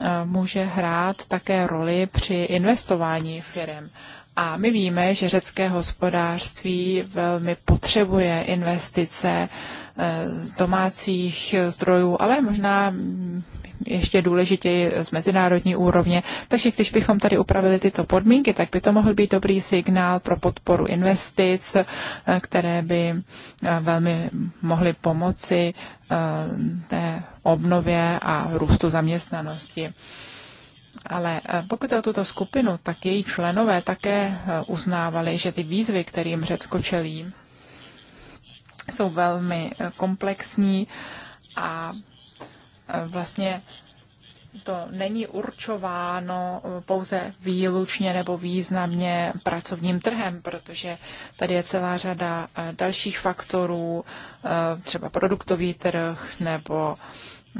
eh, může hrát také roli při investování firm. A my víme, že řecké hospodářství velmi potřebuje investice z domácích zdrojů, ale možná ještě důležitěji z mezinárodní úrovně. Takže když bychom tady upravili tyto podmínky, tak by to mohl být dobrý signál pro podporu investic, eh, které by eh, velmi mohly pomoci eh, té obnově a růstu zaměstnanosti. Ale pokud je o tuto skupinu, tak její členové také uznávali, že ty výzvy, kterým Řecko čelí, jsou velmi komplexní a vlastně to není určováno pouze výlučně nebo významně pracovním trhem, protože tady je celá řada eh, dalších faktorů, eh, třeba produktový trh nebo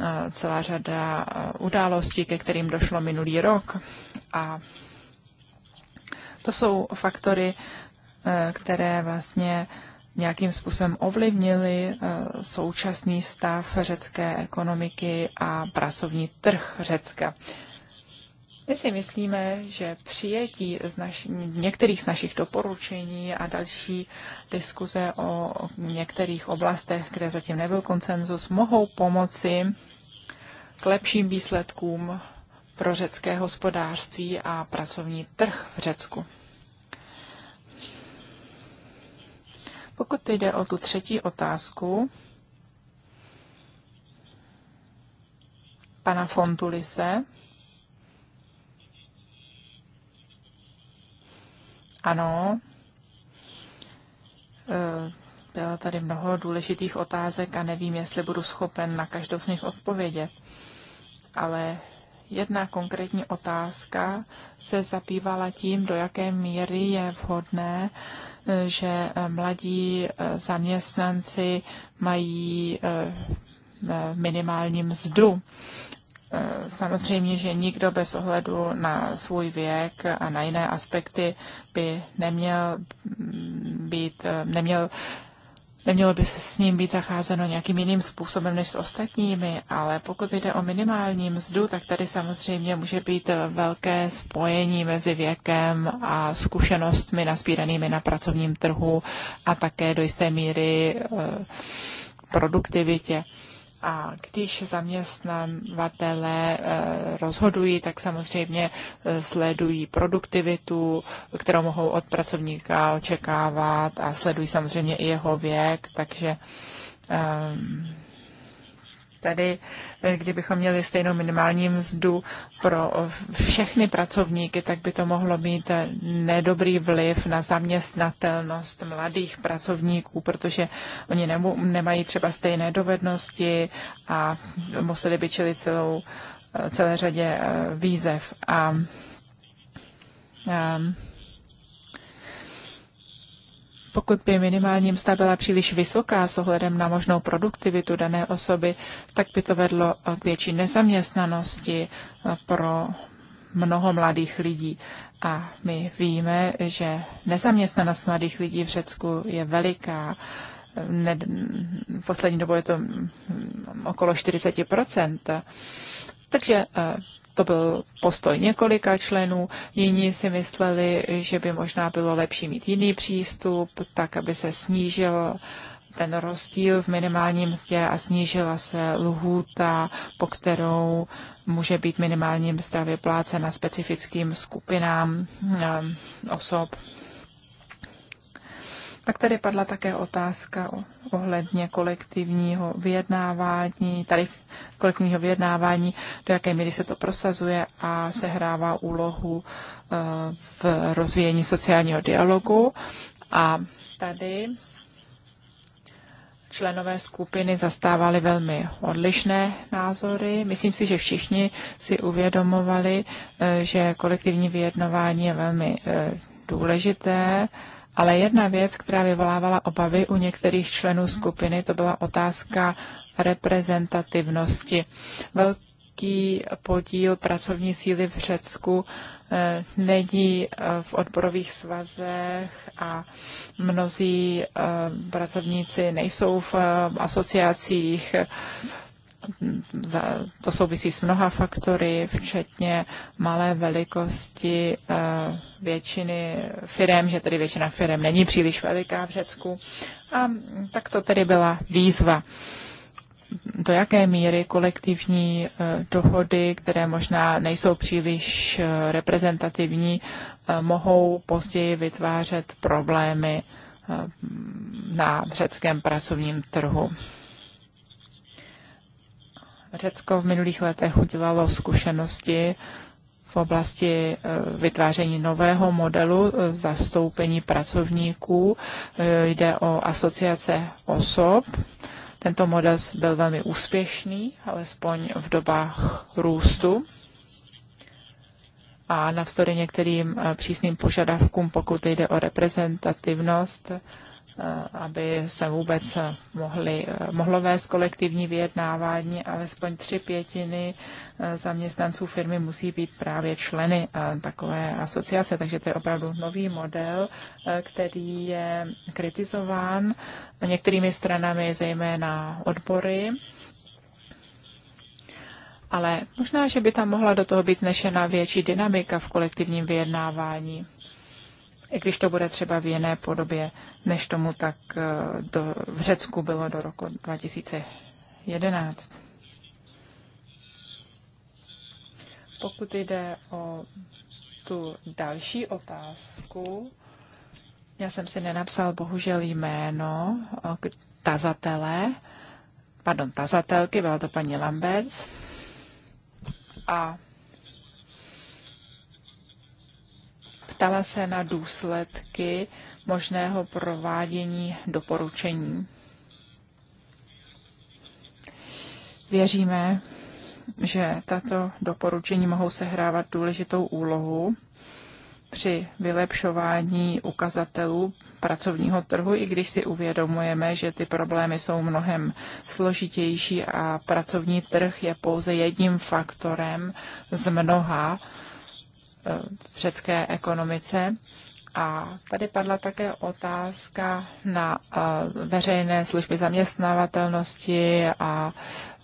eh, celá řada událostí, ke kterým došlo minulý rok. A to jsou faktory, které vlastně nějakým způsobem ovlivnili eh, současný stav řecké ekonomiky a pracovní trh Řecka. My si myslíme, že přijetí z naši, některých z našich doporučení a další diskuze o některých oblastech, kde zatím nebyl konsenzus, mohou pomoci k lepším výsledkům pro řecké hospodářství a pracovní trh v Řecku. Pokud jde o tu třetí otázku pana Fontulise, ano, e, bylo tady mnoho důležitých otázek a nevím, jestli budu schopen na každou z nich odpovědět. Ale Jedna konkrétní otázka se zabývala tím, do jaké míry je vhodné, eh, že eh, mladí eh, zaměstnanci mají minimální mzdu. Samozřejmě, že nikdo bez ohledu na svůj věk a na jiné aspekty by neměl mm, být, neměl Nemělo by se s ním být zacházeno nějakým jiným způsobem než s ostatními, ale pokud jde o minimální mzdu, tak tady samozřejmě může být velké spojení mezi věkem a zkušenostmi naspíranými na pracovním trhu a také do jisté míry eh, produktivitě. A když zaměstnavatele eh, rozhodují, tak samozřejmě eh, sledují produktivitu, kterou mohou od pracovníka očekávat a sledují samozřejmě i jeho věk, takže um, tedy, eh, kdybychom měli stejnou minimální mzdu pro eh, všechny pracovníky, tak by to mohlo mít eh, nedobrý vliv na zaměstnatelnost mladých pracovníků, protože oni nemají třeba stejné dovednosti a museli by čili celou, celé řadě výzev. A, a ehm, pokud by minimální mzda byla příliš vysoká s ohledem na možnou produktivitu dané osoby, tak by to vedlo eh, k větší nezaměstnanosti eh, pro mnoho mladých lidí. A my víme, že nezaměstnanost mladých lidí v Řecku je veliká. V poslední dobu je to hm, okolo 40 takže eh, to byl postoj několika členů, jiní si mysleli, že by možná bylo lepší mít jiný přístup, tak aby se snížil ten rozdíl v minimálním mzdě a snížila se lhůta, po kterou může být minimálním mzda vyplácena specifickým skupinám eh, osob pak tady padla také otázka ohledně kolektivního vyjednávání, tady kolektivního vyjednávání, do jaké míry se to prosazuje a sehrává úlohu eh, v rozvíjení sociálního dialogu. A tady členové skupiny zastávali velmi odlišné názory. Myslím si, že všichni si uvědomovali, eh, že kolektivní vyjednávání je velmi eh, důležité ale jedna věc, která vyvolávala obavy u některých členů skupiny, to byla otázka reprezentativnosti. Velký podíl pracovní síly v Řecku eh, není eh, v odborových svazech a mnozí eh, pracovníci nejsou v asociacích to souvisí s mnoha faktory, včetně malé velikosti eh, většiny firem, že tedy většina firem není příliš veliká v Řecku. A tak to tedy byla výzva do jaké míry kolektivní eh, dohody, které možná nejsou příliš eh, reprezentativní, mohou později vytvářet problémy na řeckém pracovním trhu. Řecko v minulých letech udělalo zkušenosti v oblasti eh, vytváření nového modelu eh, zastoupení pracovníků. Eh, jde o asociace osob. Tento model byl velmi úspěšný, alespoň v dobách růstu. A navzdory některým přísným požadavkům, pokud jde o reprezentativnost, Eh, aby se vůbec eh, mohli, eh, mohlo vést kolektivní vyjednávání, alespoň tři pětiny zaměstnanců firmy musí být právě členy takové asociace, takže to je opravdu nový model, který je kritizován některými stranami, zejména odbory, ale možná, že by tam mohla do toho být nešena větší dynamika v kolektivním vyjednávání i když to bude třeba v jiné podobě, než tomu tak eh, do, v Řecku bylo do roku 2011. Pokud jde o tu další otázku, já jsem si nenapsal bohužel jméno eh, tazatele, pardon, tazatelky, byla to paní Lamberts. A ptala se na důsledky možného provádění doporučení. Věříme, že tato doporučení mohou sehrávat důležitou úlohu při vylepšování ukazatelů pracovního trhu, i když si uvědomujeme, že ty problémy jsou mnohem složitější a pracovní trh je pouze jedním faktorem z mnoha, v řecké ekonomice. A tady padla také otázka na eh, veřejné služby zaměstnavatelnosti a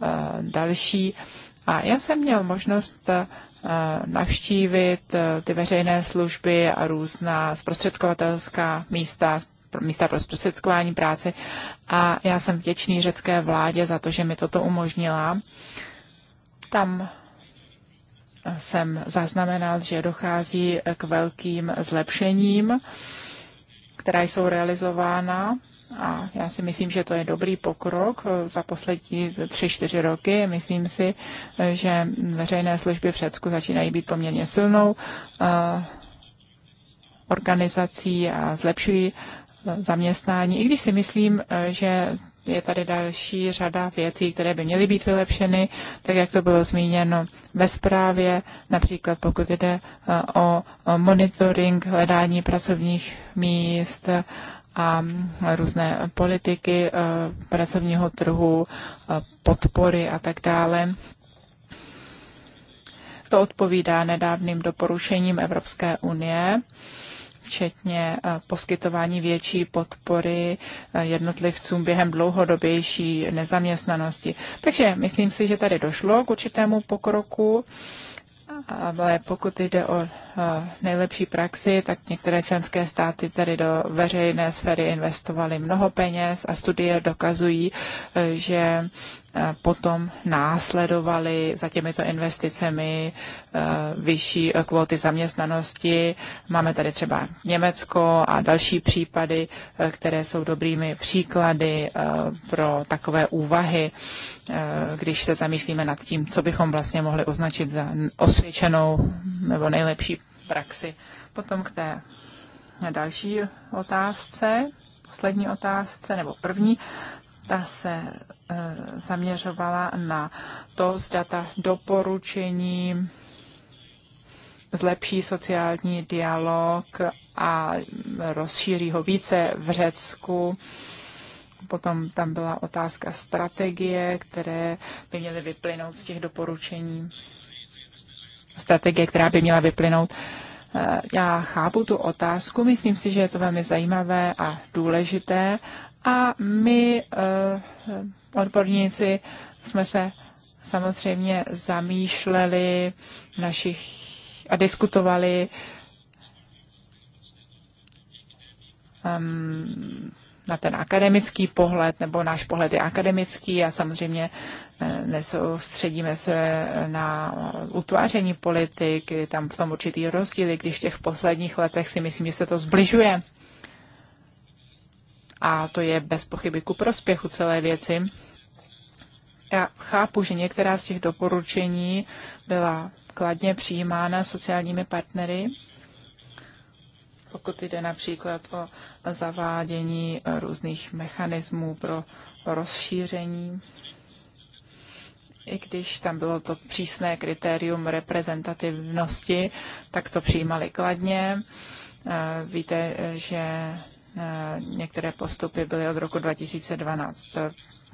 eh, další. A já jsem měl možnost eh, navštívit ty veřejné služby a různá zprostředkovatelská místa, místa pro zprostředkování práce. A já jsem vděčný řecké vládě za to, že mi toto umožnila. Tam jsem zaznamenal, že dochází k velkým zlepšením, která jsou realizována a já si myslím, že to je dobrý pokrok za poslední tři, čtyři roky. Myslím si, že veřejné služby v Řecku začínají být poměrně silnou eh, organizací a zlepšují eh, zaměstnání, i když si myslím, eh, že je tady další řada věcí, které by měly být vylepšeny, tak jak to bylo zmíněno ve zprávě, například pokud jde eh, o monitoring, hledání pracovních míst a různé politiky eh, pracovního trhu, eh, podpory a tak dále. To odpovídá nedávným doporušením Evropské unie včetně eh, poskytování větší podpory eh, jednotlivcům během dlouhodobější nezaměstnanosti. Takže myslím si, že tady došlo k určitému pokroku, ale pokud jde o Eh, nejlepší praxi, tak některé členské státy tedy do veřejné sféry investovaly mnoho peněz a studie dokazují, eh, že eh, potom následovaly za těmito investicemi vyšší kvóty zaměstnanosti. Máme tady třeba Německo a další případy, které jsou dobrými příklady pro takové úvahy, když se zamýšlíme nad tím, co bychom vlastně mohli označit za osvědčenou nebo nejlepší praxi. Potom k té další otázce, poslední otázce, nebo první, ta se e, zaměřovala na to, zda ta doporučení zlepší sociální dialog a rozšíří ho více v Řecku. Potom tam byla otázka strategie, které by měly vyplynout z těch doporučení strategie, která by měla vyplynout. Eh, já chápu tu otázku, myslím si, že je to velmi zajímavé a důležité a my eh, odborníci jsme se samozřejmě zamýšleli našich a diskutovali um, na ten akademický pohled, nebo náš pohled je akademický a samozřejmě eh, nesoustředíme se eh, na utváření politik, je tam v tom určitý rozdíl, když v těch posledních letech si myslím, že se to zbližuje. A to je bez pochyby ku prospěchu celé věci. Já chápu, že některá z těch doporučení byla kladně přijímána sociálními partnery, pokud jde například o zavádění eh, různých mechanismů pro rozšíření, i když tam bylo to přísné kritérium reprezentativnosti, tak to přijímali kladně. Eh, víte, že eh, některé postupy byly od roku 2012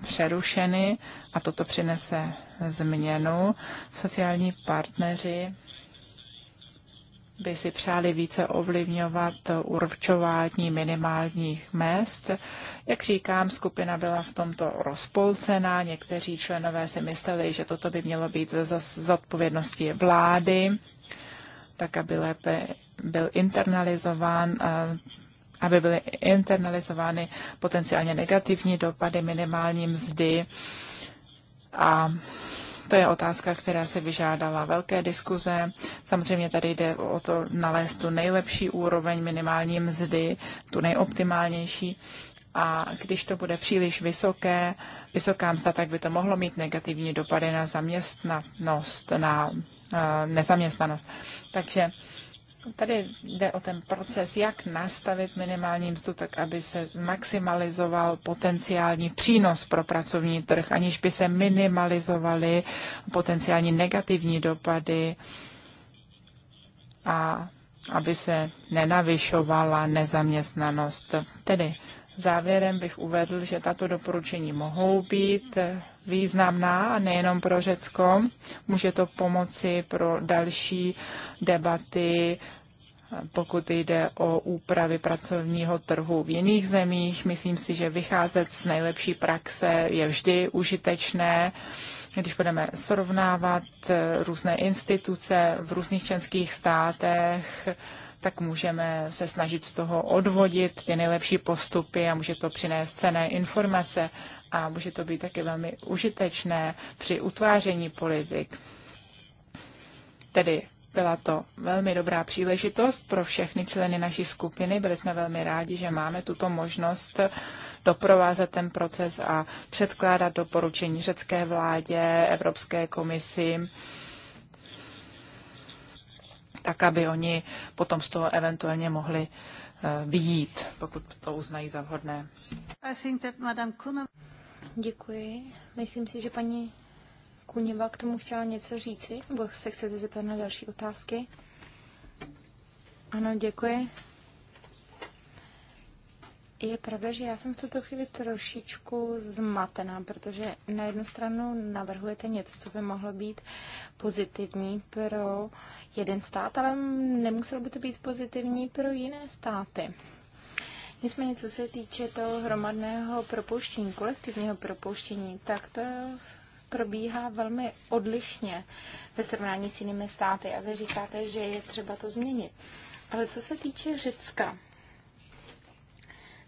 přerušeny a toto přinese změnu. Sociální partneři by si přáli více ovlivňovat určování minimálních mest. Jak říkám, skupina byla v tomto rozpolcená. Někteří členové si mysleli, že toto by mělo být z odpovědnosti vlády, tak aby lépe byl internalizován aby byly internalizovány potenciálně negativní dopady minimální mzdy a to je otázka, která se vyžádala velké diskuze. Samozřejmě tady jde o to nalézt tu nejlepší úroveň minimální mzdy, tu nejoptimálnější a když to bude příliš vysoké, vysoká mzda, tak by to mohlo mít negativní dopady na zaměstnanost, na eh, nezaměstnanost. Takže tady jde o ten proces, jak nastavit minimální mzdu tak, aby se maximalizoval potenciální přínos pro pracovní trh, aniž by se minimalizovaly potenciální negativní dopady a aby se nenavyšovala nezaměstnanost. Tedy závěrem bych uvedl, že tato doporučení mohou být významná a nejenom pro Řecko. Může to pomoci pro další debaty pokud jde o úpravy pracovního trhu v jiných zemích. Myslím si, že vycházet z nejlepší praxe je vždy užitečné. Když budeme srovnávat eh, různé instituce v různých členských státech, tak můžeme se snažit z toho odvodit ty nejlepší postupy a může to přinést cené informace a může to být také velmi užitečné při utváření politik. Tedy byla to velmi dobrá příležitost pro všechny členy naší skupiny. Byli jsme velmi rádi, že máme tuto možnost doprovázet ten proces a předkládat doporučení řecké vládě, Evropské komisi, tak, aby oni potom z toho eventuálně mohli eh, vyjít, pokud to uznají za vhodné. Děkuji. Myslím si, že paní Kuněva k tomu chtěla něco říci, nebo se chcete zeptat na další otázky? Ano, děkuji. Je pravda, že já jsem v tuto chvíli trošičku zmatená, protože na jednu stranu navrhujete něco, co by mohlo být pozitivní pro jeden stát, ale nemuselo by to být pozitivní pro jiné státy. Nicméně, co se týče toho hromadného propouštění, kolektivního propouštění, tak to probíhá velmi odlišně ve srovnání s jinými státy a vy říkáte, že je třeba to změnit. Ale co se týče Řecka,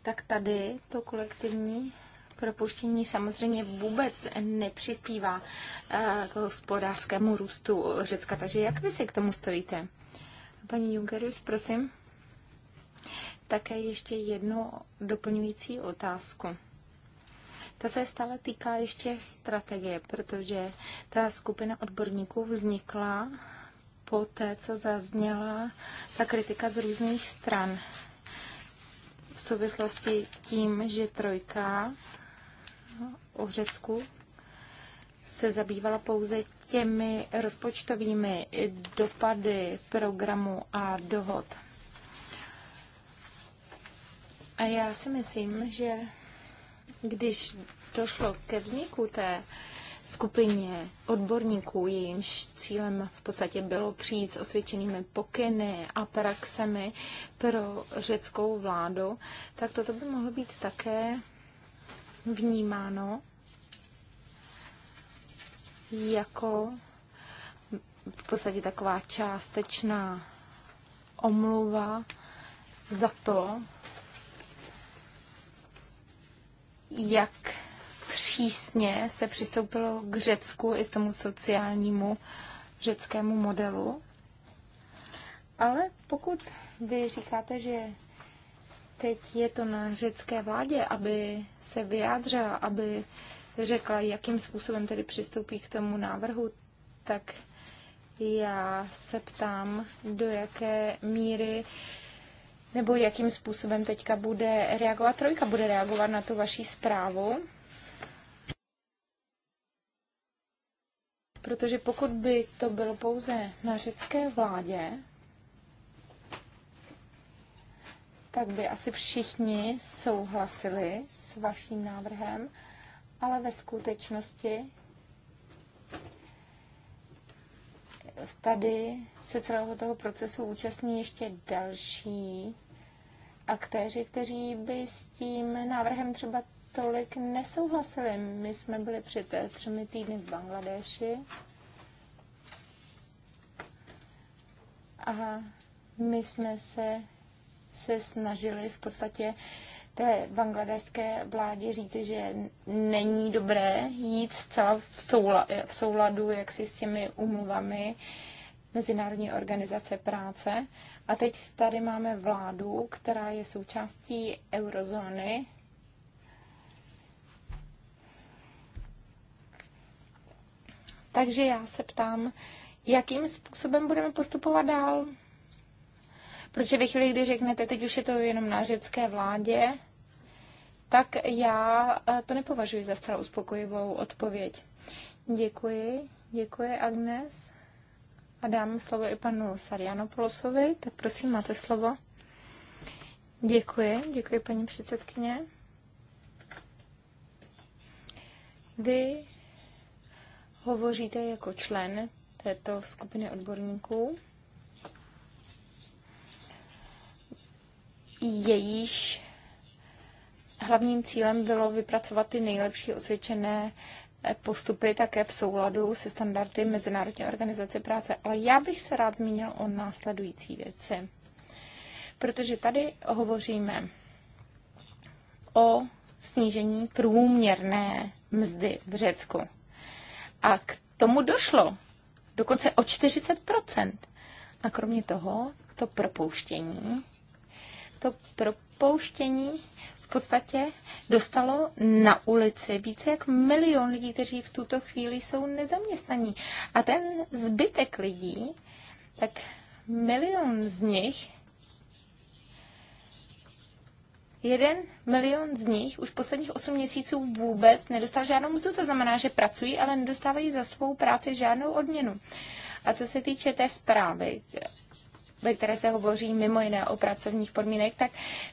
tak tady to kolektivní propuštění samozřejmě vůbec nepřispívá eh, k hospodářskému růstu Řecka. Takže jak vy si k tomu stojíte? Paní Jungerius, prosím. Také ještě jednu doplňující otázku ta se stále týká ještě strategie, protože ta skupina odborníků vznikla po té, co zazněla ta kritika z různých stran v souvislosti tím, že trojka o Řecku se zabývala pouze těmi rozpočtovými dopady programu a dohod. A já si myslím, že když došlo ke vzniku té skupině odborníků, jejímž cílem v podstatě bylo přijít s osvědčenými pokyny a praxemi pro řeckou vládu, tak toto by mohlo být také vnímáno jako v podstatě taková částečná omluva za to, jak přísně se přistoupilo k Řecku i tomu sociálnímu řeckému modelu. Ale pokud vy říkáte, že teď je to na řecké vládě, aby se vyjádřila, aby řekla, jakým způsobem tedy přistoupí k tomu návrhu, tak já se ptám, do jaké míry nebo jakým způsobem teďka bude reagovat trojka, bude reagovat na tu vaší zprávu. Protože pokud by to bylo pouze na řecké vládě, tak by asi všichni souhlasili s vaším návrhem, ale ve skutečnosti tady se celého toho procesu účastní ještě další aktéři, kteří by s tím návrhem třeba tolik nesouhlasili. My jsme byli před třemi týdny v Bangladeši a my jsme se, se snažili v podstatě té bangladeské vládě říci, že není dobré jít zcela v, soula, v souladu jaksi s těmi umluvami Mezinárodní organizace práce. A teď tady máme vládu, která je součástí eurozóny, Takže já se ptám, jakým způsobem budeme postupovat dál. Protože ve chvíli, kdy řeknete, teď už je to jenom na řecké vládě, tak já eh, to nepovažuji za zcela uspokojivou odpověď. Děkuji, děkuji Agnes. A dám slovo i panu Sarianopoulosovi, tak prosím, máte slovo. Děkuji, děkuji paní předsedkyně. Vy hovoříte jako člen této skupiny odborníků. jejíž hlavním cílem bylo vypracovat ty nejlepší osvědčené postupy také v souladu se standardy Mezinárodní organizace práce. Ale já bych se rád zmínil o následující věci. Protože tady hovoříme o snížení průměrné mzdy v Řecku. A k tomu došlo dokonce o 40 A kromě toho to propouštění to propouštění v podstatě dostalo na ulici více jak milion lidí, kteří v tuto chvíli jsou nezaměstnaní. A ten zbytek lidí, tak milion z nich Jeden milion z nich už posledních 8 měsíců vůbec nedostal žádnou mzdu, to znamená, že pracují, ale nedostávají za svou práci žádnou odměnu. A co se týče té zprávy, ve které se hovoří mimo jiné o pracovních podmínek, tak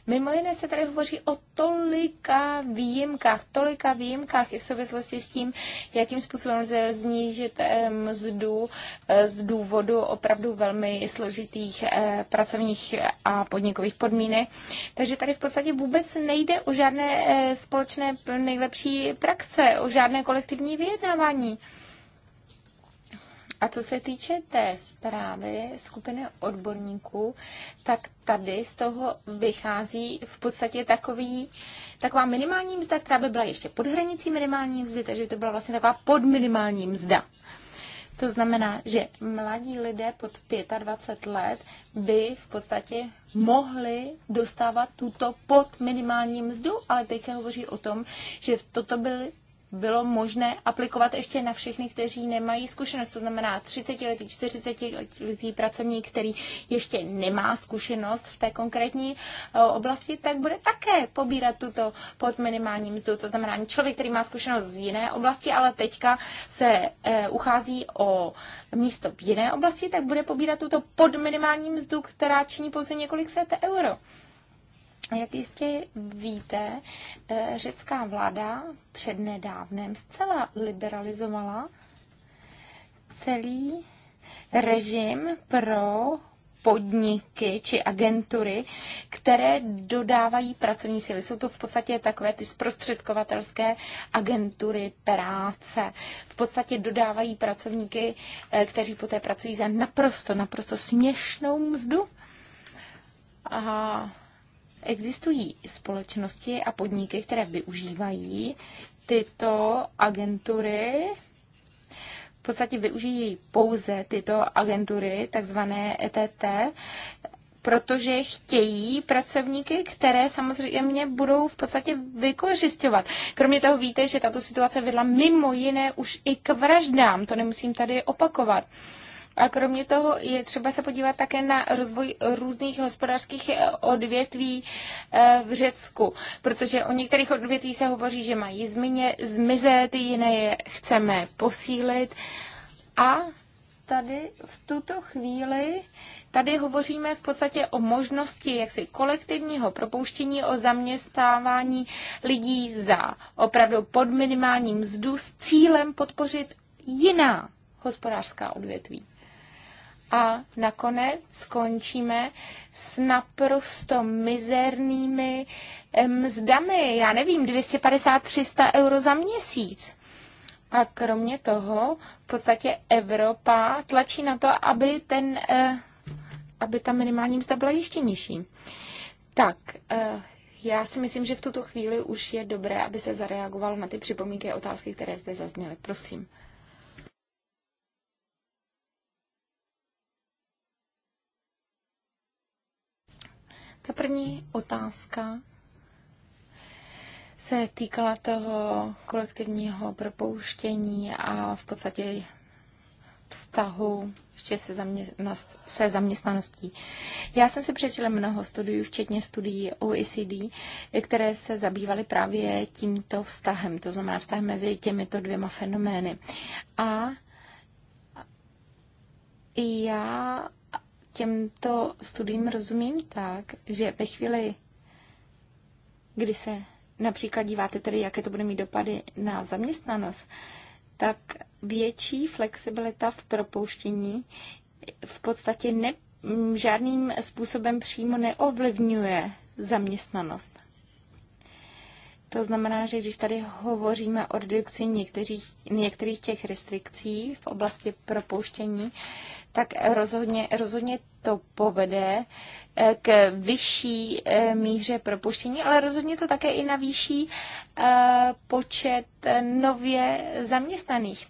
mimo jiné se tady hovoří o tolika výjimkách, tolika výjimkách i v souvislosti s tím, jakým způsobem lze znížit eh, mzdu eh, z důvodu opravdu velmi složitých eh, pracovních a podnikových podmínek. Takže tady v podstatě vůbec nejde o žádné společné nejlepší praxe, o žádné kolektivní vyjednávání. A co se týče té zprávy skupiny odborníků, tak tady z toho vychází v podstatě takový, taková minimální mzda, která by byla ještě pod hranicí minimální mzdy, takže by to byla vlastně taková podminimální mzda. To znamená, že mladí lidé pod 25 let by v podstatě mohli dostávat tuto pod minimální mzdu, ale teď se hovoří o tom, že toto byly bylo možné aplikovat ještě na všechny, kteří nemají zkušenost. To znamená 30-letý, 40-letý pracovník, který ještě nemá zkušenost v té konkrétní eh, oblasti, tak bude také pobírat tuto pod minimální mzdu. To znamená člověk, který má zkušenost z jiné oblasti, ale teďka se eh, uchází o místo v jiné oblasti, tak bude pobírat tuto pod minimální mzdu, která činí pouze několik set euro. Jak jistě víte, eh, řecká vláda přednedávnem zcela liberalizovala celý režim pro podniky či agentury, které dodávají pracovní síly. Jsou to v podstatě takové ty zprostředkovatelské agentury práce. V podstatě dodávají pracovníky, eh, kteří poté pracují za naprosto, naprosto směšnou mzdu. A Existují společnosti a podniky, které využívají tyto agentury, v podstatě využijí pouze tyto agentury, takzvané ETT, protože chtějí pracovníky, které samozřejmě budou v podstatě vykořišťovat. Kromě toho víte, že tato situace vedla mimo jiné už i k vraždám, to nemusím tady opakovat. Uh, a kromě toho je třeba se podívat také na rozvoj různých hospodářských odvětví eh, v Řecku, protože o některých odvětví se hovoří, že mají zmině, zmizet, jiné je chceme posílit. A tady v tuto chvíli Tady hovoříme v podstatě o možnosti jaksi kolektivního propouštění, o zaměstnávání lidí za opravdu pod minimální mzdu s cílem podpořit jiná hospodářská odvětví a nakonec skončíme s naprosto mizernými mzdami, já nevím, 250-300 euro za měsíc. A kromě toho v podstatě Evropa tlačí na to, aby, ten, eh, aby ta minimální mzda byla ještě nižší. Tak, eh, já si myslím, že v tuto chvíli už je dobré, aby se zareagoval na ty připomínky a otázky, které zde zazněly. Prosím. Ta první otázka se týkala toho kolektivního propouštění a v podstatě vztahu ještě se, zaměstna, se zaměstnaností. Já jsem si přečetla mnoho studií, včetně studií OECD, které se zabývaly právě tímto vztahem, to znamená vztah mezi těmito dvěma fenomény. A já těmto studiím rozumím tak, že ve chvíli, kdy se například díváte tedy, jaké to bude mít dopady na zaměstnanost, tak větší flexibilita v propouštění v podstatě ne, žádným způsobem přímo neovlivňuje zaměstnanost. To znamená, že když tady hovoříme o redukci některých, některých těch restrikcí v oblasti propouštění, tak rozhodně, rozhodně to povede eh, k vyšší eh, míře propuštění, ale rozhodně to také i na vyšší eh, počet nově zaměstnaných.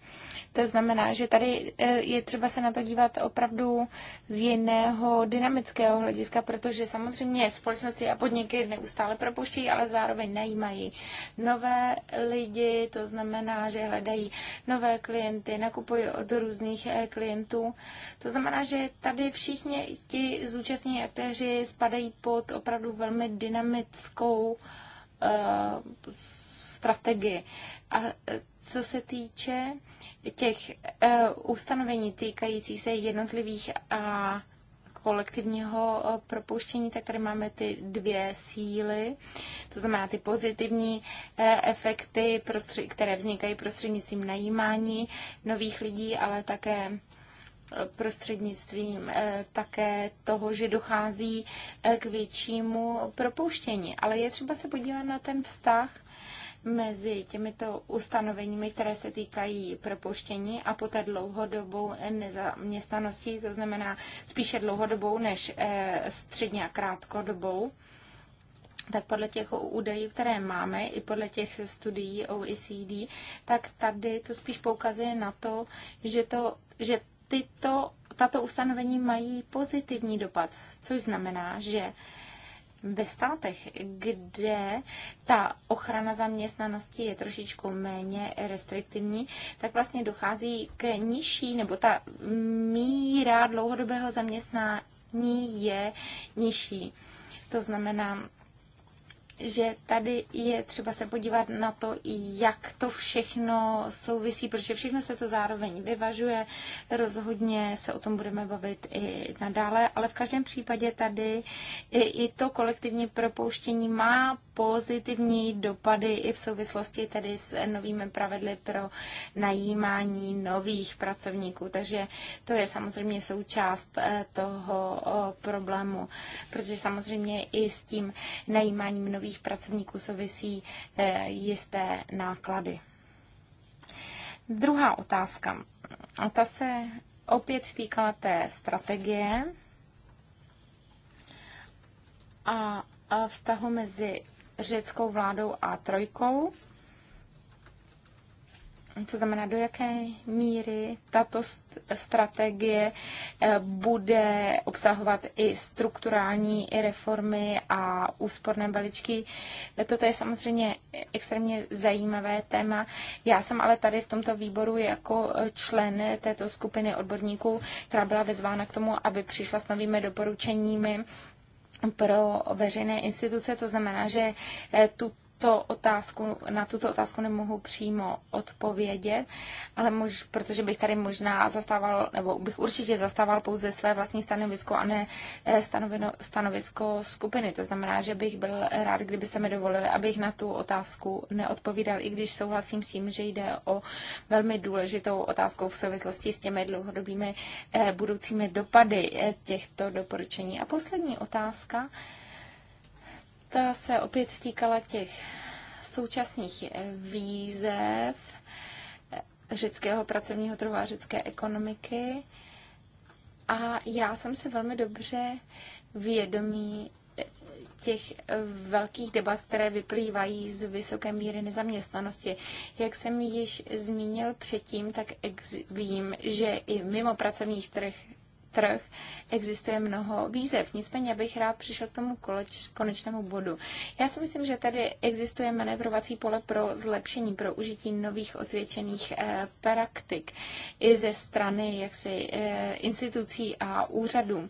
To znamená, že tady eh, je třeba se na to dívat opravdu z jiného dynamického hlediska, protože samozřejmě společnosti a podniky neustále propuštějí, ale zároveň najímají nové lidi, to znamená, že hledají nové klienty, nakupují od různých eh, klientů. To znamená, že tady všichni ti zúčastní aktéři spadají pod opravdu velmi dynamickou eh, strategii. A co se týče těch eh, ustanovení týkající se jednotlivých a kolektivního eh, propuštění, tak tady máme ty dvě síly, to znamená ty pozitivní eh, efekty, které vznikají prostřednictvím najímání nových lidí, ale také prostřednictvím také toho, že dochází k většímu propouštění. Ale je třeba se podívat na ten vztah mezi těmito ustanoveními, které se týkají propuštění a poté dlouhodobou nezaměstnaností, to znamená spíše dlouhodobou než eh, středně a krátkodobou tak podle těch údajů, které máme, i podle těch studií OECD, tak tady to spíš poukazuje na to, že, to, že tyto, tato ustanovení mají pozitivní dopad, což znamená, že ve státech, kde ta ochrana zaměstnanosti je trošičku méně restriktivní, tak vlastně dochází k nižší, nebo ta míra dlouhodobého zaměstnání je nižší. To znamená, že tady je třeba se podívat na to, jak to všechno souvisí, protože všechno se to zároveň vyvažuje. Rozhodně se o tom budeme bavit i nadále, ale v každém případě tady i, to kolektivní propouštění má pozitivní dopady i v souvislosti tedy s novými pravidly pro najímání nových pracovníků. Takže to je samozřejmě součást eh, toho problému, protože samozřejmě i s tím najímáním nových pracovníků souvisí eh, jisté náklady. Druhá otázka. A ta se opět týkala té strategie a vztahu mezi řeckou vládou a trojkou. Co znamená, do jaké míry tato strategie eh, bude obsahovat i strukturální reformy a úsporné balíčky. Toto je samozřejmě extrémně zajímavé téma. Já jsem ale tady v tomto výboru jako člen této skupiny odborníků, která byla vyzvána k tomu, aby přišla s novými doporučeními pro veřejné instituce. To znamená, že eh, tu tuto otázku, na tuto otázku nemohu přímo odpovědět, ale mož, protože bych tady možná zastával, nebo bych určitě zastával pouze své vlastní stanovisko a ne eh, stanovino, stanovisko skupiny. To znamená, že bych byl rád, kdybyste mi dovolili, abych na tu otázku neodpovídal, i když souhlasím s tím, že jde o velmi důležitou otázku v souvislosti s těmi dlouhodobými eh, budoucími dopady eh, těchto doporučení. A poslední otázka. Ta se opět týkala těch současných výzev řeckého pracovního trhu a řecké ekonomiky. A já jsem se velmi dobře vědomí těch velkých debat, které vyplývají z vysoké míry nezaměstnanosti. Jak jsem již zmínil předtím, tak vím, že i mimo pracovních trh trh existuje mnoho výzev. Nicméně bych rád přišel k tomu koleč, konečnému bodu. Já si myslím, že tady existuje manévrovací pole pro zlepšení, pro užití nových osvědčených eh, praktik i ze strany jaksi eh, institucí a úřadů.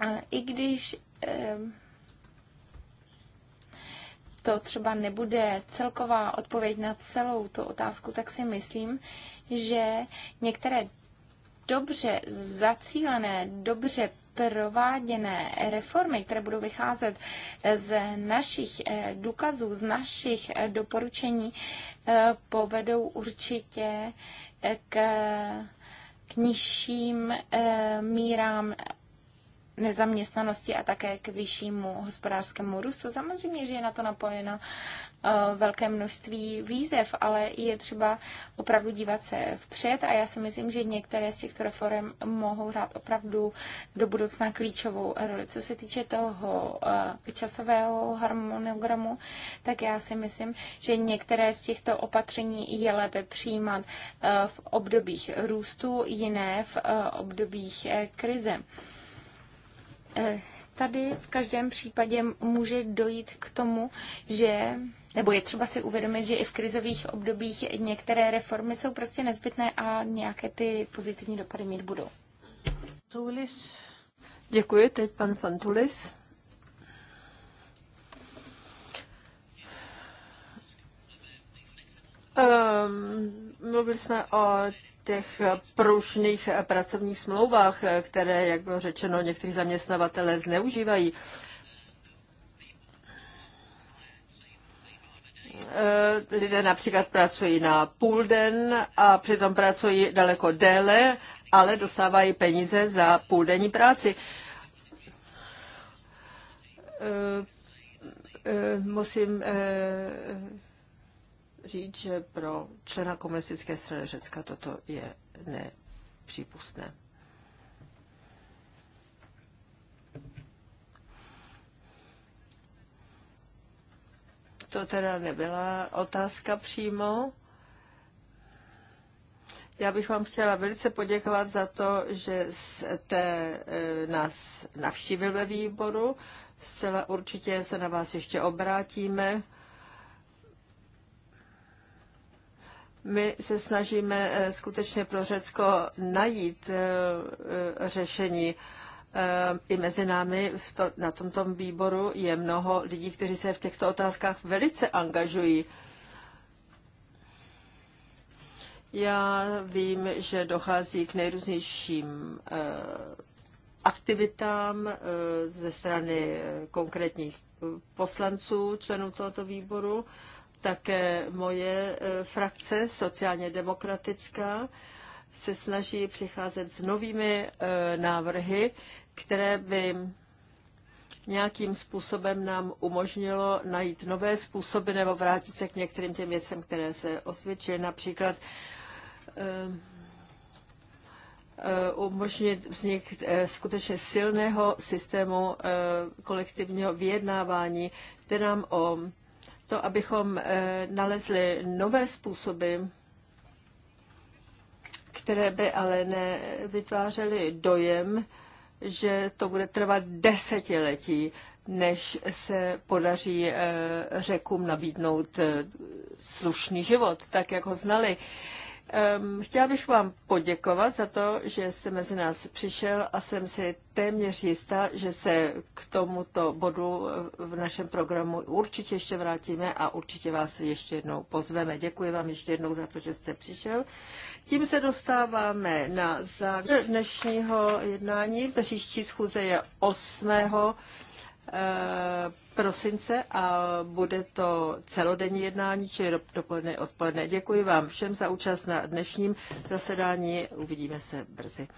A I když eh, to třeba nebude celková odpověď na celou tu otázku, tak si myslím, že některé dobře zacílené, dobře prováděné reformy, které budou vycházet z našich eh, důkazů, z našich eh, doporučení, eh, povedou určitě k, k nižším mírám nezaměstnanosti a také k vyššímu hospodářskému růstu. Samozřejmě, že je na to napojeno eh, velké množství výzev, ale je třeba opravdu dívat se vpřed a já si myslím, že některé z těchto reform mohou hrát opravdu do budoucna klíčovou roli. Co se týče toho eh, časového harmonogramu, tak já si myslím, že některé z těchto opatření je lépe přijímat eh, v obdobích růstu, jiné v obdobích krize. Eh, tady v každém případě může dojít k tomu, že nebo je třeba si uvědomit, že i v krizových obdobích některé reformy jsou prostě nezbytné a nějaké ty pozitivní dopady mít budou. Tulis. Děkuji, teď pan Fantulis. Ehm, mluvili jsme o těch pružných pracovních smlouvách, které, jak bylo řečeno, někteří zaměstnavatele zneužívají. Ehm, lidé například pracují na půl den a přitom pracují daleko déle, ale dostávají peníze za půl denní práci ehm, musím říct, že pro člena komunistické strany Řecka toto je nepřípustné. To teda nebyla otázka přímo. Já bych vám chtěla velice poděkovat za to, že jste e, nás navštívil ve výboru. Zcela určitě se na vás ještě obrátíme. My se snažíme eh, skutečně pro Řecko najít eh, eh, řešení. I mezi námi v to, na tomto výboru je mnoho lidí, kteří se v těchto otázkách velice angažují. Já vím, že dochází k nejrůznějším aktivitám ze strany konkrétních poslanců, členů tohoto výboru. Také moje e, frakce, sociálně demokratická, se snaží přicházet s novými e, návrhy, které by nějakým způsobem nám umožnilo najít nové způsoby nebo vrátit se k některým těm věcem, které se osvědčily. Například e, umožnit vznik skutečně silného systému kolektivního vyjednávání, které nám o to, abychom eh, nalezli nové způsoby, které by ale nevytvářely dojem, že to bude trvat desetiletí, než se podaří eh, řekům nabídnout eh, slušný život, tak jak ho znali. Chtěla bych vám poděkovat za to, že jste mezi nás přišel a jsem si téměř jistá, že se k tomuto bodu v našem programu určitě ještě vrátíme a určitě vás ještě jednou pozveme. Děkuji vám ještě jednou za to, že jste přišel. Tím se dostáváme na závěr dnešního jednání. Příští schůze je 8 Eh, prosince a bude to celodenní jednání, či dopoledne odpoledne. Děkuji vám všem za účast na dnešním zasedání. Uvidíme se brzy.